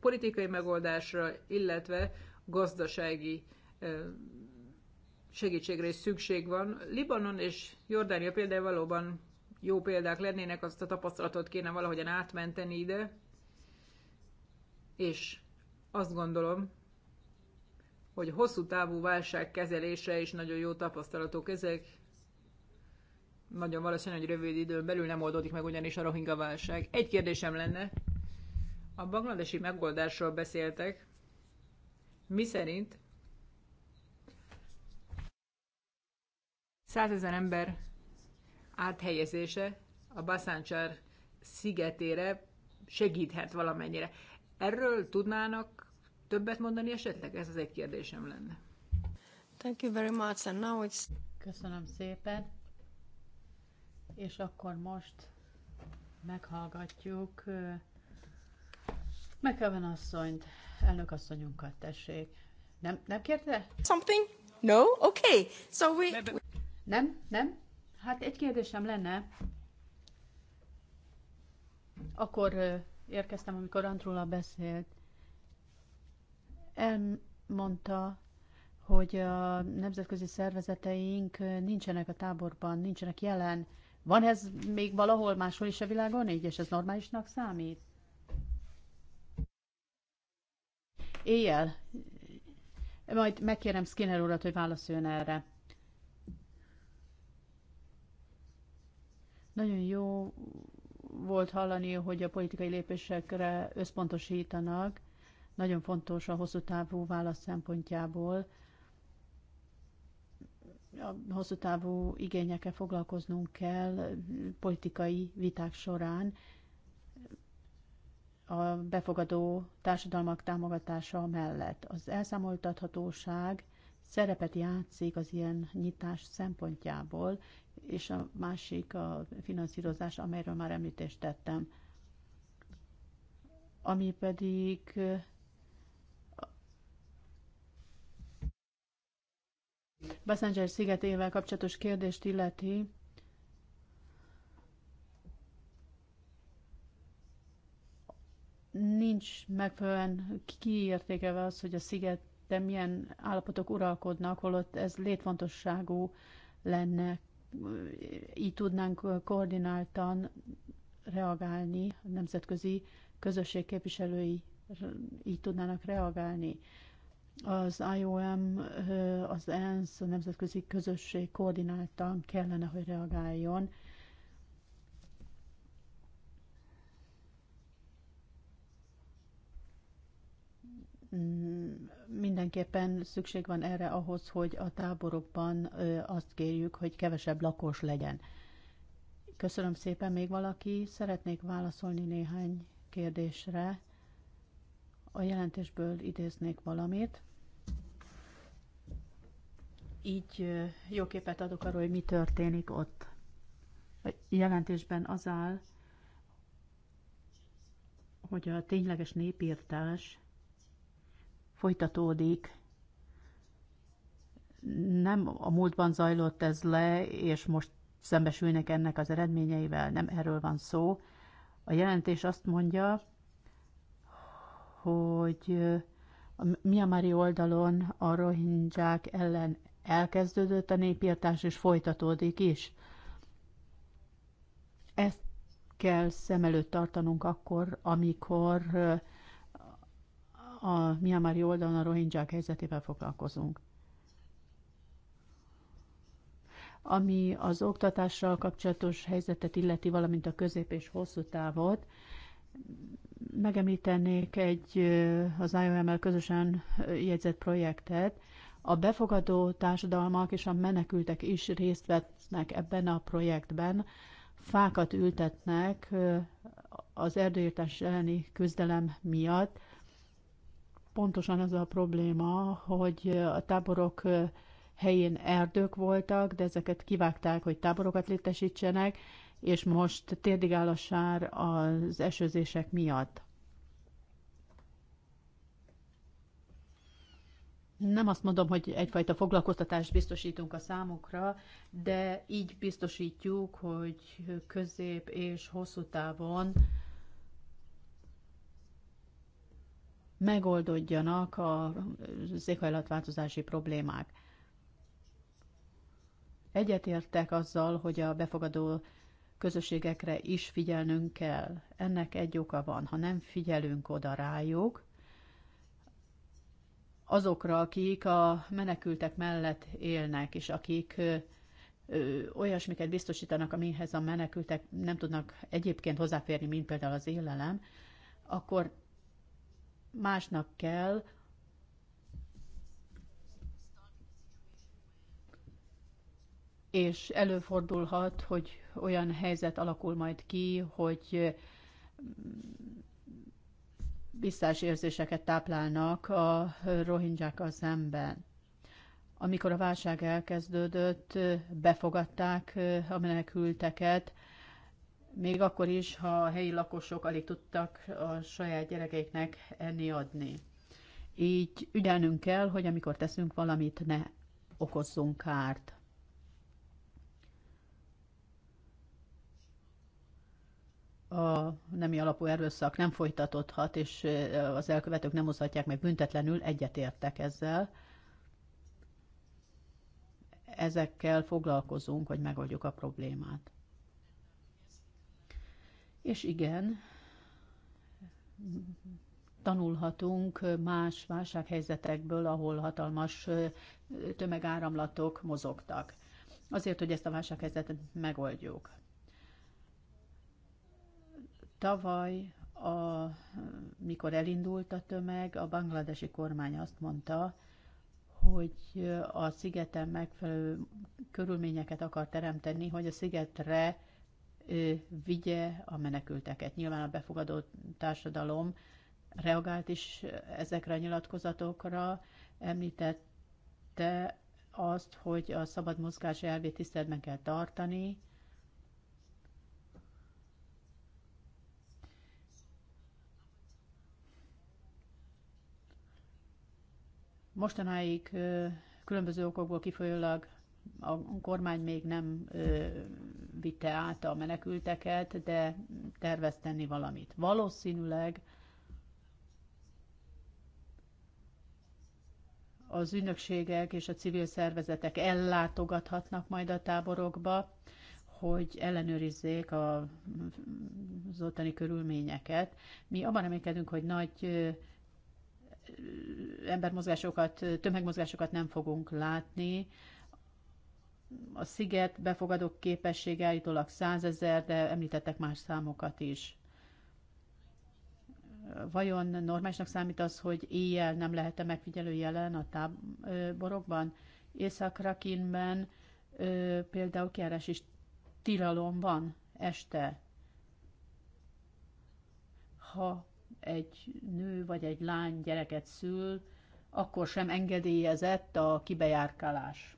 politikai megoldásra, illetve gazdasági segítségre is szükség van. Libanon és Jordánia például valóban jó példák lennének, azt a tapasztalatot kéne valahogyan átmenteni ide, és azt gondolom, hogy hosszú távú kezelése is nagyon jó tapasztalatok ezek. Nagyon valószínű, hogy rövid időn belül nem oldódik meg ugyanis a rohinga válság. Egy kérdésem lenne. A bangladesi megoldásról beszéltek, mi szerint 100 ezer ember áthelyezése a Baszáncsár szigetére segíthet valamennyire. Erről tudnának többet mondani esetleg? Ez az egy kérdésem lenne. Thank you very much, and now it's... Köszönöm szépen. És akkor most meghallgatjuk McEwen asszonyt, elnök asszonyunkat, tessék. Nem, nem kérte? Something? No? Okay. So we... Nem, nem? Hát egy kérdésem lenne. Akkor érkeztem, amikor Andrula beszélt. Elmondta, hogy a nemzetközi szervezeteink nincsenek a táborban, nincsenek jelen. Van ez még valahol máshol is a világon így, és ez normálisnak számít? Éjjel. Majd megkérem Skinner urat, hogy válaszoljon erre. Nagyon jó volt hallani, hogy a politikai lépésekre összpontosítanak. Nagyon fontos a hosszú távú válasz szempontjából. A hosszú távú igényekkel foglalkoznunk kell politikai viták során. A befogadó társadalmak támogatása mellett. Az elszámoltathatóság szerepet játszik az ilyen nyitás szempontjából, és a másik a finanszírozás, amelyről már említést tettem. Ami pedig Bassenger szigetével kapcsolatos kérdést illeti, nincs megfelelően kiértékelve az, hogy a szigeten milyen állapotok uralkodnak, holott ez létfontosságú lenne így tudnánk koordináltan reagálni, a nemzetközi közösség képviselői így tudnának reagálni. Az IOM, az ENSZ, a nemzetközi közösség koordináltan kellene, hogy reagáljon. Mm mindenképpen szükség van erre ahhoz, hogy a táborokban azt kérjük, hogy kevesebb lakos legyen. Köszönöm szépen, még valaki? Szeretnék válaszolni néhány kérdésre. A jelentésből idéznék valamit. Így jó képet adok arról, hogy mi történik ott. A jelentésben az áll, hogy a tényleges népírtás folytatódik. Nem a múltban zajlott ez le, és most szembesülnek ennek az eredményeivel, nem erről van szó. A jelentés azt mondja, hogy a Miamari oldalon a rohingyák ellen elkezdődött a népírtás, és folytatódik is. Ezt kell szem előtt tartanunk akkor, amikor a Miamari oldalon a rohingyák helyzetével foglalkozunk. Ami az oktatással kapcsolatos helyzetet illeti, valamint a közép és hosszú távot, megemlítenék egy az IOM-mel közösen jegyzett projektet. A befogadó társadalmak és a menekültek is részt vesznek ebben a projektben. Fákat ültetnek az erdőírtás elleni küzdelem miatt, pontosan az a probléma, hogy a táborok helyén erdők voltak, de ezeket kivágták, hogy táborokat létesítsenek, és most térdig áll a sár az esőzések miatt. Nem azt mondom, hogy egyfajta foglalkoztatást biztosítunk a számukra, de így biztosítjuk, hogy közép és hosszú távon megoldódjanak az éghajlatváltozási problémák. Egyetértek azzal, hogy a befogadó közösségekre is figyelnünk kell. Ennek egy oka van, ha nem figyelünk oda rájuk, azokra, akik a menekültek mellett élnek, és akik olyasmiket biztosítanak, amihez a menekültek nem tudnak egyébként hozzáférni, mint például az élelem, akkor másnak kell és előfordulhat, hogy olyan helyzet alakul majd ki, hogy biztás mm, érzéseket táplálnak a rohingyákkal szemben. Amikor a válság elkezdődött, befogadták a menekülteket, még akkor is, ha a helyi lakosok alig tudtak a saját gyerekeiknek enni adni. Így ügyelnünk kell, hogy amikor teszünk valamit, ne okozzunk kárt. a nemi alapú erőszak nem folytatódhat, és az elkövetők nem hozhatják meg büntetlenül, egyetértek ezzel. Ezekkel foglalkozunk, hogy megoldjuk a problémát. És igen, tanulhatunk más válsághelyzetekből, ahol hatalmas tömegáramlatok mozogtak. Azért, hogy ezt a válsághelyzetet megoldjuk. Tavaly, a, mikor elindult a tömeg, a bangladesi kormány azt mondta, hogy a szigeten megfelelő körülményeket akar teremteni, hogy a szigetre vigye a menekülteket. Nyilván a befogadó társadalom reagált is ezekre a nyilatkozatokra, említette azt, hogy a szabad mozgás elvét tiszteletben kell tartani, Mostanáig különböző okokból kifolyólag a kormány még nem ö, vitte át a menekülteket, de tervez tenni valamit. Valószínűleg az ügynökségek és a civil szervezetek ellátogathatnak majd a táborokba, hogy ellenőrizzék a, az ottani körülményeket. Mi abban reménykedünk, hogy nagy embermozgásokat, tömegmozgásokat nem fogunk látni, a sziget befogadó képessége állítólag 100 ezer, de említettek más számokat is. Vajon normálisnak számít az, hogy éjjel nem lehet-e megfigyelő jelen a táborokban? Észak-Rakinben például kiárás is tilalom van este. Ha egy nő vagy egy lány gyereket szül, akkor sem engedélyezett a kibejárkálás.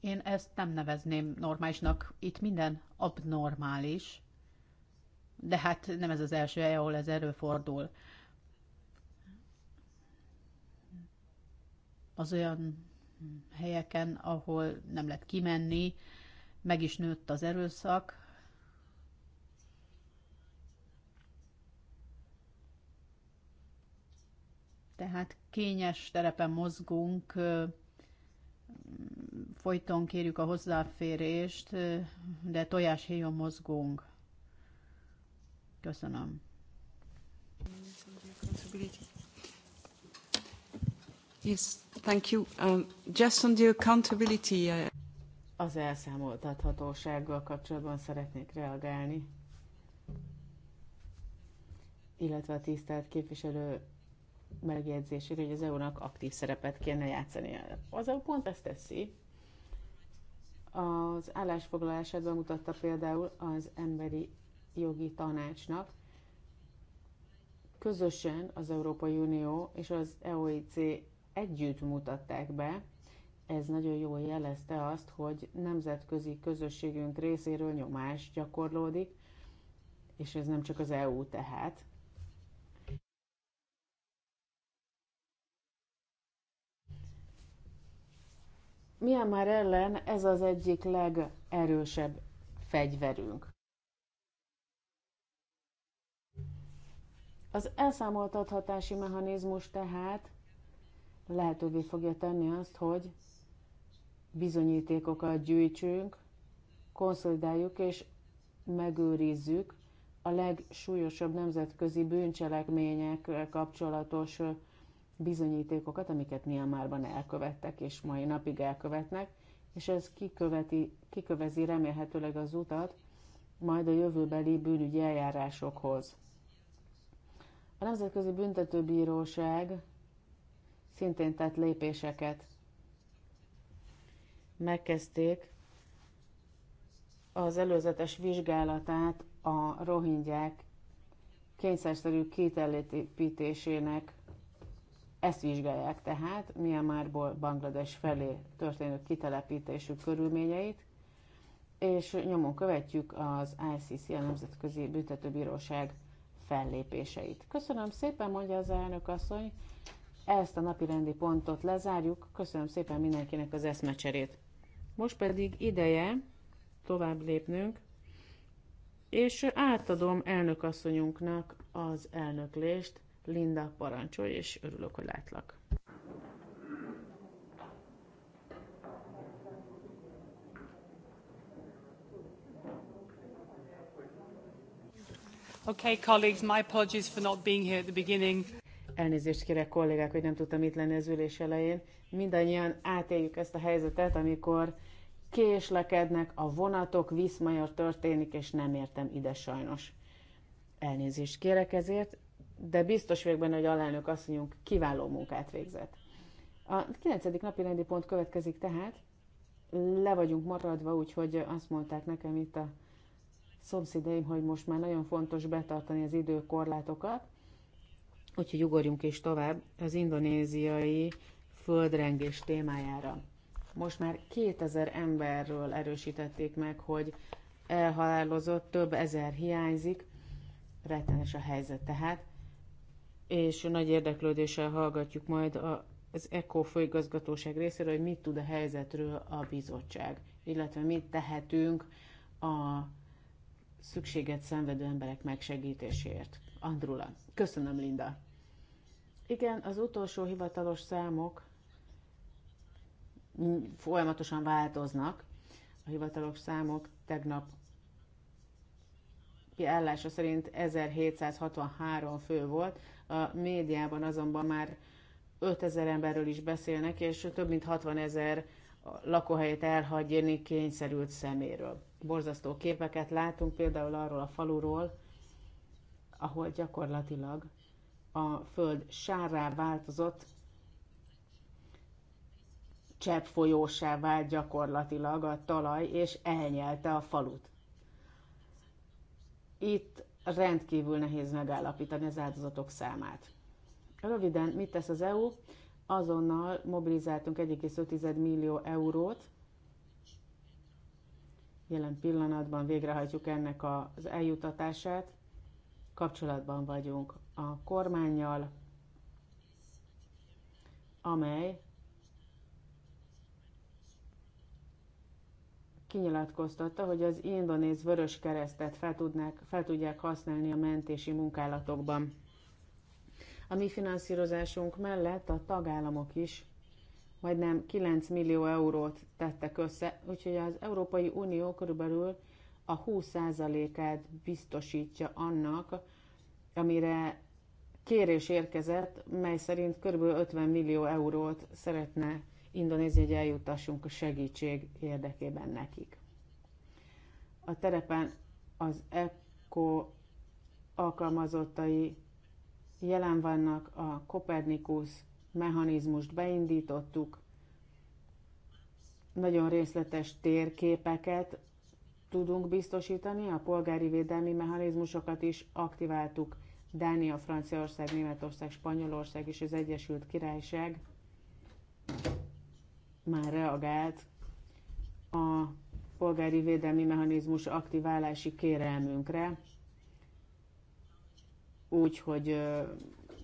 Én ezt nem nevezném normálisnak, itt minden abnormális, de hát nem ez az első hely, ahol ez fordul. Az olyan helyeken, ahol nem lehet kimenni, meg is nőtt az erőszak, Tehát kényes terepen mozgunk, folyton kérjük a hozzáférést, de tojáshéjon mozgunk. Köszönöm. Yes, thank you. Um, just on the accountability. Uh... Az elszámoltathatósággal kapcsolatban szeretnék reagálni, illetve a tisztelt képviselő megjegyzésére, hogy az EU-nak aktív szerepet kéne játszani. Az EU pont ezt teszi, az állásfoglalását bemutatta például az emberi jogi tanácsnak, közösen az Európai Unió és az EOIC együtt mutatták be, ez nagyon jól jelezte azt, hogy nemzetközi közösségünk részéről nyomás gyakorlódik, és ez nem csak az EU tehát, Myanmar ellen ez az egyik legerősebb fegyverünk. Az elszámoltathatási mechanizmus tehát lehetővé fogja tenni azt, hogy bizonyítékokat gyűjtsünk, konszolidáljuk és megőrizzük a legsúlyosabb nemzetközi bűncselekmények kapcsolatos bizonyítékokat, amiket Myanmarban elkövettek, és mai napig elkövetnek, és ez kiköveti, kikövezi remélhetőleg az utat majd a jövőbeli bűnügyi eljárásokhoz. A Nemzetközi Büntetőbíróság szintén tett lépéseket. Megkezdték az előzetes vizsgálatát a rohingyák kényszerszerű kitelépítésének ezt vizsgálják tehát Myanmarból Banglades felé történő kitelepítésük körülményeit, és nyomon követjük az ICC, a Nemzetközi Büntetőbíróság fellépéseit. Köszönöm szépen, mondja az elnök asszony, ezt a napi rendi pontot lezárjuk. Köszönöm szépen mindenkinek az eszmecserét. Most pedig ideje tovább lépnünk, és átadom elnökasszonyunknak az elnöklést. Linda, parancsolj, és örülök, hogy látlak. Okay, colleagues, my apologies for not being here at the beginning. Elnézést kérek kollégák, hogy nem tudtam itt lenni az ülés elején. Mindannyian átéljük ezt a helyzetet, amikor késlekednek a vonatok, viszmajor történik, és nem értem ide sajnos. Elnézést kérek ezért, de biztos vagyok benne, hogy alelnök asszonyunk kiváló munkát végzett. A 9. napi rendi pont következik tehát, le vagyunk maradva, úgyhogy azt mondták nekem itt a szomszédeim, hogy most már nagyon fontos betartani az időkorlátokat, úgyhogy ugorjunk is tovább az indonéziai földrengés témájára. Most már 2000 emberről erősítették meg, hogy elhalálozott, több ezer hiányzik, rettenes a helyzet tehát és nagy érdeklődéssel hallgatjuk majd az ECO főigazgatóság részéről, hogy mit tud a helyzetről a bizottság, illetve mit tehetünk a szükséget szenvedő emberek megsegítéséért. Andrula. Köszönöm, Linda. Igen, az utolsó hivatalos számok folyamatosan változnak. A hivatalos számok tegnap állása szerint 1763 fő volt, a médiában azonban már 5000 emberről is beszélnek, és több mint 60 ezer lakóhelyet elhagyni kényszerült szeméről. Borzasztó képeket látunk például arról a faluról, ahol gyakorlatilag a föld sárrá változott, csepp folyósá vált gyakorlatilag a talaj, és elnyelte a falut. Itt rendkívül nehéz megállapítani az áldozatok számát. Röviden, mit tesz az EU? Azonnal mobilizáltunk 1,5 millió eurót, jelen pillanatban végrehajtjuk ennek az eljutatását, kapcsolatban vagyunk a kormányjal, amely kinyilatkoztatta, hogy az indonéz vörös keresztet fel, tudnák, fel tudják használni a mentési munkálatokban. A mi finanszírozásunk mellett a tagállamok is majdnem 9 millió eurót tettek össze, úgyhogy az Európai Unió körülbelül a 20%-át biztosítja annak, amire kérés érkezett, mely szerint kb. 50 millió eurót szeretne hogy eljutassunk a segítség érdekében nekik. A terepen az ECO alkalmazottai jelen vannak, a Kopernikus mechanizmust beindítottuk, nagyon részletes térképeket tudunk biztosítani, a polgári védelmi mechanizmusokat is aktiváltuk. Dánia, Franciaország, Németország, Spanyolország és az Egyesült Királyság már reagált a polgári védelmi mechanizmus aktiválási kérelmünkre, úgyhogy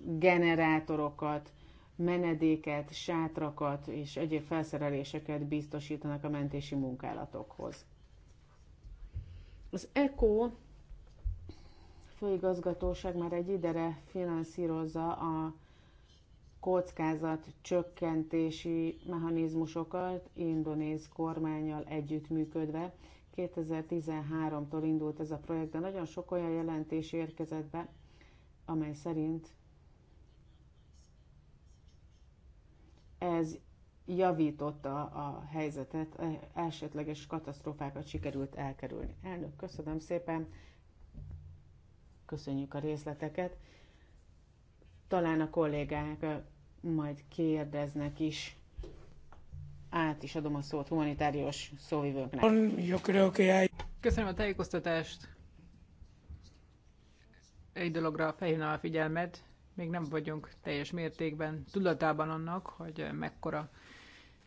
generátorokat, menedéket, sátrakat és egyéb felszereléseket biztosítanak a mentési munkálatokhoz. Az ECO főigazgatóság már egy idere finanszírozza a kockázat csökkentési mechanizmusokat indonéz kormányjal együttműködve. 2013-tól indult ez a projekt, de nagyon sok olyan jelentés érkezett be, amely szerint ez javította a helyzetet, e, esetleges katasztrófákat sikerült elkerülni. Elnök, köszönöm szépen, köszönjük a részleteket. Talán a kollégák majd kérdeznek is. Át is adom a szót humanitárius szóvivőknek. Köszönöm a tájékoztatást. Egy dologra felhívnám a figyelmet. Még nem vagyunk teljes mértékben tudatában annak, hogy mekkora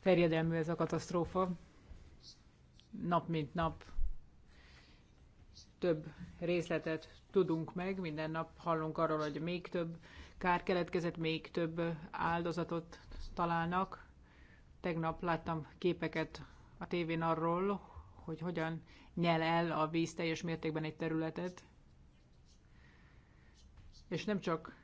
terjedelmű ez a katasztrófa. Nap mint nap több részletet tudunk meg, minden nap hallunk arról, hogy még több kár keletkezett, még több áldozatot találnak. Tegnap láttam képeket a tévén arról, hogy hogyan nyel el a víz teljes mértékben egy területet. És nem csak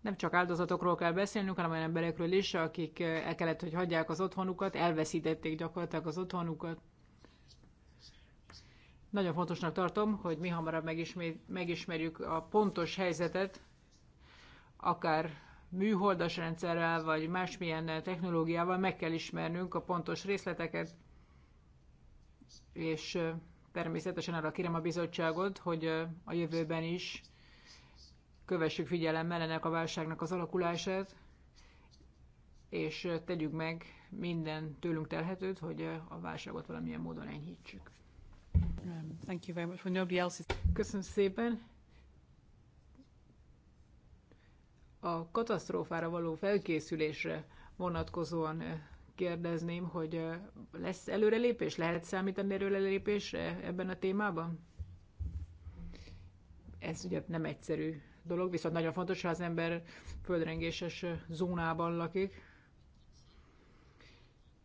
nem csak áldozatokról kell beszélnünk, hanem olyan emberekről is, akik el kellett, hogy hagyják az otthonukat, elveszítették gyakorlatilag az otthonukat. Nagyon fontosnak tartom, hogy mi hamarabb megismerjük a pontos helyzetet, akár műholdas rendszerrel, vagy másmilyen technológiával meg kell ismernünk a pontos részleteket, és természetesen arra kérem a bizottságot, hogy a jövőben is kövessük figyelemmel ennek a válságnak az alakulását, és tegyük meg minden tőlünk telhetőt, hogy a válságot valamilyen módon enyhítsük. Um, thank you very much. Well, nobody else is... Köszönöm szépen. A katasztrófára való felkészülésre vonatkozóan kérdezném, hogy lesz előrelépés? Lehet számítani előrelépésre ebben a témában? Ez ugye nem egyszerű dolog, viszont nagyon fontos, ha az ember földrengéses zónában lakik.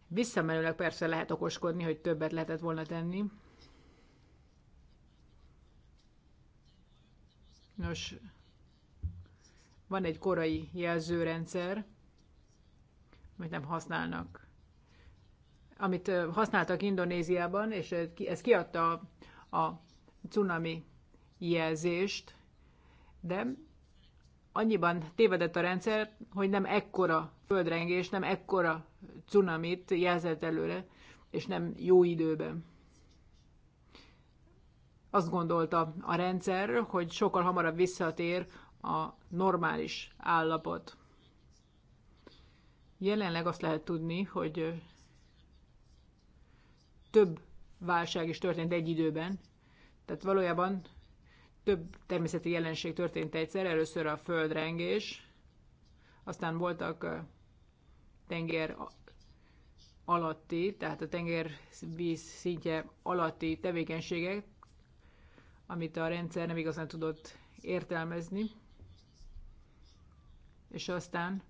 Visszamenőleg persze lehet okoskodni, hogy többet lehetett volna tenni, Nos, van egy korai jelzőrendszer, amit nem használnak. Amit használtak Indonéziában, és ez kiadta a cunami jelzést, de annyiban tévedett a rendszer, hogy nem ekkora földrengés, nem ekkora cunamit jelzett előre, és nem jó időben azt gondolta a rendszer, hogy sokkal hamarabb visszatér a normális állapot. Jelenleg azt lehet tudni, hogy több válság is történt egy időben, tehát valójában több természeti jelenség történt egyszer, először a földrengés, aztán voltak tenger alatti, tehát a tengervíz szintje alatti tevékenységek, amit a rendszer nem igazán tudott értelmezni, és aztán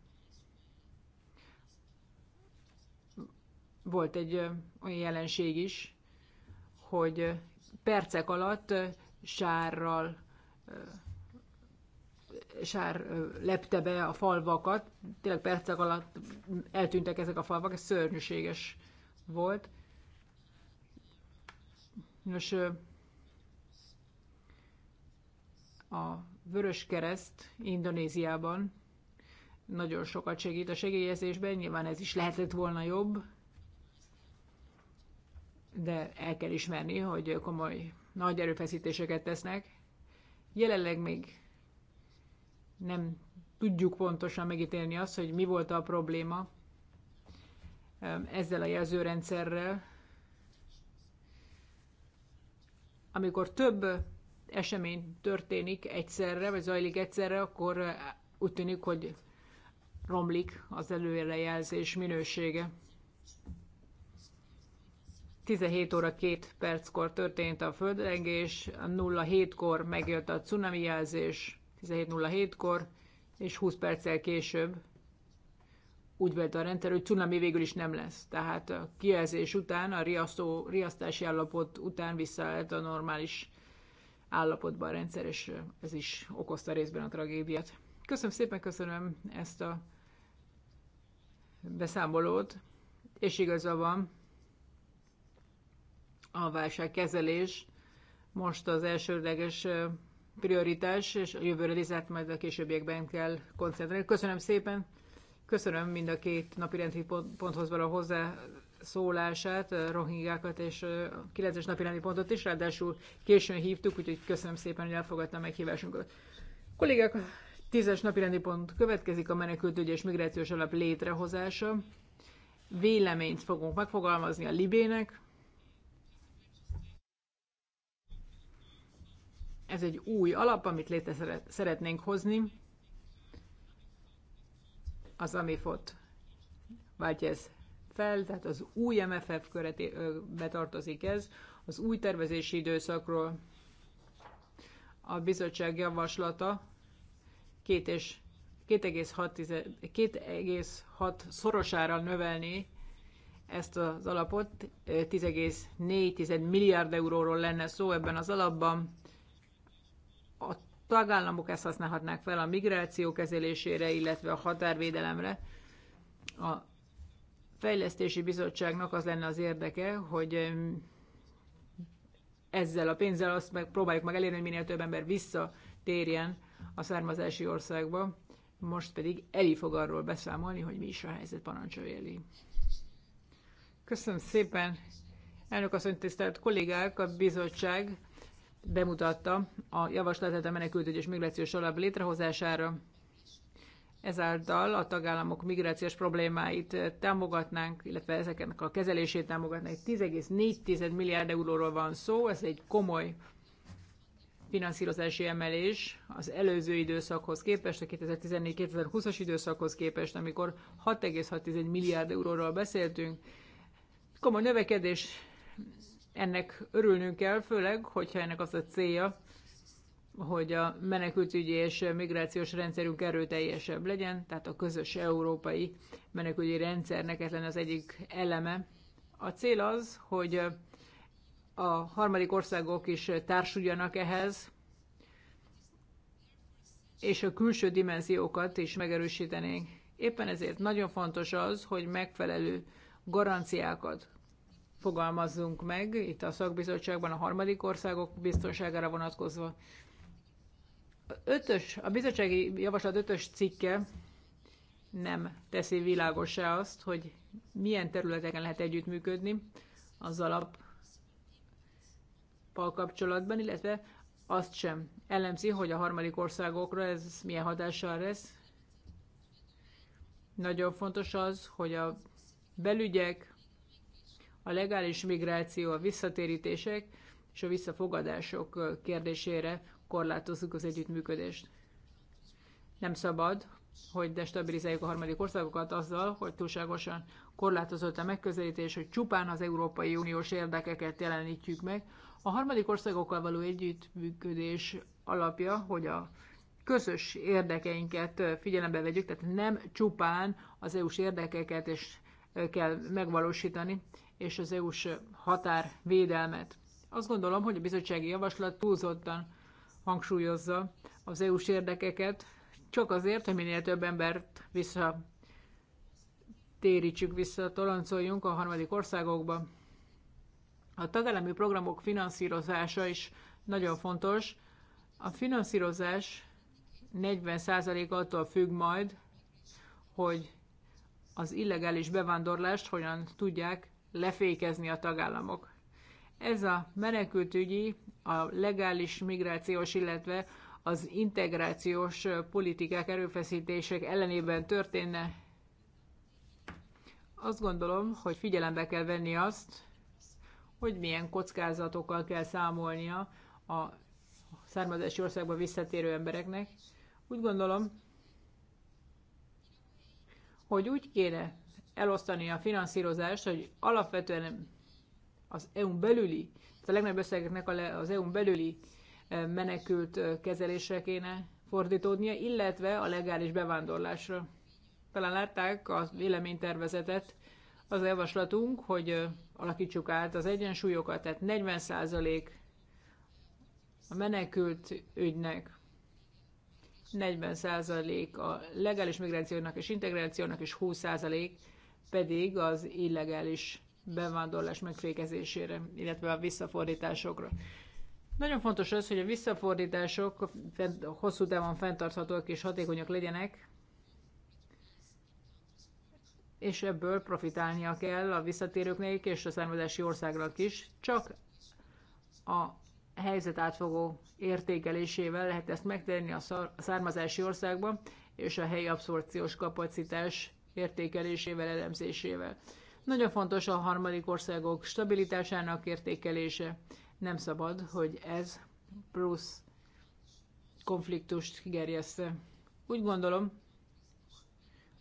volt egy olyan jelenség is, hogy percek alatt sárral sár lepte be a falvakat, tényleg percek alatt eltűntek ezek a falvak, ez szörnyűséges volt. Nos, a Vörös Kereszt Indonéziában nagyon sokat segít a segélyezésben, nyilván ez is lehetett volna jobb, de el kell ismerni, hogy komoly nagy erőfeszítéseket tesznek. Jelenleg még nem tudjuk pontosan megítélni azt, hogy mi volt a probléma ezzel a jelzőrendszerrel. Amikor több esemény történik egyszerre, vagy zajlik egyszerre, akkor eh, úgy tűnik, hogy romlik az előrejelzés minősége. 17 óra 2 perckor történt a földrengés, 07-kor megjött a cunami jelzés, 17.07-kor, és 20 perccel később úgy vett a rendszer, hogy cunami végül is nem lesz. Tehát a kijelzés után, a riasztó, riasztási állapot után lehet a normális állapotban rendszer, és ez is okozta részben a tragédiát. Köszönöm szépen, köszönöm ezt a beszámolót, és igaza van, a válságkezelés most az elsődleges prioritás, és a jövőre lizát majd a későbbiekben kell koncentrálni. Köszönöm szépen, köszönöm mind a két napi rendi ponthoz való hozzá szólását, rohingyákat és 9-es napi pontot is, ráadásul későn hívtuk, úgyhogy köszönöm szépen, hogy elfogadta a meghívásunkat. Kollégák, Tízes napi rendi pont következik a menekültügy és migrációs alap létrehozása. Véleményt fogunk megfogalmazni a Libének. Ez egy új alap, amit létre szeretnénk hozni. Az AMIFOT váltja ez fel, tehát az új MFF körébe betartozik ez, az új tervezési időszakról a bizottság javaslata 2,6 szorosára növelni ezt az alapot, 10,4 milliárd euróról lenne szó ebben az alapban. A tagállamok ezt használhatnák fel a migráció kezelésére, illetve a határvédelemre. A fejlesztési bizottságnak az lenne az érdeke, hogy ezzel a pénzzel azt meg, próbáljuk meg elérni, hogy minél több ember visszatérjen a származási országba. Most pedig Eli fog arról beszámolni, hogy mi is a helyzet parancsolja Eli. Köszönöm szépen. Elnök asszony, tisztelt kollégák, a bizottság bemutatta a javaslatát a menekültügyi és migrációs alap létrehozására ezáltal a tagállamok migrációs problémáit eh, támogatnánk, illetve ezeknek a kezelését támogatnánk. 10,4 milliárd euróról van szó, ez egy komoly finanszírozási emelés az előző időszakhoz képest, a 2014-2020-as időszakhoz képest, amikor 6,6 milliárd euróról beszéltünk. Komoly növekedés, ennek örülnünk kell, főleg, hogyha ennek az a célja, hogy a menekültügyi és migrációs rendszerünk erőteljesebb legyen, tehát a közös európai menekültügyi rendszernek ez lenne az egyik eleme. A cél az, hogy a harmadik országok is társuljanak ehhez, és a külső dimenziókat is megerősítenénk. Éppen ezért nagyon fontos az, hogy megfelelő garanciákat fogalmazzunk meg itt a szakbizottságban a harmadik országok biztonságára vonatkozva ötös, a bizottsági javaslat ötös cikke nem teszi világosá azt, hogy milyen területeken lehet együttműködni az alappal kapcsolatban, illetve azt sem elemzi, hogy a harmadik országokra ez milyen hatással lesz. Nagyon fontos az, hogy a belügyek, a legális migráció, a visszatérítések és a visszafogadások kérdésére korlátozzuk az együttműködést. Nem szabad, hogy destabilizáljuk a harmadik országokat azzal, hogy túlságosan korlátozott a megközelítés, hogy csupán az Európai Uniós érdekeket jelenítjük meg. A harmadik országokkal való együttműködés alapja, hogy a közös érdekeinket figyelembe vegyük, tehát nem csupán az EU-s érdekeket és kell megvalósítani, és az EU-s határvédelmet. Azt gondolom, hogy a bizottsági javaslat túlzottan hangsúlyozza az EU-s érdekeket, csak azért, hogy minél több embert vissza térítsük vissza, toloncoljunk a harmadik országokba. A tagállami programok finanszírozása is nagyon fontos. A finanszírozás 40 attól függ majd, hogy az illegális bevándorlást hogyan tudják lefékezni a tagállamok. Ez a menekültügyi a legális migrációs, illetve az integrációs politikák, erőfeszítések ellenében történne. Azt gondolom, hogy figyelembe kell venni azt, hogy milyen kockázatokkal kell számolnia a származási országba visszatérő embereknek. Úgy gondolom, hogy úgy kéne elosztani a finanszírozást, hogy alapvetően az EU-n belüli ez a legnagyobb összegeknek az EU-n belüli e, menekült e, kezelésre kéne fordítódnia, illetve a legális bevándorlásra. Talán látták a véleménytervezetet, az javaslatunk, hogy e, alakítsuk át az egyensúlyokat, tehát 40% a menekült ügynek, 40% a legális migrációnak és integrációnak, és 20% pedig az illegális bevándorlás megfékezésére, illetve a visszafordításokra. Nagyon fontos az, hogy a visszafordítások hosszú távon fenntarthatóak és hatékonyak legyenek, és ebből profitálnia kell a visszatérőknek és a származási országnak is, csak a helyzet átfogó értékelésével lehet ezt megtenni a származási országban, és a helyi abszorpciós kapacitás értékelésével, elemzésével. Nagyon fontos a harmadik országok stabilitásának értékelése. Nem szabad, hogy ez plusz konfliktust gerjeszte. Úgy gondolom,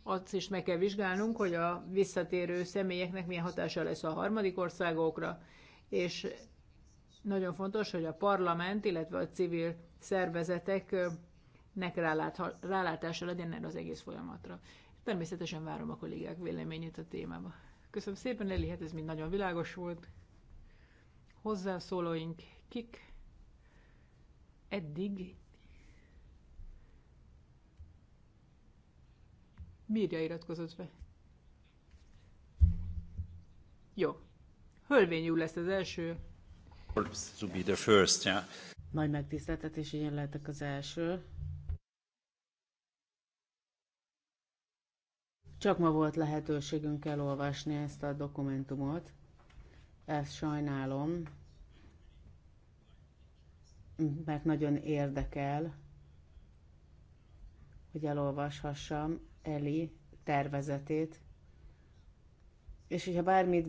azt is meg kell vizsgálnunk, hogy a visszatérő személyeknek milyen hatása lesz a harmadik országokra, és nagyon fontos, hogy a parlament, illetve a civil szervezeteknek rálátása legyen erre az egész folyamatra. Természetesen várom a kollégák véleményét a témában. Köszönöm szépen, Eli, hát ez mind nagyon világos volt. Hozzászólóink kik eddig Mirja iratkozott be. Jó. Hölvényű lesz az első. To be the first, yeah. Nagy megtiszteltetés, hogy én lehetek az első. Csak ma volt lehetőségünk elolvasni ezt a dokumentumot. Ezt sajnálom, mert nagyon érdekel, hogy elolvashassam Eli tervezetét. És hogyha bármit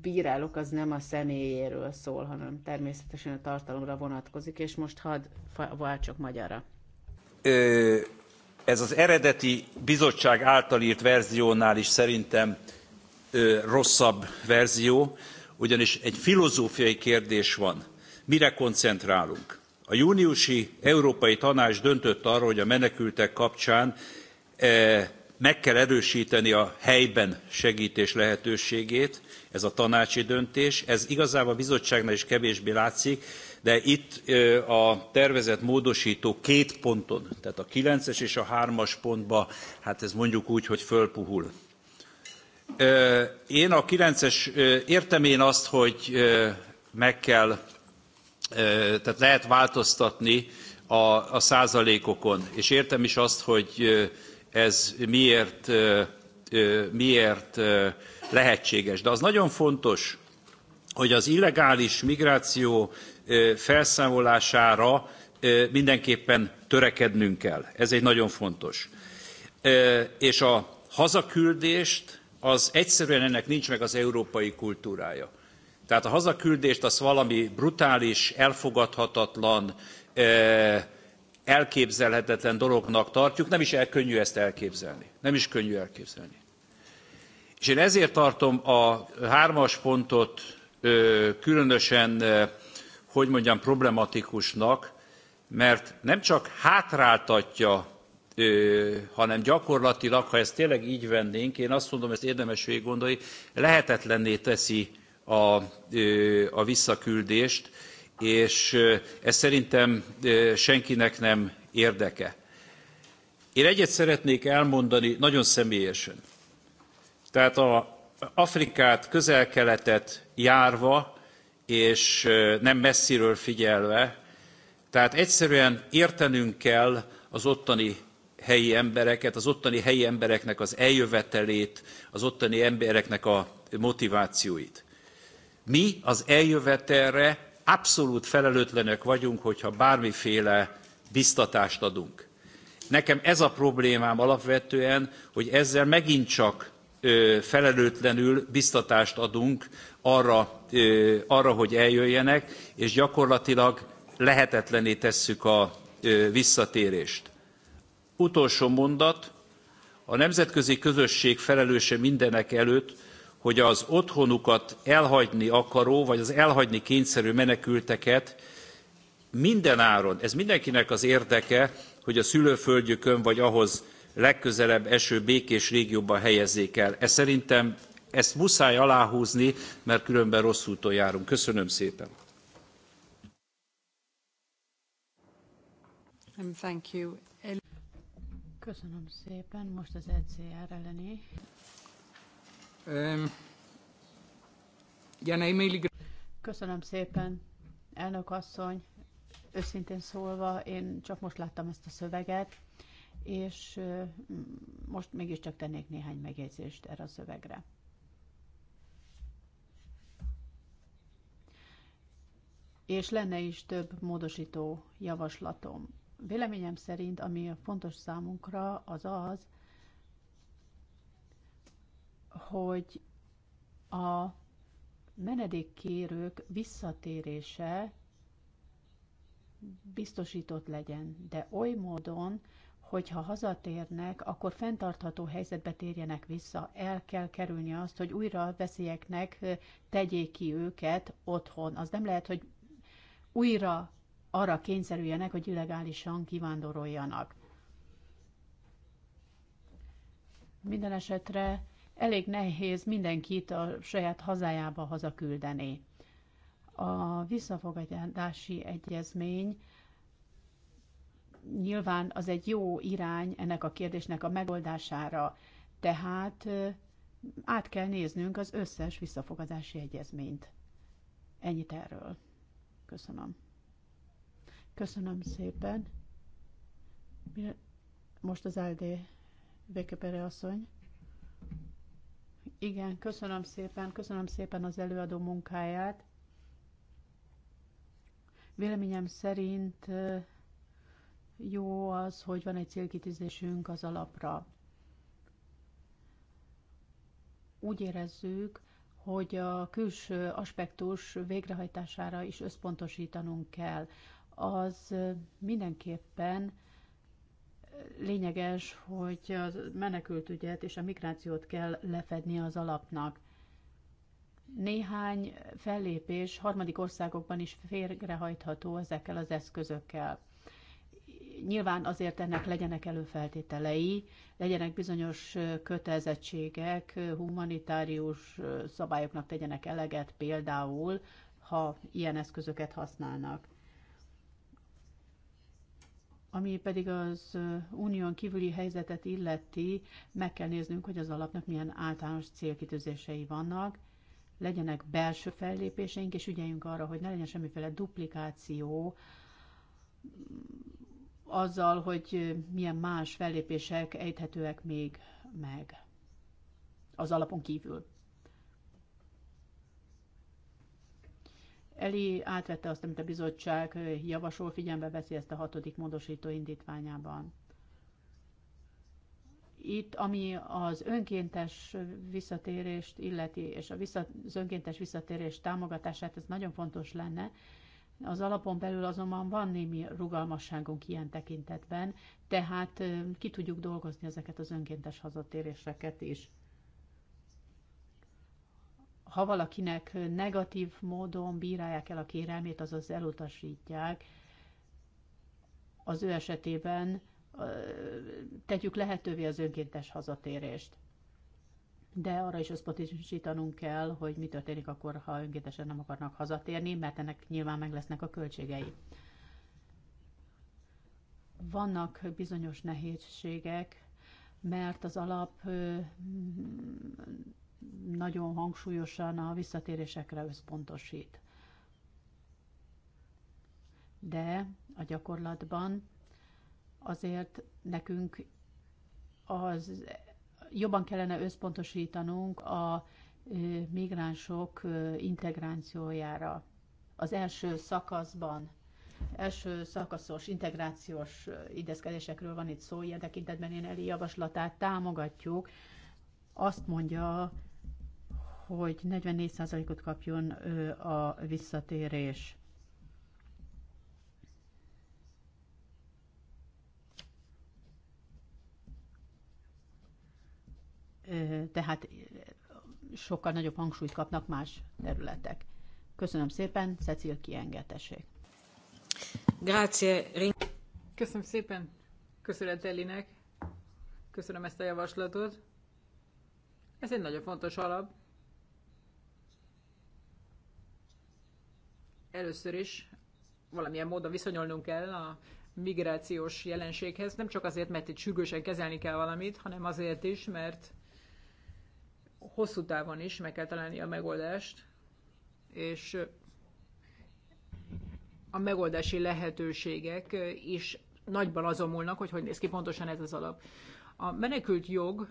bírálok, az nem a személyéről szól, hanem természetesen a tartalomra vonatkozik, és most hadd váltsok magyarra. Ö- ez az eredeti bizottság által írt verziónál is szerintem ö, rosszabb verzió, ugyanis egy filozófiai kérdés van. Mire koncentrálunk? A júniusi Európai Tanács döntött arról, hogy a menekültek kapcsán e, meg kell erősíteni a helyben segítés lehetőségét, ez a tanácsi döntés, ez igazából a bizottságnál is kevésbé látszik, de itt a tervezett módosító két ponton, tehát a 9-es és a 3-as pontba, hát ez mondjuk úgy, hogy fölpuhul. Én a 9-es, értem én azt, hogy meg kell, tehát lehet változtatni a, a százalékokon, és értem is azt, hogy ez miért, miért lehetséges. De az nagyon fontos, hogy az illegális migráció felszámolására mindenképpen törekednünk kell. Ez egy nagyon fontos. És a hazaküldést, az egyszerűen ennek nincs meg az európai kultúrája. Tehát a hazaküldést az valami brutális, elfogadhatatlan, elképzelhetetlen dolognak tartjuk, nem is el, könnyű ezt elképzelni. Nem is könnyű elképzelni. És én ezért tartom a hármas pontot különösen hogy mondjam, problematikusnak, mert nem csak hátráltatja, hanem gyakorlatilag, ha ezt tényleg így vennénk, én azt mondom, ezt érdemes végig gondolni, lehetetlenné teszi a, a visszaküldést, és ez szerintem senkinek nem érdeke. Én egyet szeretnék elmondani nagyon személyesen. Tehát a Afrikát, közel-keletet járva és nem messziről figyelve. Tehát egyszerűen értenünk kell az ottani helyi embereket, az ottani helyi embereknek az eljövetelét, az ottani embereknek a motivációit. Mi az eljövetelre abszolút felelőtlenek vagyunk, hogyha bármiféle biztatást adunk. Nekem ez a problémám alapvetően, hogy ezzel megint csak felelőtlenül biztatást adunk arra, arra hogy eljöjjenek, és gyakorlatilag lehetetlené tesszük a visszatérést. Utolsó mondat, a nemzetközi közösség felelőse mindenek előtt, hogy az otthonukat elhagyni akaró, vagy az elhagyni kényszerű menekülteket mindenáron, ez mindenkinek az érdeke, hogy a szülőföldjükön, vagy ahhoz legközelebb eső békés régióba helyezzék el. Ez szerintem ezt muszáj aláhúzni, mert különben rossz úton járunk. Köszönöm szépen! Um, Köszönöm szépen. Most az ECR elleni. Um, Köszönöm szépen, elnök asszony. Őszintén szólva, én csak most láttam ezt a szöveget, és most mégiscsak tennék néhány megjegyzést erre a szövegre. és lenne is több módosító javaslatom. Véleményem szerint, ami fontos számunkra, az az, hogy a menedékkérők visszatérése biztosított legyen, de oly módon, hogyha hazatérnek, akkor fenntartható helyzetbe térjenek vissza. El kell kerülni azt, hogy újra veszélyeknek tegyék ki őket otthon. Az nem lehet, hogy újra arra kényszerüljenek, hogy illegálisan kivándoroljanak. Minden esetre elég nehéz mindenkit a saját hazájába hazaküldeni. A visszafogadási egyezmény nyilván az egy jó irány ennek a kérdésnek a megoldására, tehát át kell néznünk az összes visszafogadási egyezményt. Ennyit erről. Köszönöm. Köszönöm szépen. Most az LD Vekepere asszony. Igen, köszönöm szépen, köszönöm szépen az előadó munkáját. Véleményem szerint jó az, hogy van egy célkitűzésünk az alapra. Úgy érezzük, hogy a külső aspektus végrehajtására is összpontosítanunk kell. Az mindenképpen lényeges, hogy a menekültügyet és a migrációt kell lefedni az alapnak. Néhány fellépés harmadik országokban is végrehajtható ezekkel az eszközökkel. Nyilván azért ennek legyenek előfeltételei, legyenek bizonyos kötelezettségek, humanitárius szabályoknak tegyenek eleget például, ha ilyen eszközöket használnak. Ami pedig az unión kívüli helyzetet illeti, meg kell néznünk, hogy az alapnak milyen általános célkitűzései vannak, legyenek belső fellépéseink, és ügyeljünk arra, hogy ne legyen semmiféle duplikáció azzal, hogy milyen más fellépések ejthetőek még meg az alapon kívül. Eli átvette azt, amit a bizottság javasol, figyelembe veszi ezt a hatodik módosító indítványában. Itt, ami az önkéntes visszatérést illeti, és a vissza, az önkéntes visszatérés támogatását, ez nagyon fontos lenne, az alapon belül azonban van némi rugalmasságunk ilyen tekintetben, tehát ki tudjuk dolgozni ezeket az önkéntes hazatéréseket is. Ha valakinek negatív módon bírálják el a kérelmét, azaz elutasítják, az ő esetében tegyük lehetővé az önkéntes hazatérést de arra is összpontosítanunk kell, hogy mi történik akkor, ha önkéntesen nem akarnak hazatérni, mert ennek nyilván meg lesznek a költségei. Vannak bizonyos nehézségek, mert az alap nagyon hangsúlyosan a visszatérésekre összpontosít. De a gyakorlatban azért nekünk az jobban kellene összpontosítanunk a migránsok integrációjára. Az első szakaszban, első szakaszos integrációs intézkedésekről van itt szó, ilyen tekintetben én Eli javaslatát támogatjuk. Azt mondja, hogy 44%-ot kapjon a visszatérés. tehát sokkal nagyobb hangsúlyt kapnak más területek. Köszönöm szépen, Cecil kiengetessék. Grazie. Köszönöm szépen. Köszönet Elinek. Köszönöm ezt a javaslatot. Ez egy nagyon fontos alap. Először is valamilyen módon viszonyulnunk kell a migrációs jelenséghez, nem csak azért, mert itt sürgősen kezelni kell valamit, hanem azért is, mert hosszú távon is meg kell találni a megoldást, és a megoldási lehetőségek is nagyban azon múlnak, hogy hogy néz ki pontosan ez az alap. A menekült jog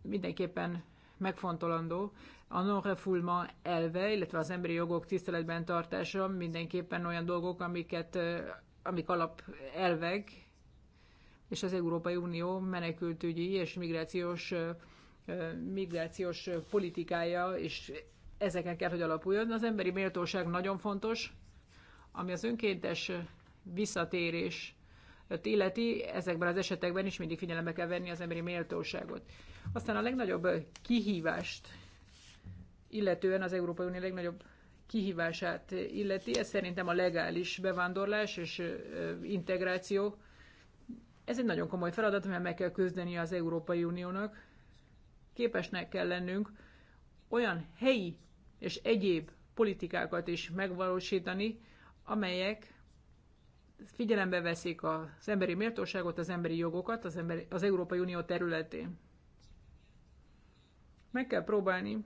mindenképpen megfontolandó. A non-refulma elve, illetve az emberi jogok tiszteletben tartása mindenképpen olyan dolgok, amiket, amik alap elvek, és az Európai Unió menekültügyi és migrációs migrációs politikája, és ezeken kell, hogy alapuljon. Az emberi méltóság nagyon fontos, ami az önkéntes visszatérés illeti, ezekben az esetekben is mindig figyelembe kell venni az emberi méltóságot. Aztán a legnagyobb kihívást, illetően az Európai Unió legnagyobb kihívását illeti, ez szerintem a legális bevándorlás és integráció. Ez egy nagyon komoly feladat, mert meg kell küzdeni az Európai Uniónak képesnek kell lennünk olyan helyi és egyéb politikákat is megvalósítani, amelyek figyelembe veszik az emberi méltóságot, az emberi jogokat az, emberi, az Európai Unió területén. Meg kell próbálni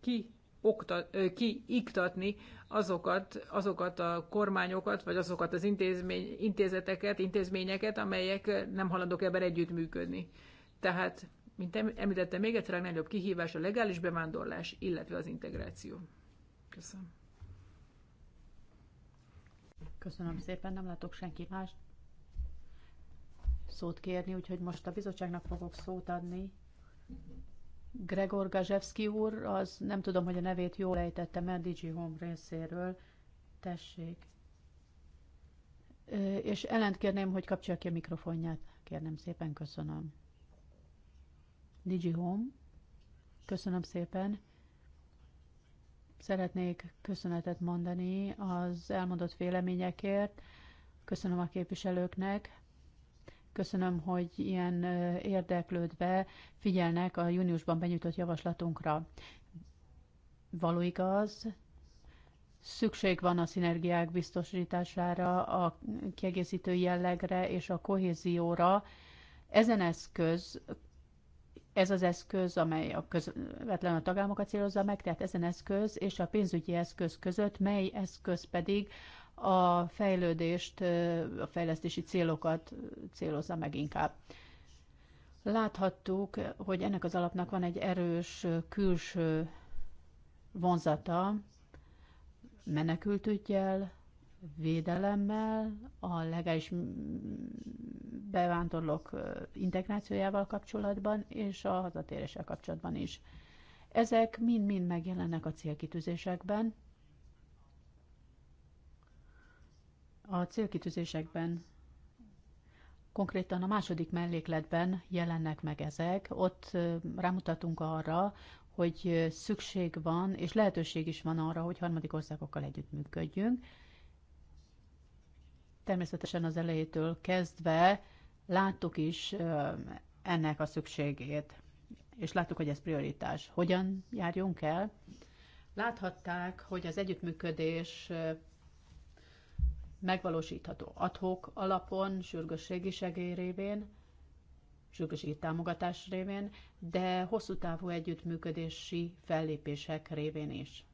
ki okta, kiiktatni azokat, azokat a kormányokat, vagy azokat az intézmény, intézeteket, intézményeket, amelyek nem haladok ebben együttműködni. Tehát, mint említettem, még egyszer a nagyobb kihívás a legális bevándorlás, illetve az integráció. Köszönöm. Köszönöm szépen, nem látok senki más szót kérni, úgyhogy most a bizottságnak fogok szót adni. Gregor Gazsevski úr, az nem tudom, hogy a nevét jól ejtettem el Digi Home részéről. Tessék. És ellent kérném, hogy kapcsolja ki a mikrofonját. Kérném szépen, köszönöm. Digi Home, köszönöm szépen. Szeretnék köszönetet mondani az elmondott véleményekért. Köszönöm a képviselőknek, Köszönöm, hogy ilyen érdeklődve figyelnek a júniusban benyújtott javaslatunkra. Való igaz, szükség van a szinergiák biztosítására, a kiegészítő jellegre és a kohézióra. Ezen eszköz, ez az eszköz, amely a közvetlen a tagállamokat célozza meg, tehát ezen eszköz és a pénzügyi eszköz között, mely eszköz pedig a fejlődést, a fejlesztési célokat célozza meg inkább. Láthattuk, hogy ennek az alapnak van egy erős külső vonzata, menekültügyel, védelemmel, a legális bevándorlók integrációjával kapcsolatban, és a hazatéréssel kapcsolatban is. Ezek mind-mind megjelennek a célkitűzésekben, A célkitűzésekben, konkrétan a második mellékletben jelennek meg ezek. Ott rámutatunk arra, hogy szükség van, és lehetőség is van arra, hogy harmadik országokkal együttműködjünk. Természetesen az elejétől kezdve láttuk is ennek a szükségét, és láttuk, hogy ez prioritás. Hogyan járjunk el? Láthatták, hogy az együttműködés megvalósítható adhok alapon, sürgősségi segély révén, sürgősségi támogatás révén, de hosszú távú együttműködési fellépések révén is.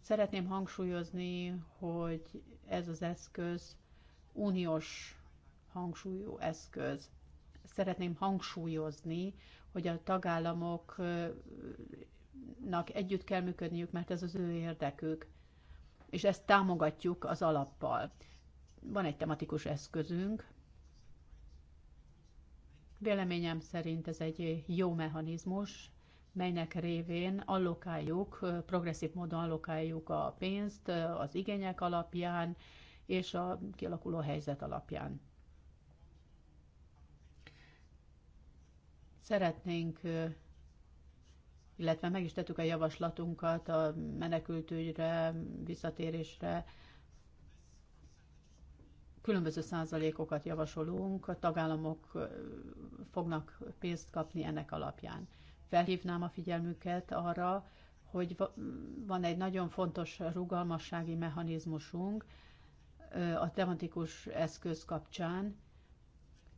Szeretném hangsúlyozni, hogy ez az eszköz uniós hangsúlyú eszköz. Szeretném hangsúlyozni, hogy a tagállamoknak együtt kell működniük, mert ez az ő érdekük és ezt támogatjuk az alappal. Van egy tematikus eszközünk. Véleményem szerint ez egy jó mechanizmus, melynek révén allokáljuk, progresszív módon allokáljuk a pénzt az igények alapján és a kialakuló helyzet alapján. Szeretnénk illetve meg is tettük a javaslatunkat a menekültügyre, visszatérésre. Különböző százalékokat javasolunk, a tagállamok fognak pénzt kapni ennek alapján. Felhívnám a figyelmüket arra, hogy van egy nagyon fontos rugalmassági mechanizmusunk a tematikus eszköz kapcsán,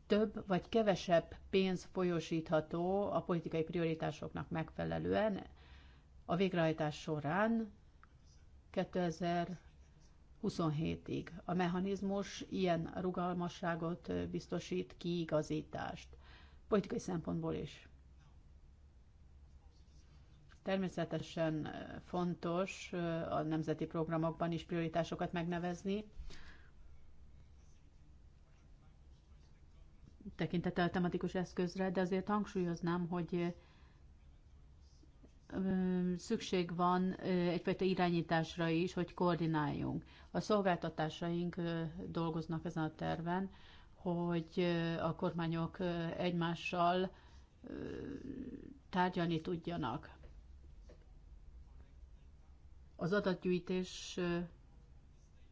több vagy kevesebb pénz folyosítható a politikai prioritásoknak megfelelően a végrehajtás során 2027-ig. A mechanizmus ilyen rugalmasságot biztosít, kiigazítást, politikai szempontból is. Természetesen fontos a nemzeti programokban is prioritásokat megnevezni, tekintettel tematikus eszközre, de azért hangsúlyoznám, hogy szükség van egyfajta irányításra is, hogy koordináljunk. A szolgáltatásaink dolgoznak ezen a terven, hogy a kormányok egymással tárgyalni tudjanak. Az adatgyűjtés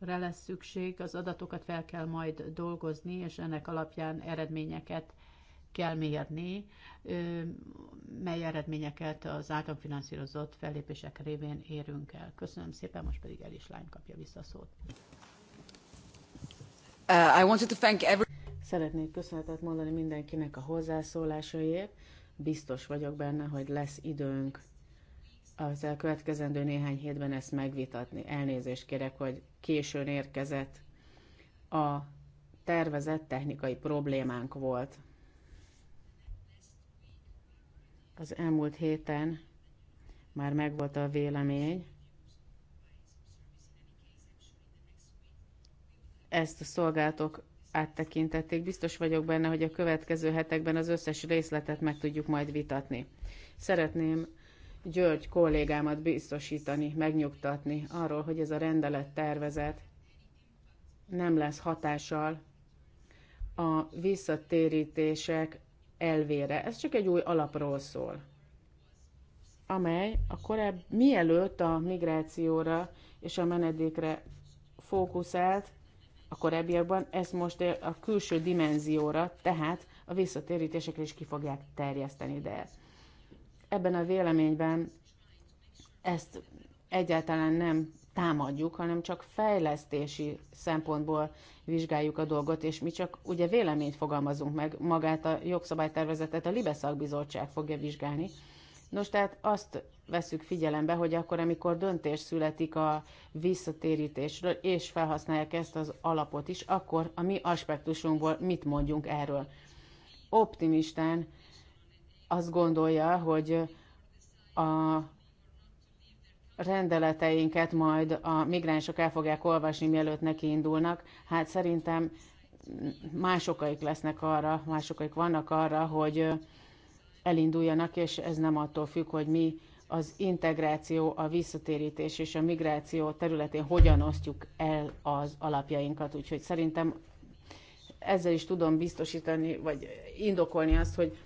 re lesz szükség, az adatokat fel kell majd dolgozni, és ennek alapján eredményeket kell mérni, mely eredményeket az által finanszírozott fellépések révén érünk el. Köszönöm szépen, most pedig Elis Lány kapja vissza a szót. Uh, I wanted to thank every... Szeretnék köszönetet mondani mindenkinek a hozzászólásaiért. Biztos vagyok benne, hogy lesz időnk az elkövetkezendő néhány hétben ezt megvitatni. Elnézést kérek, hogy későn érkezett. A tervezett technikai problémánk volt. Az elmúlt héten már megvolt a vélemény. Ezt a szolgáltok áttekintették. Biztos vagyok benne, hogy a következő hetekben az összes részletet meg tudjuk majd vitatni. Szeretném György kollégámat biztosítani, megnyugtatni arról, hogy ez a rendelet tervezet nem lesz hatással a visszatérítések elvére. Ez csak egy új alapról szól, amely a korábbi, mielőtt a migrációra és a menedékre fókuszált, a korábbiakban ezt most a külső dimenzióra, tehát a visszatérítésekre is ki fogják terjeszteni, de ebben a véleményben ezt egyáltalán nem támadjuk, hanem csak fejlesztési szempontból vizsgáljuk a dolgot, és mi csak ugye véleményt fogalmazunk meg, magát a jogszabálytervezetet a Libeszak Bizottság fogja vizsgálni. Nos, tehát azt veszük figyelembe, hogy akkor, amikor döntés születik a visszatérítésről, és felhasználják ezt az alapot is, akkor a mi aspektusunkból mit mondjunk erről. Optimistán azt gondolja, hogy a rendeleteinket majd a migránsok el fogják olvasni, mielőtt neki indulnak, hát szerintem másokaik lesznek arra, másokaik vannak arra, hogy elinduljanak, és ez nem attól függ, hogy mi az integráció, a visszatérítés és a migráció területén hogyan osztjuk el az alapjainkat. Úgyhogy szerintem ezzel is tudom biztosítani, vagy indokolni azt, hogy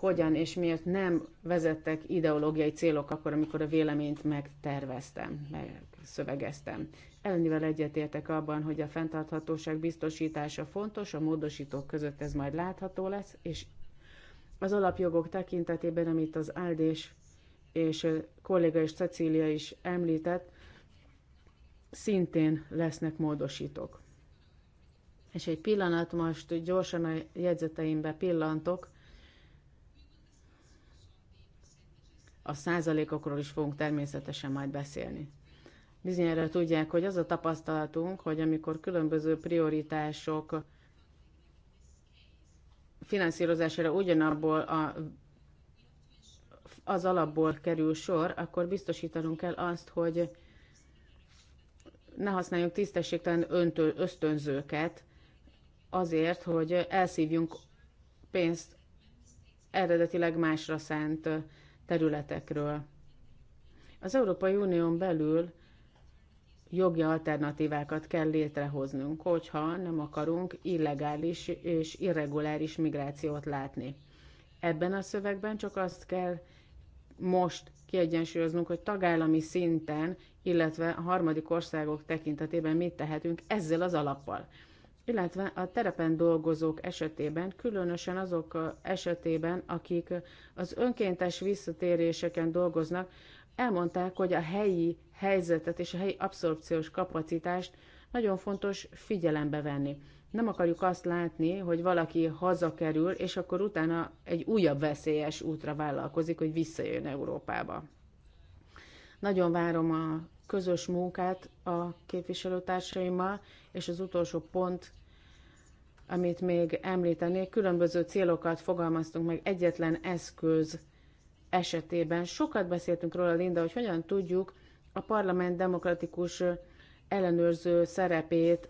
hogyan és miért nem vezettek ideológiai célok akkor, amikor a véleményt megterveztem, megszövegeztem. Ellenivel egyetértek abban, hogy a fenntarthatóság biztosítása fontos, a módosítók között ez majd látható lesz, és az alapjogok tekintetében, amit az Áldés és kolléga és Cecília is említett, szintén lesznek módosítók. És egy pillanat most gyorsan a jegyzeteimbe pillantok, A százalékokról is fogunk természetesen majd beszélni. Bizonyára tudják, hogy az a tapasztalatunk, hogy amikor különböző prioritások finanszírozására ugyanabból a, az alapból kerül sor, akkor biztosítanunk kell azt, hogy ne használjunk tisztességtelen öntő, ösztönzőket azért, hogy elszívjunk pénzt eredetileg másra szent területekről. Az Európai Unión belül jogi alternatívákat kell létrehoznunk, hogyha nem akarunk illegális és irreguláris migrációt látni. Ebben a szövegben csak azt kell most kiegyensúlyoznunk, hogy tagállami szinten, illetve a harmadik országok tekintetében mit tehetünk ezzel az alappal illetve a terepen dolgozók esetében, különösen azok esetében, akik az önkéntes visszatéréseken dolgoznak, elmondták, hogy a helyi helyzetet és a helyi abszorpciós kapacitást nagyon fontos figyelembe venni. Nem akarjuk azt látni, hogy valaki hazakerül, és akkor utána egy újabb veszélyes útra vállalkozik, hogy visszajön Európába. Nagyon várom a közös munkát a képviselőtársaimmal, és az utolsó pont amit még említenék, különböző célokat fogalmaztunk meg egyetlen eszköz esetében. Sokat beszéltünk róla, Linda, hogy hogyan tudjuk a parlament demokratikus ellenőrző szerepét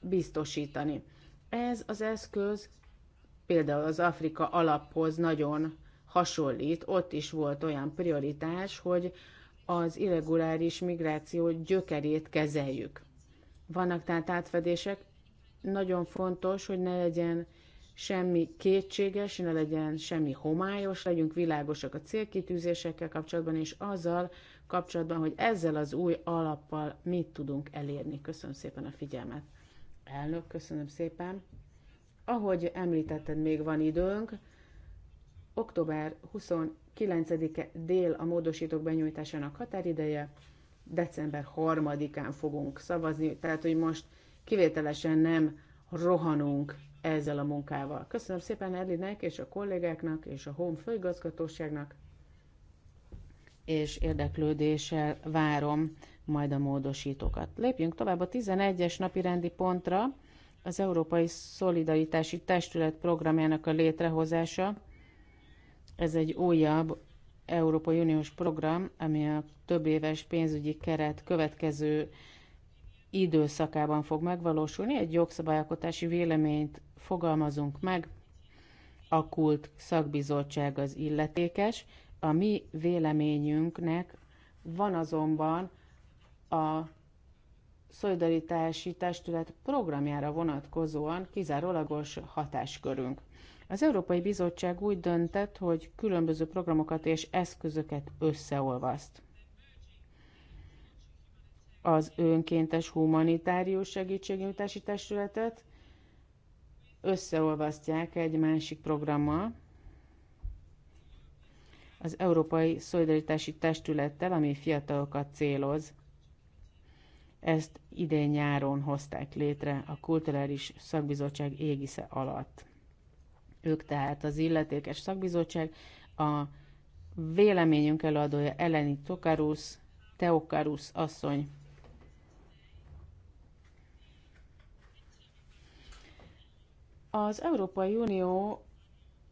biztosítani. Ez az eszköz például az Afrika alaphoz nagyon hasonlít. Ott is volt olyan prioritás, hogy az irreguláris migráció gyökerét kezeljük. Vannak tehát átfedések, nagyon fontos, hogy ne legyen semmi kétséges, ne legyen semmi homályos, legyünk világosak a célkitűzésekkel kapcsolatban, és azzal kapcsolatban, hogy ezzel az új alappal mit tudunk elérni. Köszönöm szépen a figyelmet. Elnök, köszönöm szépen. Ahogy említetted, még van időnk. Október 29-e dél a módosítók benyújtásának határideje. December 3-án fogunk szavazni, tehát hogy most kivételesen nem rohanunk ezzel a munkával. Köszönöm szépen Edlinek és a kollégáknak és a Home főigazgatóságnak, és érdeklődéssel várom majd a módosítókat. Lépjünk tovább a 11-es napi rendi pontra, az Európai Szolidaritási Testület programjának a létrehozása. Ez egy újabb Európai Uniós program, ami a több éves pénzügyi keret következő időszakában fog megvalósulni. Egy jogszabályalkotási véleményt fogalmazunk meg, a kult szakbizottság az illetékes. A mi véleményünknek van azonban a szolidaritási testület programjára vonatkozóan kizárólagos hatáskörünk. Az Európai Bizottság úgy döntett, hogy különböző programokat és eszközöket összeolvaszt az önkéntes humanitárius segítségnyújtási testületet, összeolvasztják egy másik programmal, az Európai Szolidaritási Testülettel, ami fiatalokat céloz. Ezt idén nyáron hozták létre a Kulturális Szakbizottság égisze alatt. Ők tehát az illetékes szakbizottság, a véleményünk előadója Eleni Tokarusz, Teokarusz asszony, Az Európai Unió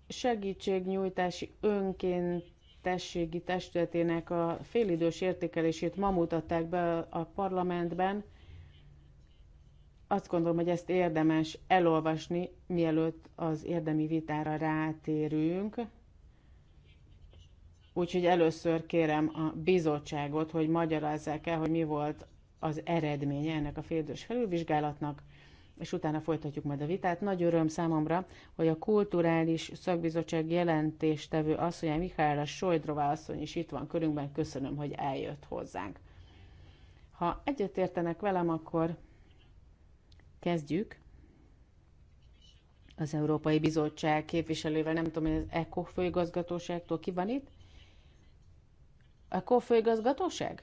segítségnyújtási önkéntességi testületének a félidős értékelését ma mutatták be a parlamentben. Azt gondolom, hogy ezt érdemes elolvasni, mielőtt az érdemi vitára rátérünk. Úgyhogy először kérem a bizottságot, hogy magyarázzák el, hogy mi volt az eredménye ennek a félidős felülvizsgálatnak, és utána folytatjuk majd a vitát. Nagy öröm számomra, hogy a Kulturális Szakbizottság jelentéstevő asszonya Mihályra Sojdrová asszony is itt van körünkben. Köszönöm, hogy eljött hozzánk. Ha egyetértenek velem, akkor kezdjük. Az Európai Bizottság képviselővel, nem tudom, hogy az ECO főigazgatóságtól ki van itt? ECO főigazgatóság?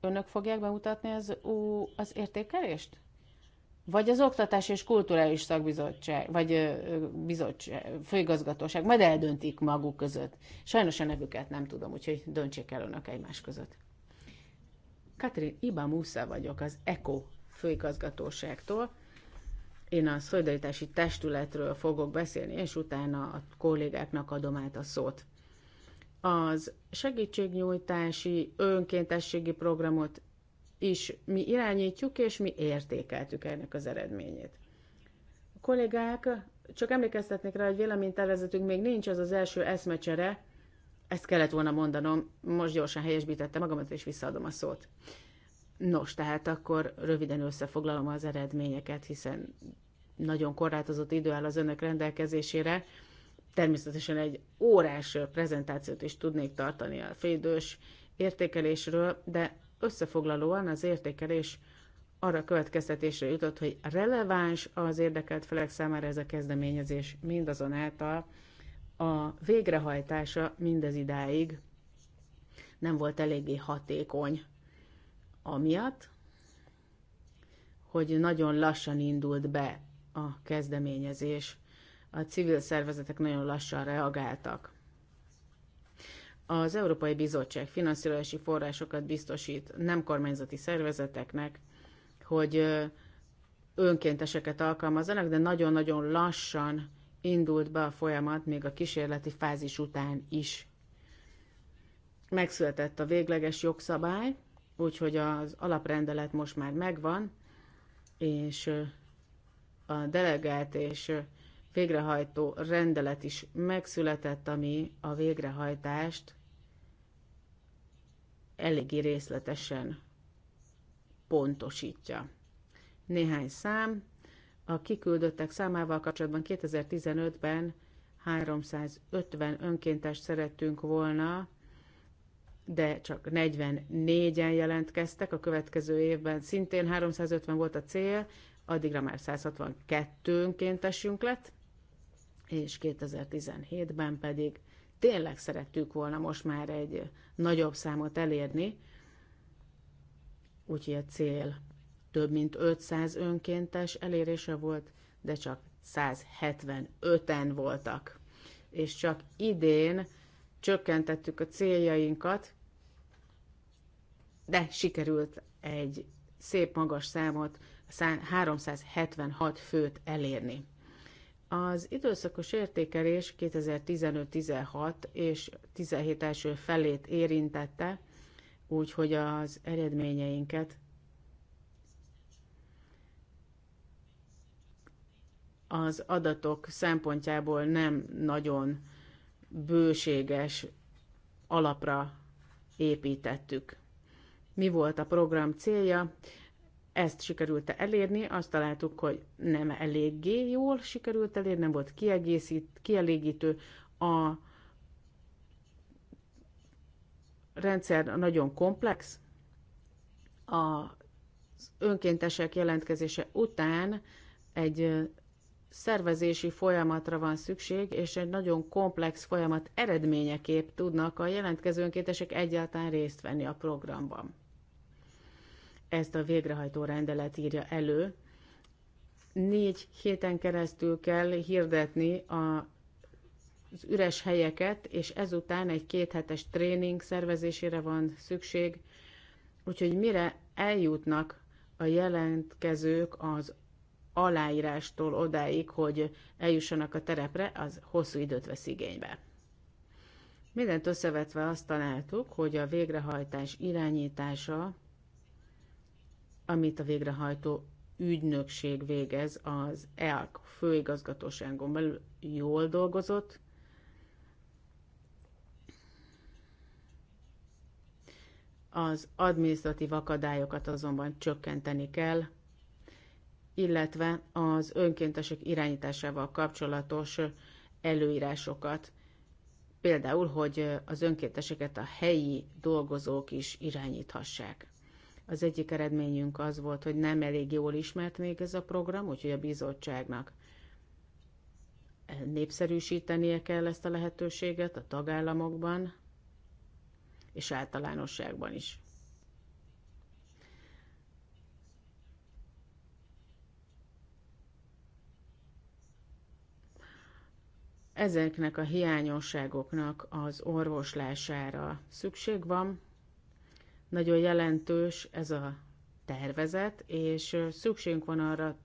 Önök fogják bemutatni az, ú, az értékelést? vagy az Oktatás és Kulturális Szakbizottság, vagy bizottság, főigazgatóság, majd eldöntik maguk között. Sajnos a nevüket nem tudom, úgyhogy döntsék el önök egymás között. Katrin Ibamusza vagyok az ECO főigazgatóságtól. Én a szolidaritási testületről fogok beszélni, és utána a kollégáknak adom át a szót. Az segítségnyújtási önkéntességi programot is mi irányítjuk, és mi értékeltük ennek az eredményét. A kollégák, csak emlékeztetnék rá, hogy véleménytervezetünk még nincs, az az első eszmecsere, ezt kellett volna mondanom, most gyorsan helyesbítette magamat, és visszaadom a szót. Nos, tehát akkor röviden összefoglalom az eredményeket, hiszen nagyon korlátozott idő áll az önök rendelkezésére. Természetesen egy órás prezentációt is tudnék tartani a félidős értékelésről, de Összefoglalóan az értékelés arra következtetésre jutott, hogy releváns az érdekelt felek számára ez a kezdeményezés, mindazonáltal a végrehajtása mindez idáig nem volt eléggé hatékony. Amiatt, hogy nagyon lassan indult be a kezdeményezés. A civil szervezetek nagyon lassan reagáltak. Az Európai Bizottság finanszírozási forrásokat biztosít nem kormányzati szervezeteknek, hogy önkénteseket alkalmazzanak, de nagyon-nagyon lassan indult be a folyamat, még a kísérleti fázis után is. Megszületett a végleges jogszabály, úgyhogy az alaprendelet most már megvan, és a delegált és végrehajtó rendelet is megszületett, ami a végrehajtást eléggé részletesen pontosítja. Néhány szám. A kiküldöttek számával kapcsolatban 2015-ben 350 önkéntest szerettünk volna, de csak 44-en jelentkeztek, a következő évben szintén 350 volt a cél, addigra már 162 önkéntesünk lett, és 2017-ben pedig tényleg szerettük volna most már egy nagyobb számot elérni, úgyhogy a cél több mint 500 önkéntes elérése volt, de csak 175-en voltak. És csak idén csökkentettük a céljainkat, de sikerült egy szép magas számot, 376 főt elérni. Az időszakos értékelés 2015-16 és 17 első felét érintette, úgyhogy az eredményeinket az adatok szempontjából nem nagyon bőséges alapra építettük. Mi volt a program célja? ezt sikerült elérni, azt találtuk, hogy nem eléggé jól sikerült elérni, nem volt kiegészít, kielégítő a rendszer nagyon komplex, az önkéntesek jelentkezése után egy szervezési folyamatra van szükség, és egy nagyon komplex folyamat eredményeképp tudnak a jelentkező önkéntesek egyáltalán részt venni a programban. Ezt a végrehajtó rendelet írja elő. Négy héten keresztül kell hirdetni a az üres helyeket, és ezután egy kéthetes tréning szervezésére van szükség, úgyhogy mire eljutnak a jelentkezők az aláírástól odáig, hogy eljussanak a terepre, az hosszú időt vesz igénybe. Mindent összevetve azt találtuk, hogy a végrehajtás irányítása amit a végrehajtó ügynökség végez az ELK főigazgatóságon belül jól dolgozott. Az adminisztratív akadályokat azonban csökkenteni kell, illetve az önkéntesek irányításával kapcsolatos előírásokat. Például, hogy az önkénteseket a helyi dolgozók is irányíthassák. Az egyik eredményünk az volt, hogy nem elég jól ismert még ez a program, úgyhogy a bizottságnak népszerűsítenie kell ezt a lehetőséget a tagállamokban és általánosságban is. Ezeknek a hiányosságoknak az orvoslására szükség van, nagyon jelentős ez a tervezet, és szükségünk van arra,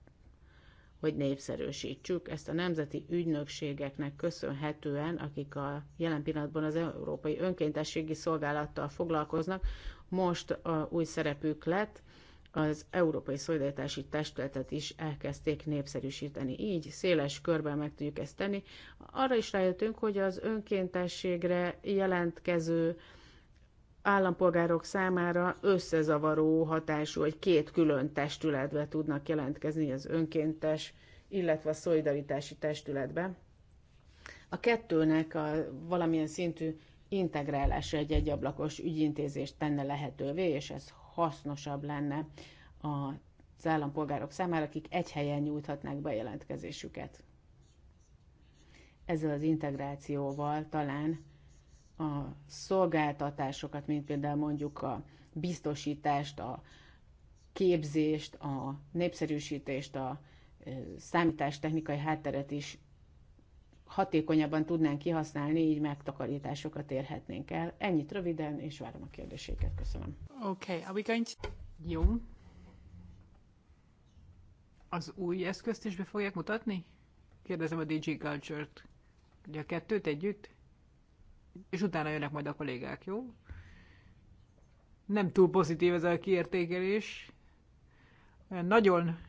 hogy népszerűsítsük ezt a nemzeti ügynökségeknek köszönhetően, akik a jelen pillanatban az Európai Önkéntességi Szolgálattal foglalkoznak, most a új szerepük lett, az Európai Szolidaritási Testületet is elkezdték népszerűsíteni. Így széles körben meg tudjuk ezt tenni. Arra is rájöttünk, hogy az önkéntességre jelentkező állampolgárok számára összezavaró hatású, hogy két külön testületbe tudnak jelentkezni, az önkéntes, illetve a szolidaritási testületbe. A kettőnek a valamilyen szintű integrálása egy egyablakos ügyintézést tenne lehetővé, és ez hasznosabb lenne az állampolgárok számára, akik egy helyen nyújthatnák bejelentkezésüket. Ezzel az integrációval talán a szolgáltatásokat, mint például mondjuk a biztosítást, a képzést, a népszerűsítést, a számítástechnikai hátteret is hatékonyabban tudnánk kihasználni, így megtakarításokat érhetnénk el. Ennyit röviden, és várom a kérdéséket. Köszönöm. Okay, are we going to... Jó. Az új eszközt is be fogják mutatni? Kérdezem a DG Culture-t. Ugye a kettőt együtt? és utána jönnek majd a kollégák, jó? Nem túl pozitív ez a kiértékelés. Nagyon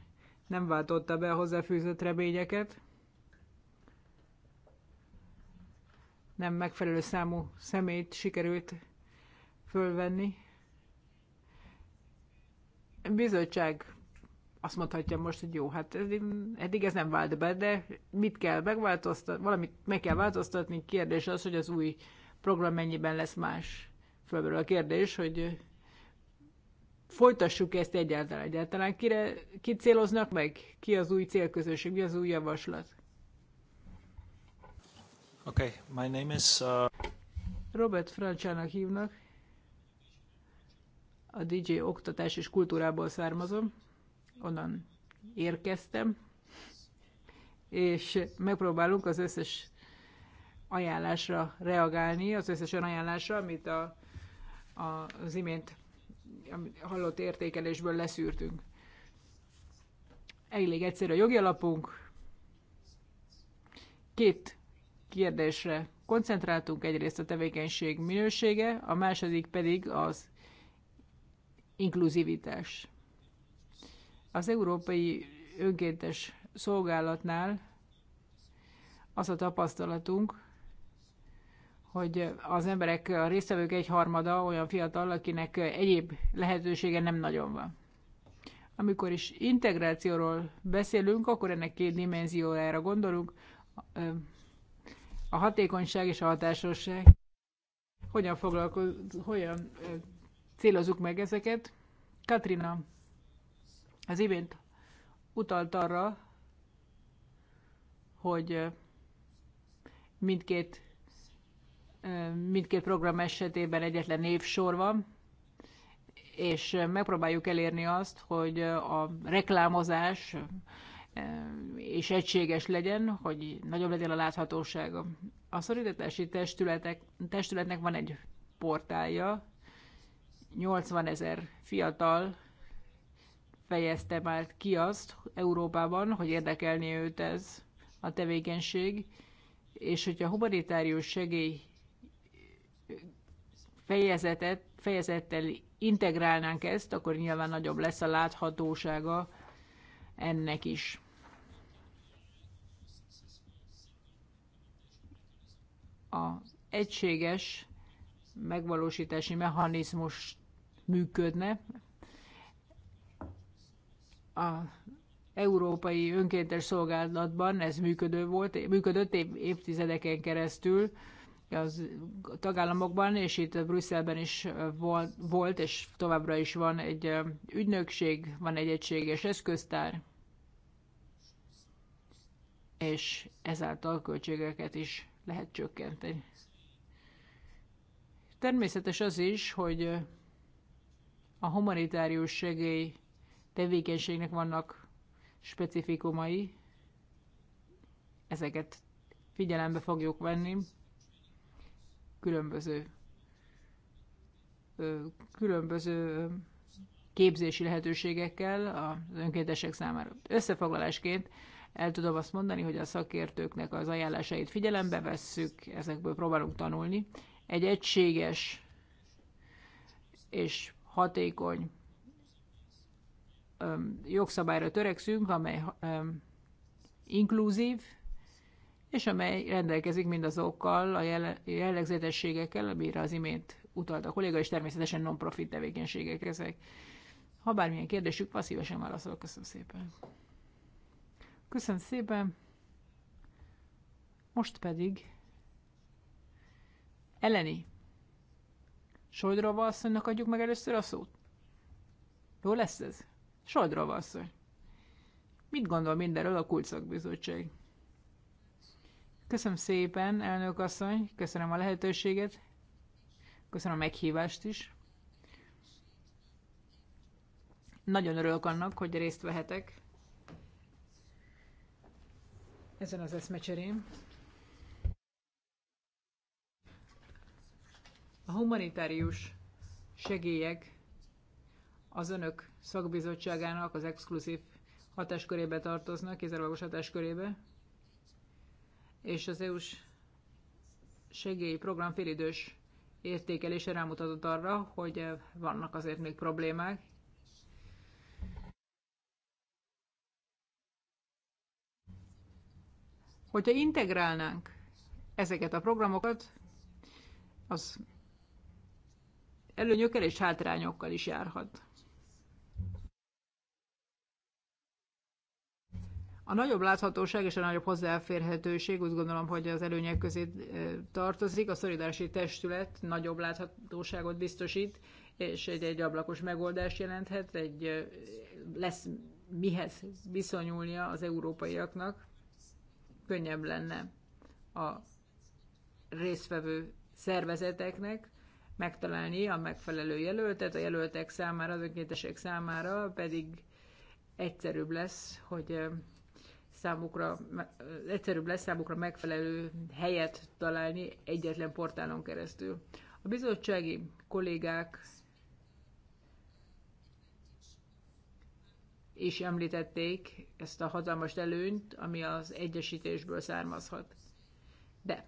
nem váltotta be a hozzáfűzött reményeket. Nem megfelelő számú szemét sikerült fölvenni. Bizottság azt mondhatja most, hogy jó, hát eddig ez nem vált be, de mit kell megváltoztatni, valamit meg kell változtatni, kérdés az, hogy az új program mennyiben lesz más. Fölmerül a kérdés, hogy folytassuk ezt egyáltalán, egyáltalán kire, ki céloznak meg, ki az új célközösség, mi az új javaslat. Okay, my name is... Uh... Robert Francsának hívnak. A DJ oktatás és kultúrából származom onnan érkeztem, és megpróbálunk az összes ajánlásra reagálni, az összes olyan ajánlásra, amit a, a, az imént hallott értékelésből leszűrtünk. Elég egyszerű a jogi alapunk. Két kérdésre koncentráltunk, egyrészt a tevékenység minősége, a második pedig az inkluzivitás. Az Európai Önkéntes Szolgálatnál az a tapasztalatunk, hogy az emberek, a résztvevők harmada olyan fiatal, akinek egyéb lehetősége nem nagyon van. Amikor is integrációról beszélünk, akkor ennek két dimenziójára gondolunk, a hatékonyság és a hatásosság. Hogyan, foglalkoz, hogyan célozunk meg ezeket? Katrina az imént utalt arra, hogy mindkét, mindkét program esetében egyetlen évsor van, és megpróbáljuk elérni azt, hogy a reklámozás és egységes legyen, hogy nagyobb legyen a láthatósága. A szorítási testületek, testületnek van egy portálja, 80 ezer fiatal fejezte már ki azt Európában, hogy érdekelni őt ez a tevékenység, és hogyha a humanitárius segély fejezetet, fejezettel integrálnánk ezt, akkor nyilván nagyobb lesz a láthatósága ennek is. A egységes megvalósítási mechanizmus működne, a Európai Önkéntes Szolgálatban ez működő volt, működött év, évtizedeken keresztül az tagállamokban, és itt a Brüsszelben is volt, volt, és továbbra is van egy ügynökség, van egy egységes eszköztár, és ezáltal költségeket is lehet csökkenteni. Természetes az is, hogy a humanitárius segély tevékenységnek vannak specifikumai, ezeket figyelembe fogjuk venni, különböző különböző képzési lehetőségekkel az önkéntesek számára. Összefoglalásként el tudom azt mondani, hogy a szakértőknek az ajánlásait figyelembe vesszük, ezekből próbálunk tanulni. Egy egységes és hatékony jogszabályra törekszünk, amely inkluzív, és amely rendelkezik mindazokkal a jellegzetességekkel, amire az imént utalt a kolléga, és természetesen non-profit tevékenységek ezek. Ha bármilyen kérdésük van, szívesen válaszolok. Köszönöm szépen. Köszönöm szépen. Most pedig Eleni. Sojdrova asszonynak adjuk meg először a szót. Jó lesz ez? Sodrov asszony. Mit gondol mindenről a Kultszakbizottság? Köszönöm szépen, elnök asszony, köszönöm a lehetőséget, köszönöm a meghívást is. Nagyon örülök annak, hogy részt vehetek ezen az eszmecserém. A humanitárius segélyek az önök szakbizottságának az exkluzív hatáskörébe tartoznak, kizárólagos hatáskörébe, és az EU-s segélyprogram félidős értékelése rámutatott arra, hogy vannak azért még problémák. Hogyha integrálnánk ezeket a programokat, az előnyökkel és hátrányokkal is járhat. A nagyobb láthatóság és a nagyobb hozzáférhetőség úgy gondolom, hogy az előnyek közé eh, tartozik. A szolidaritási testület nagyobb láthatóságot biztosít, és egy, egy ablakos megoldást jelenthet, egy eh, lesz mihez viszonyulnia az európaiaknak, könnyebb lenne a résztvevő szervezeteknek megtalálni a megfelelő jelöltet, a jelöltek számára, az önkéntesek számára pedig egyszerűbb lesz, hogy eh, számukra, egyszerűbb lesz számukra megfelelő helyet találni egyetlen portálon keresztül. A bizottsági kollégák is említették ezt a hatalmas előnyt, ami az egyesítésből származhat. De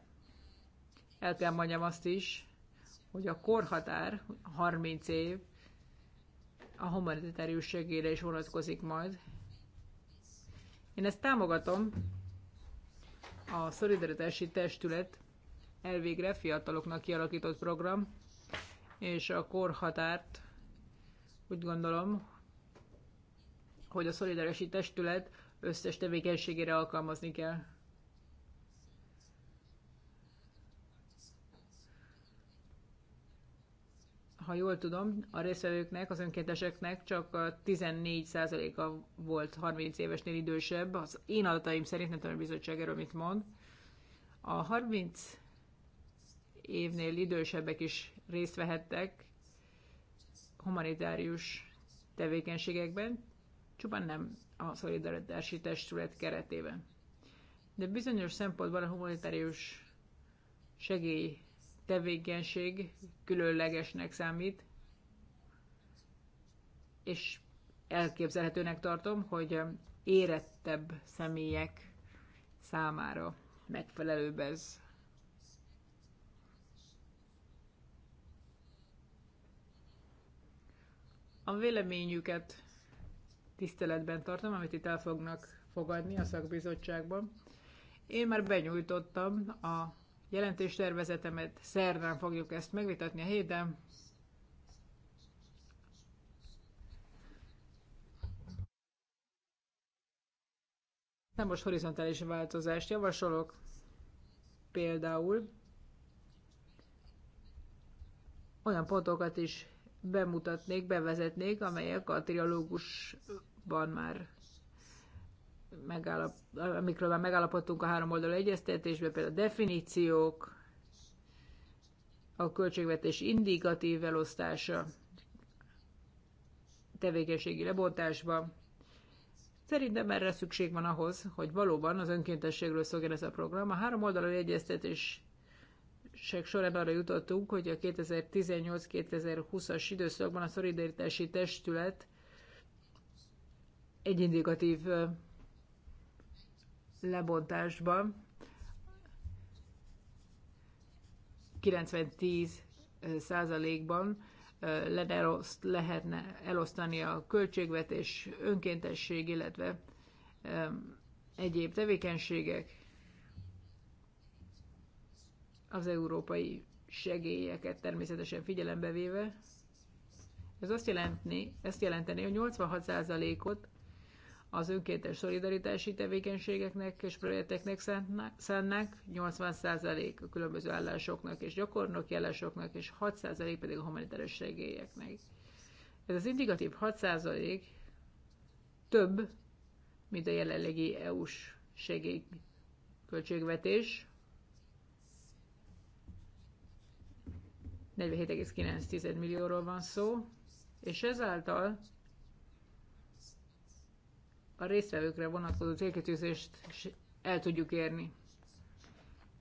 el kell mondjam azt is, hogy a korhatár 30 év a humanitárius segélyre is vonatkozik majd, én ezt támogatom. A Szolidaritási Testület elvégre fiataloknak kialakított program, és a korhatárt úgy gondolom, hogy a Szolidaritási Testület összes tevékenységére alkalmazni kell. ha jól tudom, a részvevőknek, az önkénteseknek csak 14%-a volt 30 évesnél idősebb. Az én adataim szerint, nem tudom, a bizottság erről mit mond. A 30 évnél idősebbek is részt vehettek humanitárius tevékenységekben, csupán nem a szolidaritási testület keretében. De bizonyos szempontból a humanitárius segély tevékenység különlegesnek számít, és elképzelhetőnek tartom, hogy érettebb személyek számára megfelelőbb ez. A véleményüket tiszteletben tartom, amit itt el fognak fogadni a szakbizottságban. Én már benyújtottam a jelentéstervezetemet, szerdán fogjuk ezt megvitatni a héten. Nem most horizontális változást javasolok, például olyan pontokat is bemutatnék, bevezetnék, amelyek a trialógusban már megállap, amikről már megállapodtunk a három oldalú egyeztetésben, például a definíciók, a költségvetés indikatív elosztása, tevékenységi lebontásba. Szerintem erre szükség van ahhoz, hogy valóban az önkéntességről szolgál ez a program. A három oldalú egyeztetés során arra jutottunk, hogy a 2018-2020-as időszakban a szolidaritási testület egy indikatív lebontásban 90-10 százalékban lehetne elosztani a költségvetés, önkéntesség, illetve egyéb tevékenységek, az európai segélyeket természetesen figyelembe véve. Ez azt jelenti, ezt jelenteni, hogy 86%-ot az önkéntes szolidaritási tevékenységeknek és projekteknek szánnak, 80% a különböző állásoknak és gyakornok állásoknak, és 6% pedig a humanitárius segélyeknek. Ez az indikatív 6% több, mint a jelenlegi EU-s segélyköltségvetés, 47,9 millióról van szó, és ezáltal a résztvevőkre vonatkozó célkitűzést el tudjuk érni.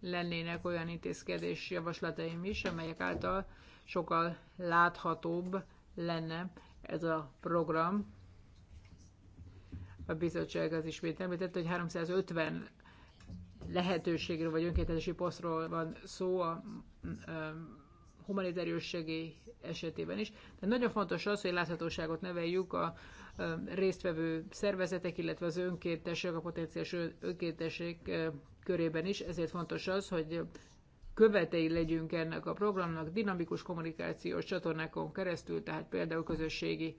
Lennének olyan intézkedés javaslataim is, amelyek által sokkal láthatóbb lenne ez a program. A bizottság az ismét említette, hogy 350 lehetőségről vagy önkéntesi posztról van szó a, a humanit erősségi esetében is. De nagyon fontos az, hogy láthatóságot neveljük a résztvevő szervezetek, illetve az önkéntesek, a potenciális önkéntesek körében is. Ezért fontos az, hogy követei legyünk ennek a programnak dinamikus kommunikációs csatornákon keresztül, tehát például közösségi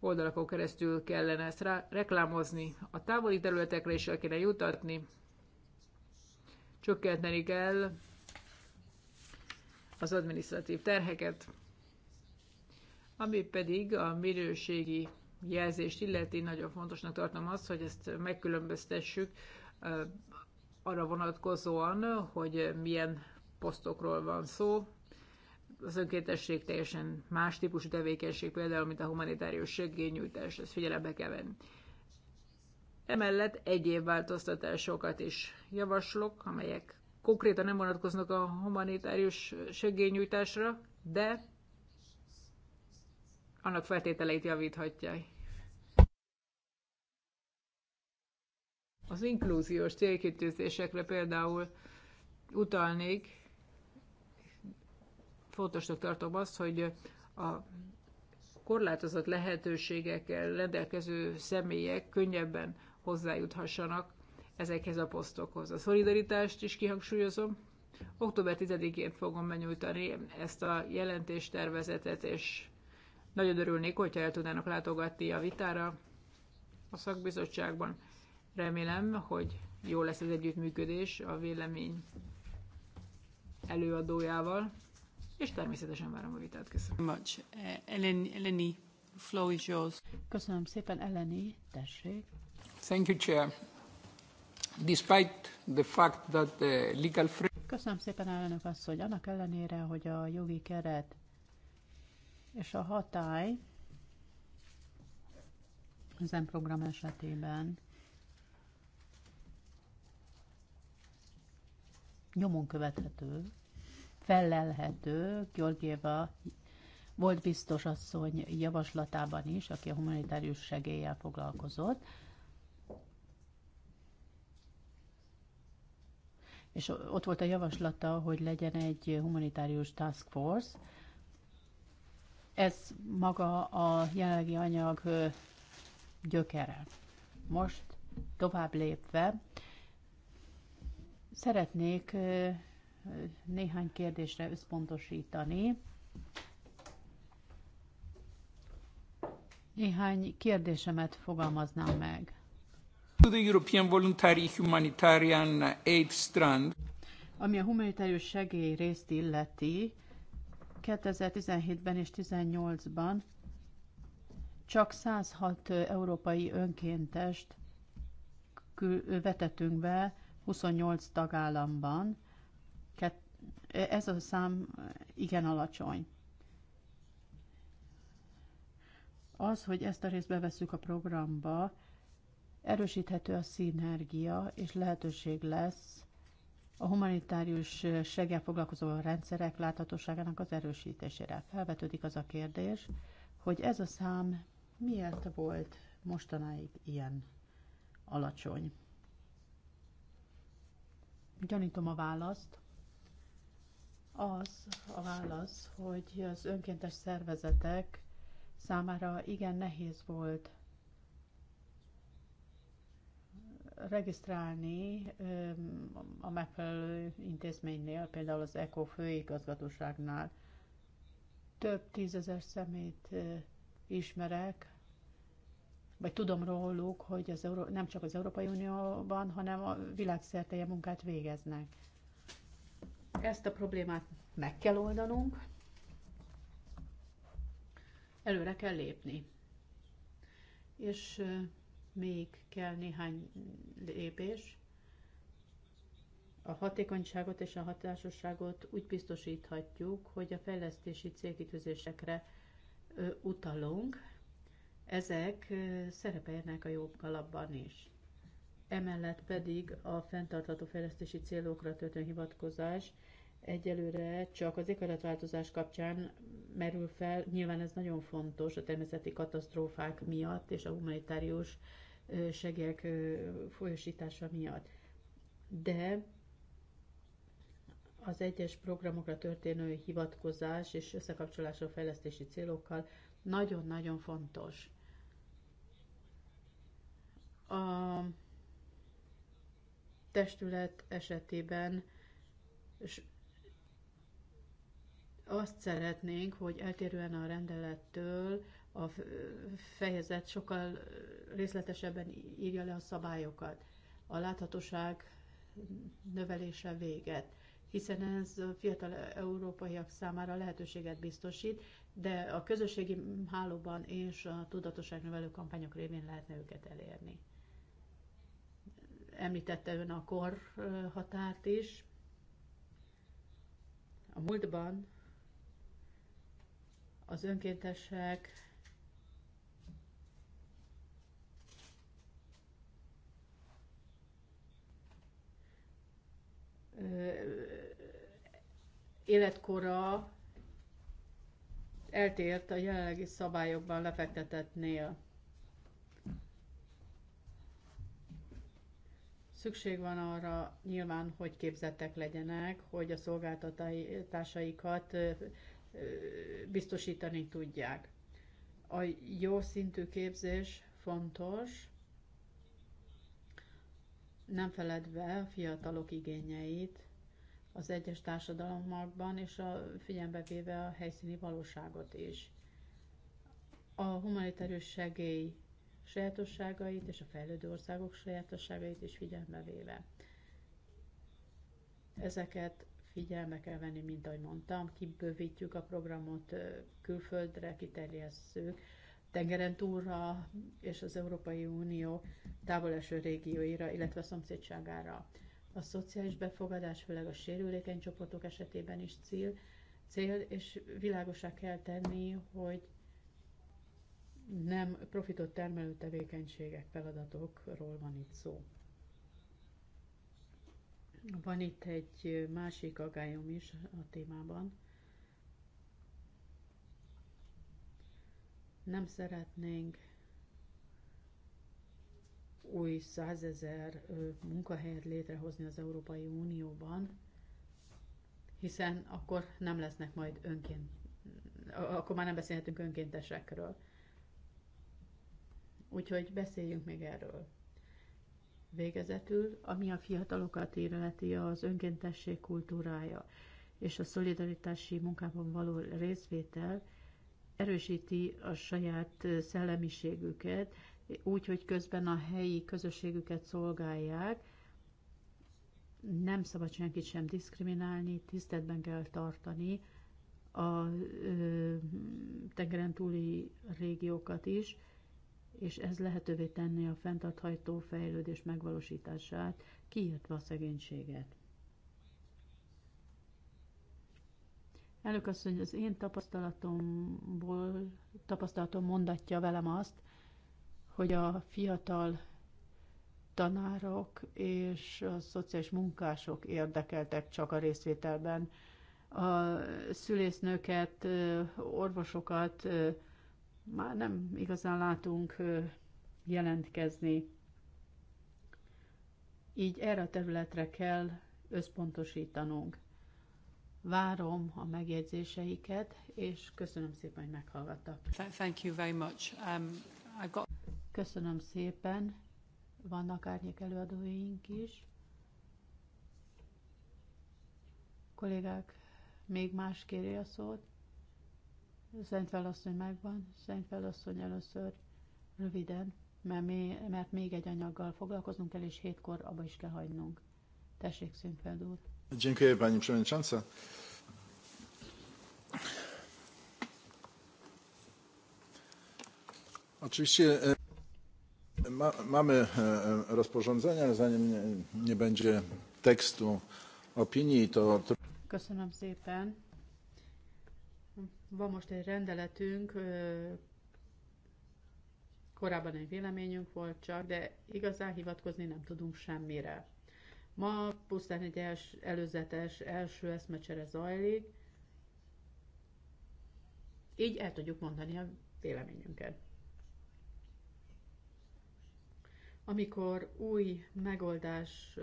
oldalakon keresztül kellene ezt rá, reklámozni, a távoli területekre is el kéne jutatni, csökkenteni kell az adminisztratív terheket, ami pedig a minőségi jelzést illeti, nagyon fontosnak tartom azt, hogy ezt megkülönböztessük arra vonatkozóan, hogy milyen posztokról van szó. Az önkéntesség teljesen más típusú tevékenység, például, mint a humanitárius segélynyújtás, ezt figyelembe kell venni. Emellett egyéb változtatásokat is javaslok, amelyek konkrétan nem vonatkoznak a humanitárius segélynyújtásra, de annak feltételeit javíthatják. Az inkluziós célkitűzésekre például utalnék, fontosnak tartom azt, hogy a korlátozott lehetőségekkel rendelkező személyek könnyebben hozzájuthassanak ezekhez a posztokhoz. A szolidaritást is kihangsúlyozom. Október 10-én fogom benyújtani ezt a jelentéstervezetet, és nagyon örülnék, hogyha el tudnának látogatni a vitára a szakbizottságban. Remélem, hogy jó lesz az együttműködés a vélemény előadójával, és természetesen várom a vitát. Köszönöm. Much. Eh, Eleni, Eleni, flow is yours. Köszönöm szépen, Eleni, tessék. Thank you, Chair despite the fact that the legal Köszönöm szépen, elnök asszony. Annak ellenére, hogy a jogi keret és a hatály ezen program esetében nyomon követhető, fellelhető, Györgyéva volt biztos asszony javaslatában is, aki a humanitárius segéllyel foglalkozott, és ott volt a javaslata, hogy legyen egy humanitárius task force. Ez maga a jelenlegi anyag gyökere. Most tovább lépve szeretnék néhány kérdésre összpontosítani. Néhány kérdésemet fogalmaznám meg to the European Voluntary Humanitarian Aid Strand. Ami a humanitárius segély részt illeti, 2017-ben és 2018-ban csak 106 európai önkéntest vetettünk be 28 tagállamban. Ez a szám igen alacsony. Az, hogy ezt a részt bevesszük a programba, Erősíthető a szinergia, és lehetőség lesz a humanitárius seggel foglalkozó rendszerek láthatóságának az erősítésére. Felvetődik az a kérdés, hogy ez a szám miért volt mostanáig ilyen alacsony. Gyanítom a választ. Az a válasz, hogy az önkéntes szervezetek számára igen nehéz volt regisztrálni a megfelelő intézménynél, például az ECO főigazgatóságnál. Több tízezer szemét ismerek, vagy tudom róluk, hogy az Euró- nem csak az Európai Unióban, hanem a világszerte munkát végeznek. Ezt a problémát meg kell oldanunk, előre kell lépni. És még kell néhány lépés. A hatékonyságot és a hatásosságot úgy biztosíthatjuk, hogy a fejlesztési célkitűzésekre utalunk. Ezek szerepelnek a jobb alapban is. Emellett pedig a fenntartható fejlesztési célokra történő hivatkozás egyelőre csak az éghajlatváltozás kapcsán merül fel. Nyilván ez nagyon fontos a természeti katasztrófák miatt és a humanitárius segélyek folyosítása miatt. De az egyes programokra történő hivatkozás és összekapcsolása a fejlesztési célokkal nagyon-nagyon fontos. A testület esetében azt szeretnénk, hogy eltérően a rendelettől a fejezet sokkal részletesebben írja le a szabályokat. A láthatóság növelése véget, hiszen ez a fiatal európaiak számára lehetőséget biztosít, de a közösségi hálóban és a tudatosságnövelő kampányok révén lehetne őket elérni. Említette ön a kor határt is. A múltban az önkéntesek életkora eltért a jelenlegi szabályokban lefektetettnél. Szükség van arra nyilván, hogy képzettek legyenek, hogy a szolgáltatásaikat biztosítani tudják. A jó szintű képzés fontos, nem feledve a fiatalok igényeit az egyes társadalmakban, és a figyelembe véve a helyszíni valóságot is. A humanitárius segély sajátosságait és a fejlődő országok sajátosságait is figyelembe véve. Ezeket figyelme kell venni, mint ahogy mondtam, kibővítjük a programot külföldre, kiterjesszük, tengeren túlra és az Európai Unió távoleső régióira, illetve a szomszédságára. A szociális befogadás, főleg a sérülékeny csoportok esetében is cél, cél és világosá kell tenni, hogy nem profitot termelő tevékenységek, feladatokról van itt szó. Van itt egy másik agályom is a témában. nem szeretnénk új százezer munkahelyet létrehozni az Európai Unióban, hiszen akkor nem lesznek majd önként, akkor már nem beszélhetünk önkéntesekről. Úgyhogy beszéljünk még erről. Végezetül, ami a fiatalokat illeti az önkéntesség kultúrája és a szolidaritási munkában való részvétel, erősíti a saját szellemiségüket, úgy, hogy közben a helyi közösségüket szolgálják. Nem szabad senkit sem diszkriminálni, tiszteletben kell tartani a ö, tengeren túli régiókat is, és ez lehetővé tenni a fenntartható fejlődés megvalósítását, kiírtva a szegénységet. Elnök asszony, az én tapasztalatomból, tapasztalatom mondatja velem azt, hogy a fiatal tanárok és a szociális munkások érdekeltek csak a részvételben. A szülésznőket, orvosokat már nem igazán látunk jelentkezni. Így erre a területre kell összpontosítanunk. Várom a megjegyzéseiket, és köszönöm szépen, hogy meghallgattak. Thank you very much. Um, I've got... Köszönöm szépen. Vannak árnyék előadóink is. Kollégák, még más kéri a szót? Szent Felasszony megvan. Szent Felasszony először röviden, mert, mi, mert még egy anyaggal foglalkoznunk kell, és hétkor abba is kell hagynunk. Tessék, Szentfeld úr! Dziękuję pani przewodnicząca. Oczywiście e, ma, mamy e, rozporządzenia, zanim nie, nie będzie tekstu opinii, to... Köszönöm szépen. Van most egy rendeletünk, e, korábban egy véleményünk volt csak, de igazán hivatkozni nem tudunk semmire. Ma pusztán egy els, előzetes első eszmecsere zajlik, így el tudjuk mondani a véleményünket. Amikor új megoldás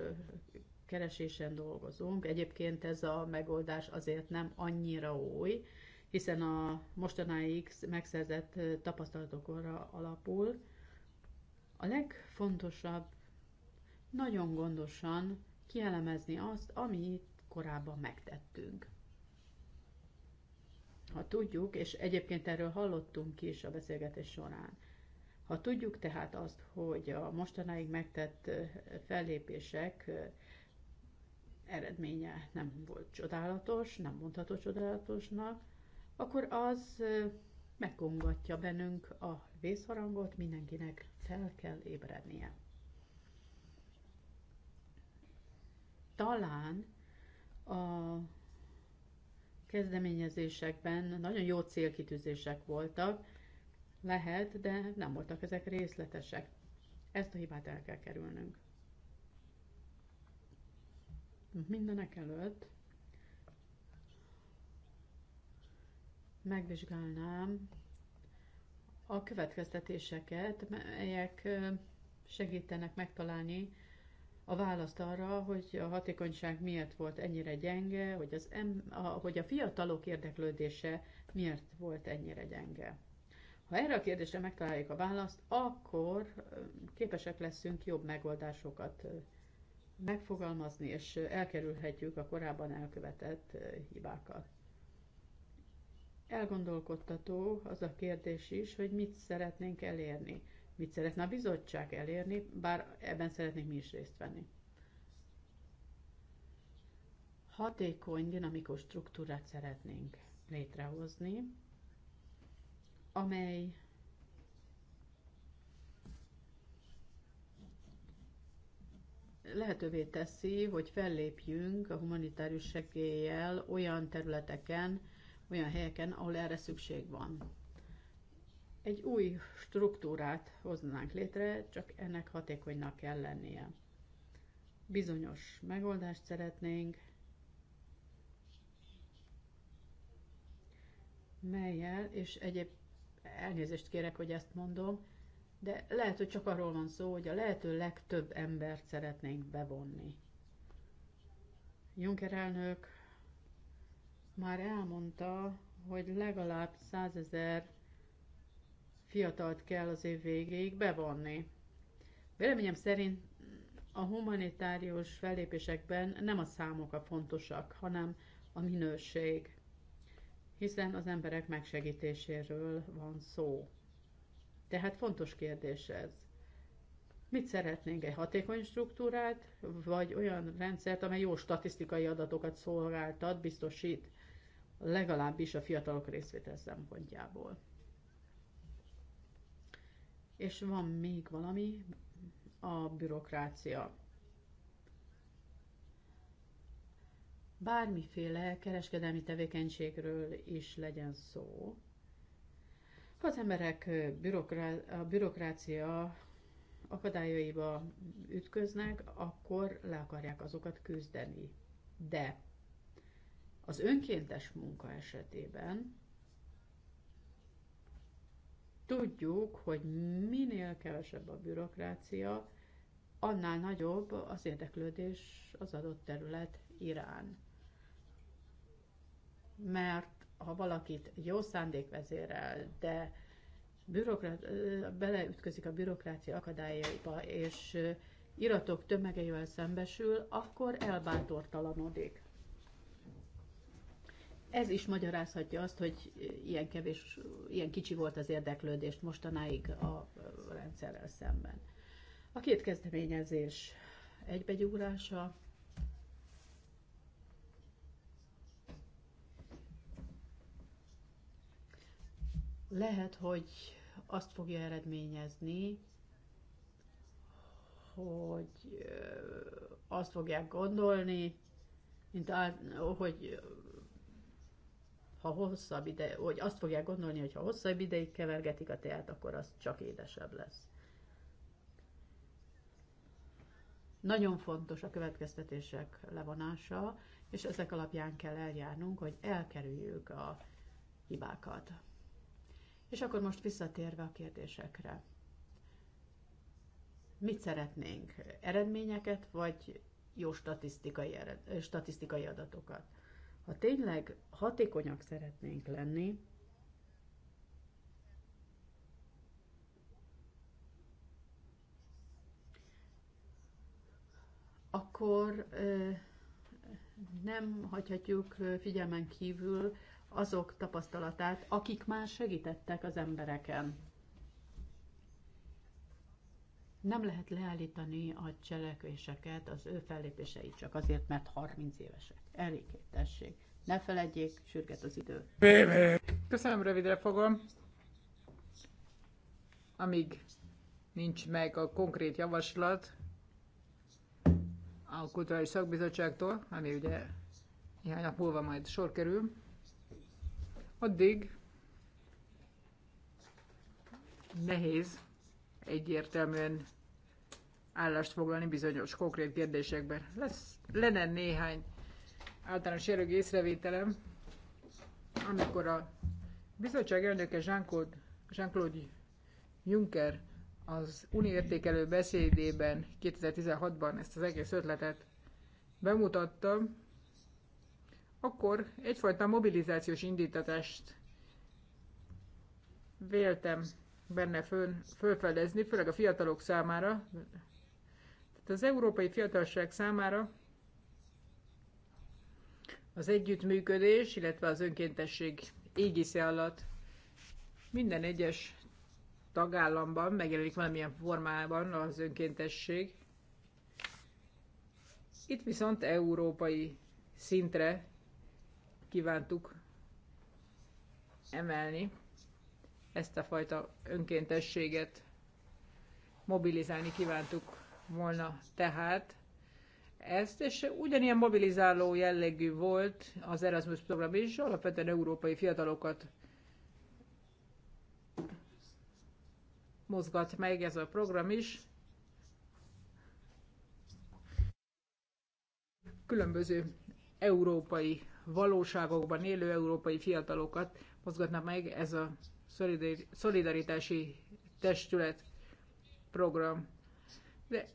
keresésen dolgozunk, egyébként ez a megoldás azért nem annyira új, hiszen a mostanáig megszerzett tapasztalatokra alapul. A legfontosabb nagyon gondosan kielemezni azt, amit korábban megtettünk. Ha tudjuk, és egyébként erről hallottunk is a beszélgetés során, ha tudjuk tehát azt, hogy a mostanáig megtett fellépések eredménye nem volt csodálatos, nem mondható csodálatosnak, akkor az megkongatja bennünk a vészharangot, mindenkinek fel kell ébrednie. talán a kezdeményezésekben nagyon jó célkitűzések voltak, lehet, de nem voltak ezek részletesek. Ezt a hibát el kell kerülnünk. Mindenek előtt megvizsgálnám a következtetéseket, melyek segítenek megtalálni a választ arra, hogy a hatékonyság miért volt ennyire gyenge, hogy, az em, a, hogy a fiatalok érdeklődése miért volt ennyire gyenge. Ha erre a kérdésre megtaláljuk a választ, akkor képesek leszünk jobb megoldásokat megfogalmazni, és elkerülhetjük a korábban elkövetett hibákat. Elgondolkodtató az a kérdés is, hogy mit szeretnénk elérni mit szeretne a bizottság elérni, bár ebben szeretnénk mi is részt venni. Hatékony, dinamikus struktúrát szeretnénk létrehozni, amely lehetővé teszi, hogy fellépjünk a humanitárius segéllyel olyan területeken, olyan helyeken, ahol erre szükség van egy új struktúrát hoznánk létre, csak ennek hatékonynak kell lennie. Bizonyos megoldást szeretnénk, melyel, és egyéb elnézést kérek, hogy ezt mondom, de lehet, hogy csak arról van szó, hogy a lehető legtöbb embert szeretnénk bevonni. Juncker elnök már elmondta, hogy legalább százezer fiatalt kell az év végéig bevonni. Véleményem szerint a humanitárius fellépésekben nem a számok a fontosak, hanem a minőség, hiszen az emberek megsegítéséről van szó. Tehát fontos kérdés ez. Mit szeretnénk? Egy hatékony struktúrát, vagy olyan rendszert, amely jó statisztikai adatokat szolgáltat, biztosít, legalábbis a fiatalok részvétel szempontjából. És van még valami, a bürokrácia. Bármiféle kereskedelmi tevékenységről is legyen szó, az emberek bürokrá- a bürokrácia akadályaiba ütköznek, akkor le akarják azokat küzdeni. De az önkéntes munka esetében tudjuk, hogy minél kevesebb a bürokrácia, annál nagyobb az érdeklődés az adott terület irán. Mert ha valakit jó szándék vezérel, de bürokrat, beleütközik a bürokrácia akadályaiba, és iratok tömegeivel szembesül, akkor elbátortalanodik ez is magyarázhatja azt, hogy ilyen kevés, ilyen kicsi volt az érdeklődés mostanáig a rendszerrel szemben. A két kezdeményezés egybegyúrása, lehet, hogy azt fogja eredményezni, hogy azt fogják gondolni, mint áll, hogy ha hosszabb ide, hogy azt fogják gondolni, hogy ha hosszabb ideig kevergetik a teát, akkor az csak édesebb lesz. Nagyon fontos a következtetések levonása, és ezek alapján kell eljárnunk, hogy elkerüljük a hibákat. És akkor most visszatérve a kérdésekre. Mit szeretnénk? Eredményeket, vagy jó statisztikai, ered, statisztikai adatokat? Ha tényleg hatékonyak szeretnénk lenni, akkor nem hagyhatjuk figyelmen kívül azok tapasztalatát, akik már segítettek az embereken. Nem lehet leállítani a cselekvéseket, az ő fellépéseit csak azért, mert 30 évesek. Elég tessék. Ne feledjék, sürget az idő. Köszönöm, rövidre fogom. Amíg nincs meg a konkrét javaslat a Kulturális Szakbizottságtól, ami ugye néhány nap múlva majd sor kerül, addig nehéz egyértelműen állást foglalni bizonyos konkrét kérdésekben. Lesz, lenne néhány általános jellegű észrevételem, amikor a bizottság elnöke Jean-Claude, Jean-Claude Juncker az uniértékelő beszédében 2016-ban ezt az egész ötletet bemutatta, akkor egyfajta mobilizációs indítatást véltem benne fön, fölfedezni, főleg a fiatalok számára, tehát az európai fiatalság számára az együttműködés, illetve az önkéntesség égisze alatt minden egyes tagállamban megjelenik valamilyen formában az önkéntesség. Itt viszont európai szintre kívántuk emelni ezt a fajta önkéntességet, mobilizálni kívántuk volna tehát ezt, és ugyanilyen mobilizáló jellegű volt az Erasmus program is, alapvetően európai fiatalokat mozgat meg ez a program is. Különböző európai valóságokban élő európai fiatalokat mozgatna meg ez a szolidaritási testület program. De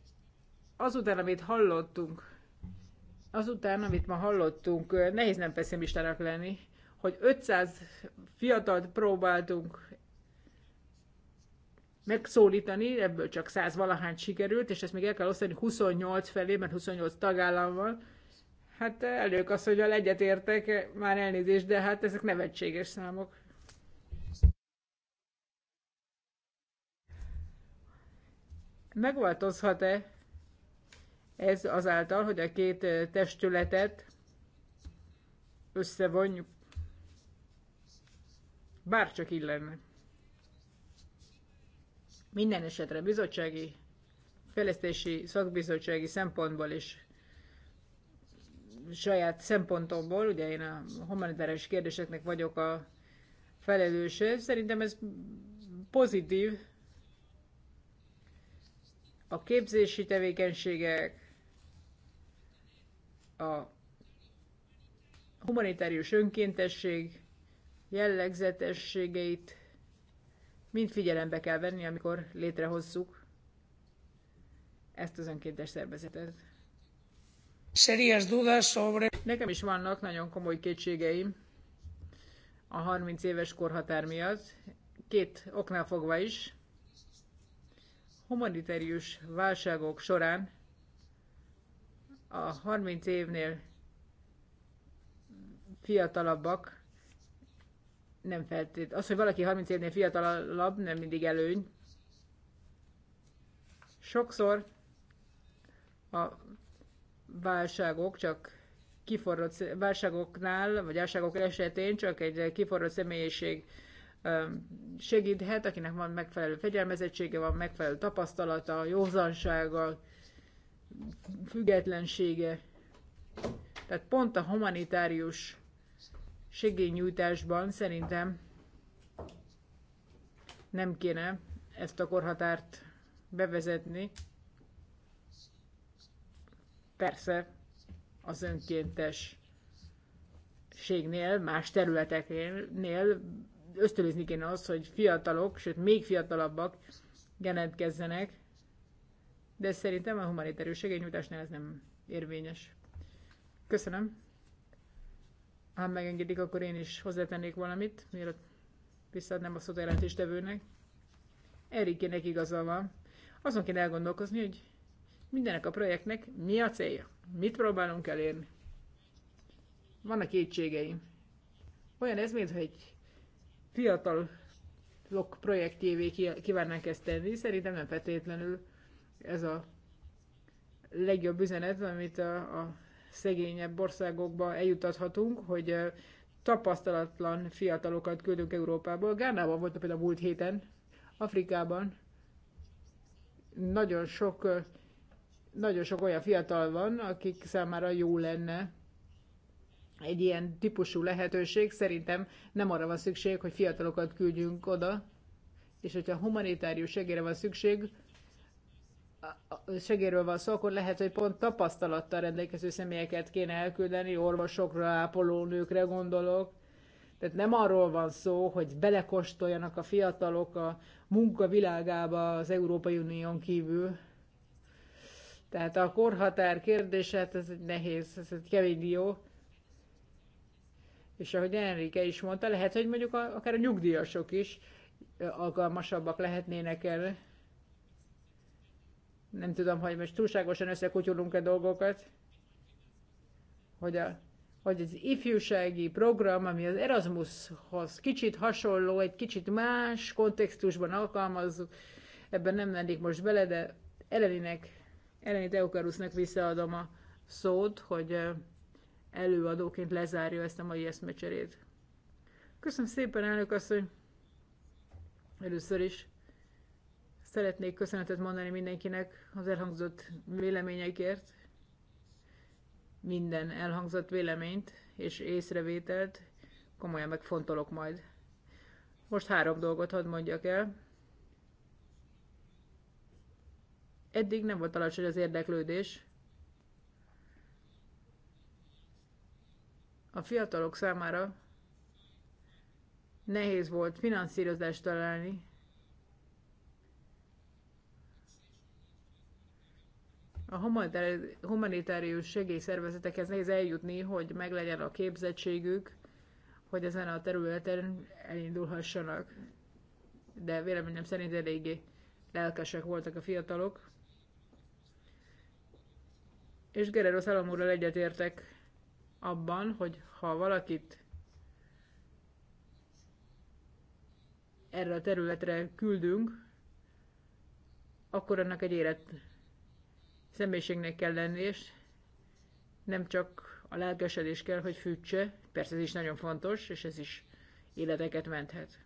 azután, amit hallottunk, azután, amit ma hallottunk, nehéz nem pessimistának lenni, hogy 500 fiatalt próbáltunk megszólítani, ebből csak 100 valahány sikerült, és ezt még el kell osztani 28 felé, mert 28 tagállam van. Hát elők az, hogy a legyet értek, már elnézést, de hát ezek nevetséges számok. Megváltozhat-e ez azáltal, hogy a két testületet összevonjuk? Bárcsak illenne. Minden esetre bizottsági, fejlesztési szakbizottsági szempontból is saját szempontomból, ugye én a humanitárius kérdéseknek vagyok a felelőse, szerintem ez pozitív, a képzési tevékenységek, a humanitárius önkéntesség jellegzetességeit mind figyelembe kell venni, amikor létrehozzuk ezt az önkéntes szervezetet. Nekem is vannak nagyon komoly kétségeim a 30 éves korhatár miatt, két oknál fogva is humanitárius válságok során a 30 évnél fiatalabbak nem feltét. Az, hogy valaki 30 évnél fiatalabb, nem mindig előny. Sokszor a válságok csak kiforrott, válságoknál, vagy válságok esetén csak egy kiforrott személyiség segíthet, akinek van megfelelő fegyelmezettsége, van megfelelő tapasztalata, józansága, függetlensége. Tehát pont a humanitárius segélynyújtásban szerintem nem kéne ezt a korhatárt bevezetni. Persze az önkéntességnél, más területeknél ösztönözni kéne az, hogy fiatalok, sőt még fiatalabbak jelentkezzenek, de szerintem a humanitárius segélynyújtásnál ez nem érvényes. Köszönöm. Ha megengedik, akkor én is hozzátennék valamit, mielőtt visszaadnám a szót a jelentéstevőnek. Erikének igaza van. Azon kéne elgondolkozni, hogy mindenek a projektnek mi a célja? Mit próbálunk elérni? Vannak kétségeim. Olyan ez, mintha egy fiatalok projektjévé kívánnánk ezt tenni. Szerintem nem feltétlenül ez a legjobb üzenet, amit a, a szegényebb országokba eljutathatunk, hogy tapasztalatlan fiatalokat küldünk Európából. Gánában volt például múlt héten, Afrikában nagyon sok, nagyon sok olyan fiatal van, akik számára jó lenne egy ilyen típusú lehetőség. Szerintem nem arra van szükség, hogy fiatalokat küldjünk oda, és hogyha humanitárius segélyre van szükség, segéről van szó, akkor lehet, hogy pont tapasztalattal rendelkező személyeket kéne elküldeni, orvosokra, ápolónőkre gondolok. Tehát nem arról van szó, hogy belekostoljanak a fiatalok a munka világába az Európai Unión kívül. Tehát a korhatár kérdése, hát ez egy nehéz, ez egy kevés dió és ahogy Enrique is mondta, lehet, hogy mondjuk a, akár a nyugdíjasok is alkalmasabbak lehetnének erre. Nem tudom, hogy most túlságosan összekutyulunk-e dolgokat, hogy, a, hogy az ifjúsági program, ami az Erasmushoz kicsit hasonló, egy kicsit más kontextusban alkalmazzuk, ebben nem mennék most bele, de Elenének, Eleni Deukarusznak visszaadom a szót, hogy előadóként lezárja ezt a mai eszmecserét. Köszönöm szépen, elnök asszony! Először is szeretnék köszönetet mondani mindenkinek az elhangzott véleményekért, minden elhangzott véleményt és észrevételt komolyan megfontolok majd. Most három dolgot hadd mondjak el. Eddig nem volt alacsony az érdeklődés, A fiatalok számára nehéz volt finanszírozást találni, a humanitárius segélyszervezetekhez nehéz eljutni, hogy meglegyen a képzettségük, hogy ezen a területen elindulhassanak. De véleményem szerint eléggé lelkesek voltak a fiatalok. És Guerrero Salamurral egyetértek abban, hogy ha valakit erre a területre küldünk, akkor annak egy érett személyiségnek kell lenni, és nem csak a lelkesedés kell, hogy fűtse, persze ez is nagyon fontos, és ez is életeket menthet.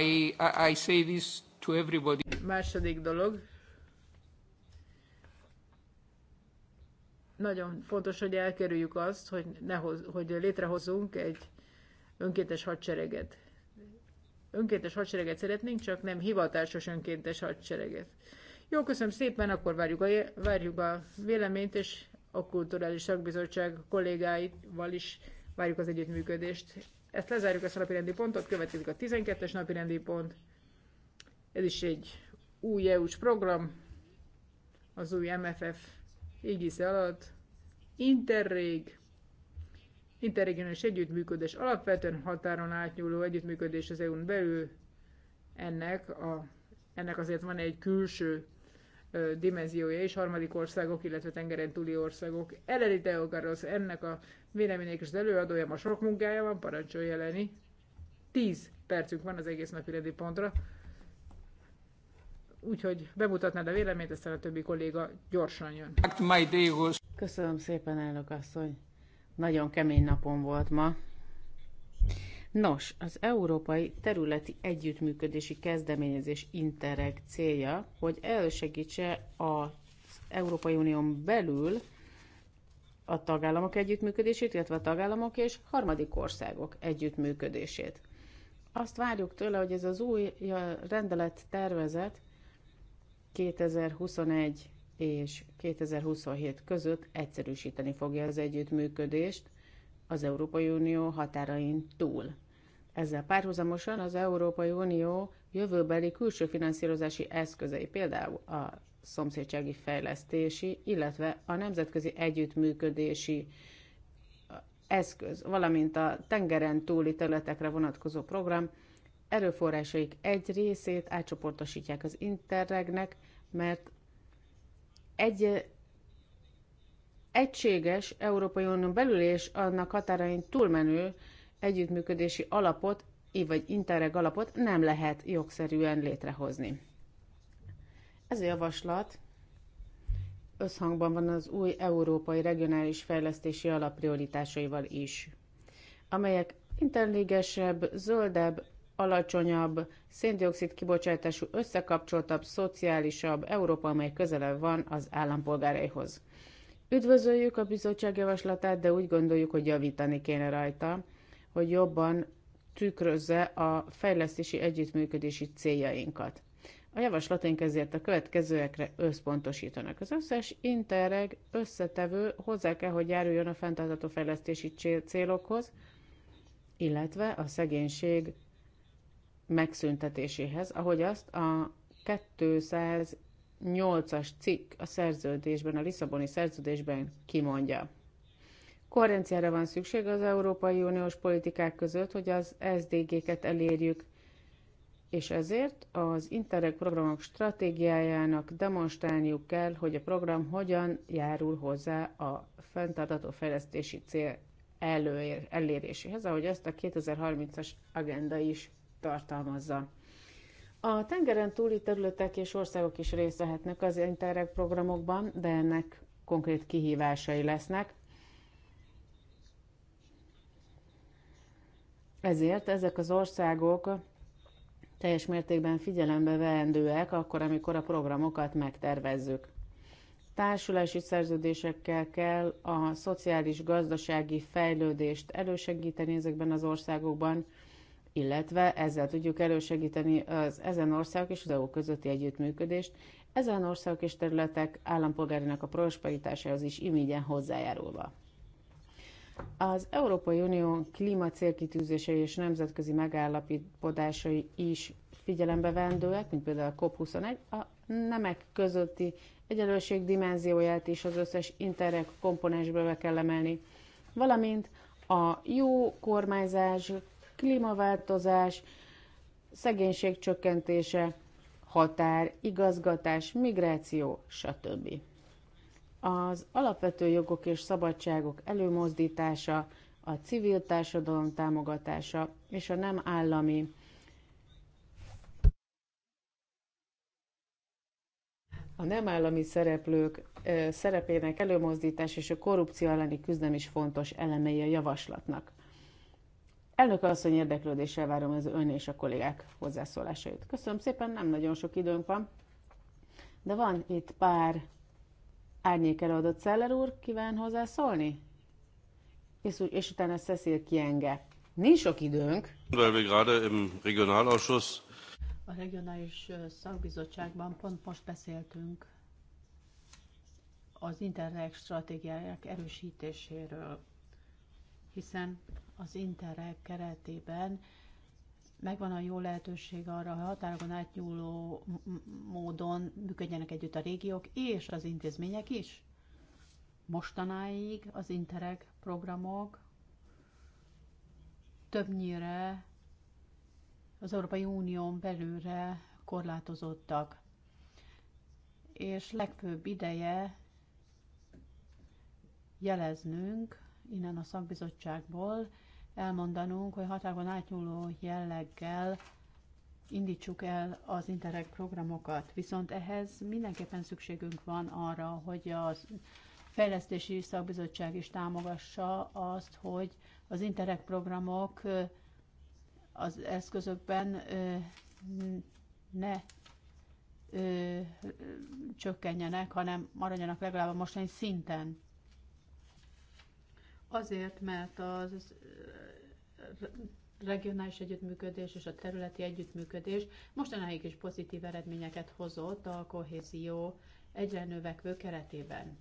I, I, I say this to everybody. Második dolog, nagyon fontos, hogy elkerüljük azt, hogy, ne hoz, hogy létrehozzunk egy önkéntes hadsereget. Önkéntes hadsereget szeretnénk, csak nem hivatásos önkéntes hadsereget. Jó, köszönöm szépen, akkor várjuk a, várjuk a véleményt, és a Kulturális Szakbizottság kollégáival is várjuk az együttműködést. Ezt lezárjuk ezt a napirendi pontot, következik a 12-es napirendi pont. Ez is egy új EU-s program, az új MFF égisze alatt Interreg, interregionális együttműködés alapvetően határon átnyúló együttműködés az EU-n belül, ennek, a, ennek azért van egy külső ö, dimenziója és harmadik országok, illetve tengeren túli országok. Eleni Teokarosz ennek a vélemények és az előadója, ma sok munkája van, parancsolja Eleni. tíz percünk van az egész napi pontra. Úgyhogy bemutatnád a véleményt, aztán a többi kolléga gyorsan jön. Köszönöm szépen, elnök asszony. Nagyon kemény napom volt ma. Nos, az Európai Területi Együttműködési Kezdeményezés Interreg célja, hogy elsegítse az Európai Unión belül a tagállamok együttműködését, illetve a tagállamok és harmadik országok együttműködését. Azt várjuk tőle, hogy ez az új rendelet tervezet 2021 és 2027 között egyszerűsíteni fogja az együttműködést az Európai Unió határain túl. Ezzel párhuzamosan az Európai Unió jövőbeli külső finanszírozási eszközei, például a szomszédsági fejlesztési, illetve a nemzetközi együttműködési eszköz, valamint a tengeren túli területekre vonatkozó program erőforrásaik egy részét átcsoportosítják az Interregnek, mert egy egységes Európai Unión belül és annak határain túlmenő együttműködési alapot, vagy interreg alapot nem lehet jogszerűen létrehozni. Ez a javaslat összhangban van az új európai regionális fejlesztési alap prioritásaival is, amelyek intelligensebb, zöldebb alacsonyabb, széndiokszid kibocsátású, összekapcsoltabb, szociálisabb Európa, amely közelebb van az állampolgáraihoz. Üdvözöljük a bizottság javaslatát, de úgy gondoljuk, hogy javítani kéne rajta, hogy jobban tükrözze a fejlesztési együttműködési céljainkat. A javaslataink ezért a következőekre összpontosítanak. Az összes interreg összetevő hozzá kell, hogy járuljon a fenntartható fejlesztési célokhoz, illetve a szegénység megszüntetéséhez, ahogy azt a 208-as cikk a szerződésben, a Lisszaboni szerződésben kimondja. Koherenciára van szükség az Európai Uniós politikák között, hogy az SDG-ket elérjük, és ezért az Interreg programok stratégiájának demonstrálniuk kell, hogy a program hogyan járul hozzá a fenntartató fejlesztési cél előér, eléréséhez, ahogy ezt a 2030-as agenda is tartalmazza. A tengeren túli területek és országok is részt vehetnek az Interreg programokban, de ennek konkrét kihívásai lesznek. Ezért ezek az országok teljes mértékben figyelembe veendőek akkor, amikor a programokat megtervezzük. Társulási szerződésekkel kell a szociális-gazdasági fejlődést elősegíteni ezekben az országokban, illetve ezzel tudjuk elősegíteni az ezen országok és az EU közötti együttműködést, ezen országok és területek állampolgárinak a prosperitásához is imigyen hozzájárulva. Az Európai Unió célkitűzései és nemzetközi megállapodásai is figyelembe vendőek, mint például a COP21, a nemek közötti egyenlőség dimenzióját is az összes interreg komponensből be kell emelni, valamint a jó kormányzás, klímaváltozás, szegénység csökkentése, határ, igazgatás, migráció, stb. Az alapvető jogok és szabadságok előmozdítása, a civil társadalom támogatása és a nem állami a nem állami szereplők szerepének előmozdítás és a korrupció elleni küzdelem is fontos elemei a javaslatnak. Elnök asszony érdeklődéssel várom az ön és a kollégák hozzászólásait. Köszönöm szépen, nem nagyon sok időnk van, de van itt pár árnyék előadott Szeller úr, kíván hozzászólni? És, és utána Cecil Kienge. Nincs sok időnk. Weil wir gerade im Regionalausschuss a regionális szakbizottságban pont most beszéltünk az Interreg stratégiáják erősítéséről, hiszen az Interreg keretében megvan a jó lehetőség arra, hogy határokon átnyúló módon működjenek együtt a régiók és az intézmények is. Mostanáig az Interreg programok többnyire az Európai Unión belülre korlátozottak, és legfőbb ideje jeleznünk innen a szakbizottságból, elmondanunk, hogy határon átnyúló jelleggel indítsuk el az Interreg programokat. Viszont ehhez mindenképpen szükségünk van arra, hogy a fejlesztési szakbizottság is támogassa azt, hogy az Interreg programok az eszközökben ne ö, csökkenjenek, hanem maradjanak legalább a mostani szinten. Azért, mert az regionális együttműködés és a területi együttműködés mostanáig is pozitív eredményeket hozott a kohézió egyre növekvő keretében.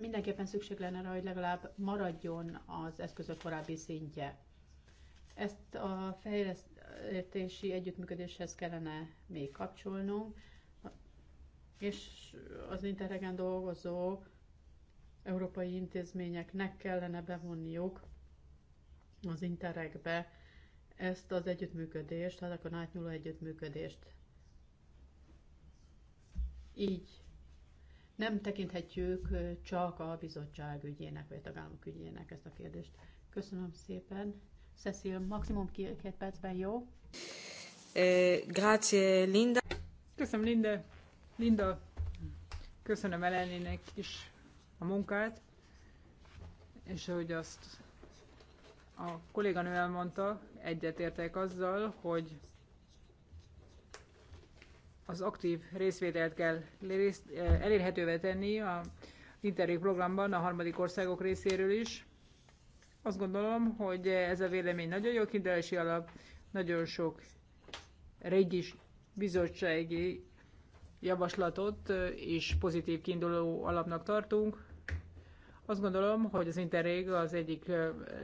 Mindenképpen szükség lenne arra, hogy legalább maradjon az eszközök korábbi szintje. Ezt a fejlesztési együttműködéshez kellene még kapcsolnunk, és az interregen dolgozó európai intézményeknek kellene bevonniuk az interekbe ezt az együttműködést, tehát akkor átnyúló együttműködést. Így nem tekinthetjük csak a bizottság ügyének, vagy a tagállamok ügyének ezt a kérdést. Köszönöm szépen. Cecil, maximum két percben, jó? Grazie, Linda. Köszönöm, Linda. Linda, köszönöm Elenének is a munkát, és ahogy azt a kolléganő elmondta, egyetértek azzal, hogy az aktív részvételt kell elérhetővé tenni a Interreg programban a harmadik országok részéről is. Azt gondolom, hogy ez a vélemény nagyon jó kiindulási alap, nagyon sok régis bizottsági javaslatot és pozitív kiinduló alapnak tartunk. Azt gondolom, hogy az Interreg az egyik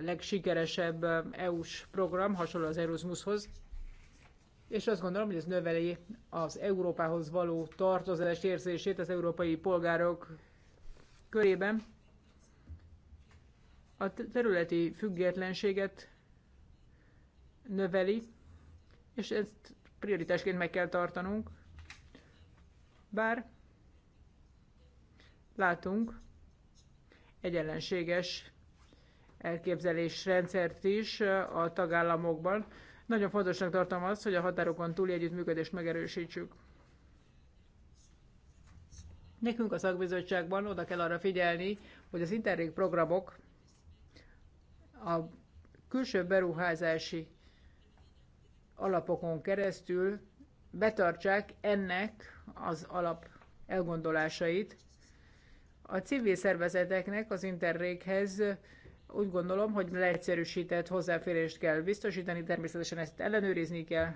legsikeresebb EU-s program, hasonló az Erasmushoz, és azt gondolom, hogy ez növeli az Európához való tartozás érzését az európai polgárok körében. A területi függetlenséget növeli, és ezt prioritásként meg kell tartanunk. Bár látunk, egyenlenséges elképzelésrendszert is a tagállamokban. Nagyon fontosnak tartom azt, hogy a határokon túli együttműködést megerősítsük. Nekünk a szakbizottságban oda kell arra figyelni, hogy az interreg programok a külső beruházási alapokon keresztül betartsák ennek az alap elgondolásait. A civil szervezeteknek az Interréghez úgy gondolom, hogy leegyszerűsített hozzáférést kell biztosítani, természetesen ezt ellenőrizni kell.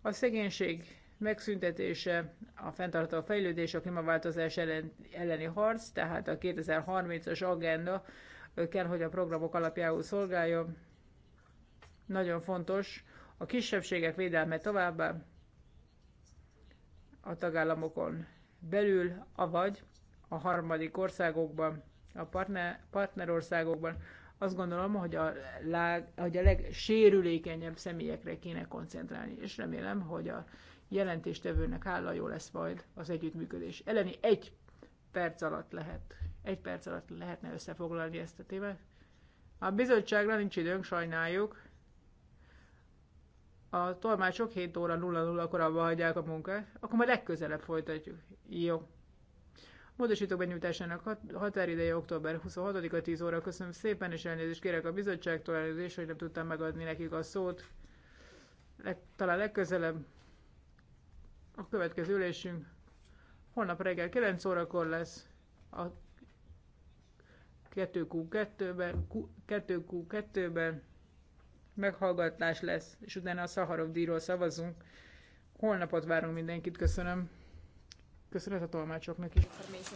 A szegénység megszüntetése, a fenntartó fejlődés, a klímaváltozás ellen, elleni harc, tehát a 2030-as agenda kell, hogy a programok alapjául szolgáljon. Nagyon fontos a kisebbségek védelme továbbá a tagállamokon belül, avagy a harmadik országokban, a partner, partnerországokban. Azt gondolom, hogy a, lág, hogy a legsérülékenyebb személyekre kéne koncentrálni, és remélem, hogy a jelentéstevőnek hála jó lesz majd az együttműködés. Eleni egy perc alatt lehet, egy perc alatt lehetne összefoglalni ezt a témát. A bizottságra nincs időnk, sajnáljuk. A tolmácsok 7 óra 00 kor abba hagyják a munkát, akkor majd legközelebb folytatjuk. Jó. Módosító benyújtásának hat, határideje október 26-a 10 óra. Köszönöm szépen, és elnézést kérek a bizottságtól, elnézést, hogy nem tudtam megadni nekik a szót. Le, talán legközelebb a következő ülésünk holnap reggel 9 órakor lesz a 2Q2-ben, 2Q2-ben meghallgatás lesz, és utána a Szaharov díjról szavazunk. Holnapot várunk mindenkit, köszönöm. Köszönet a tolmácsoknak is.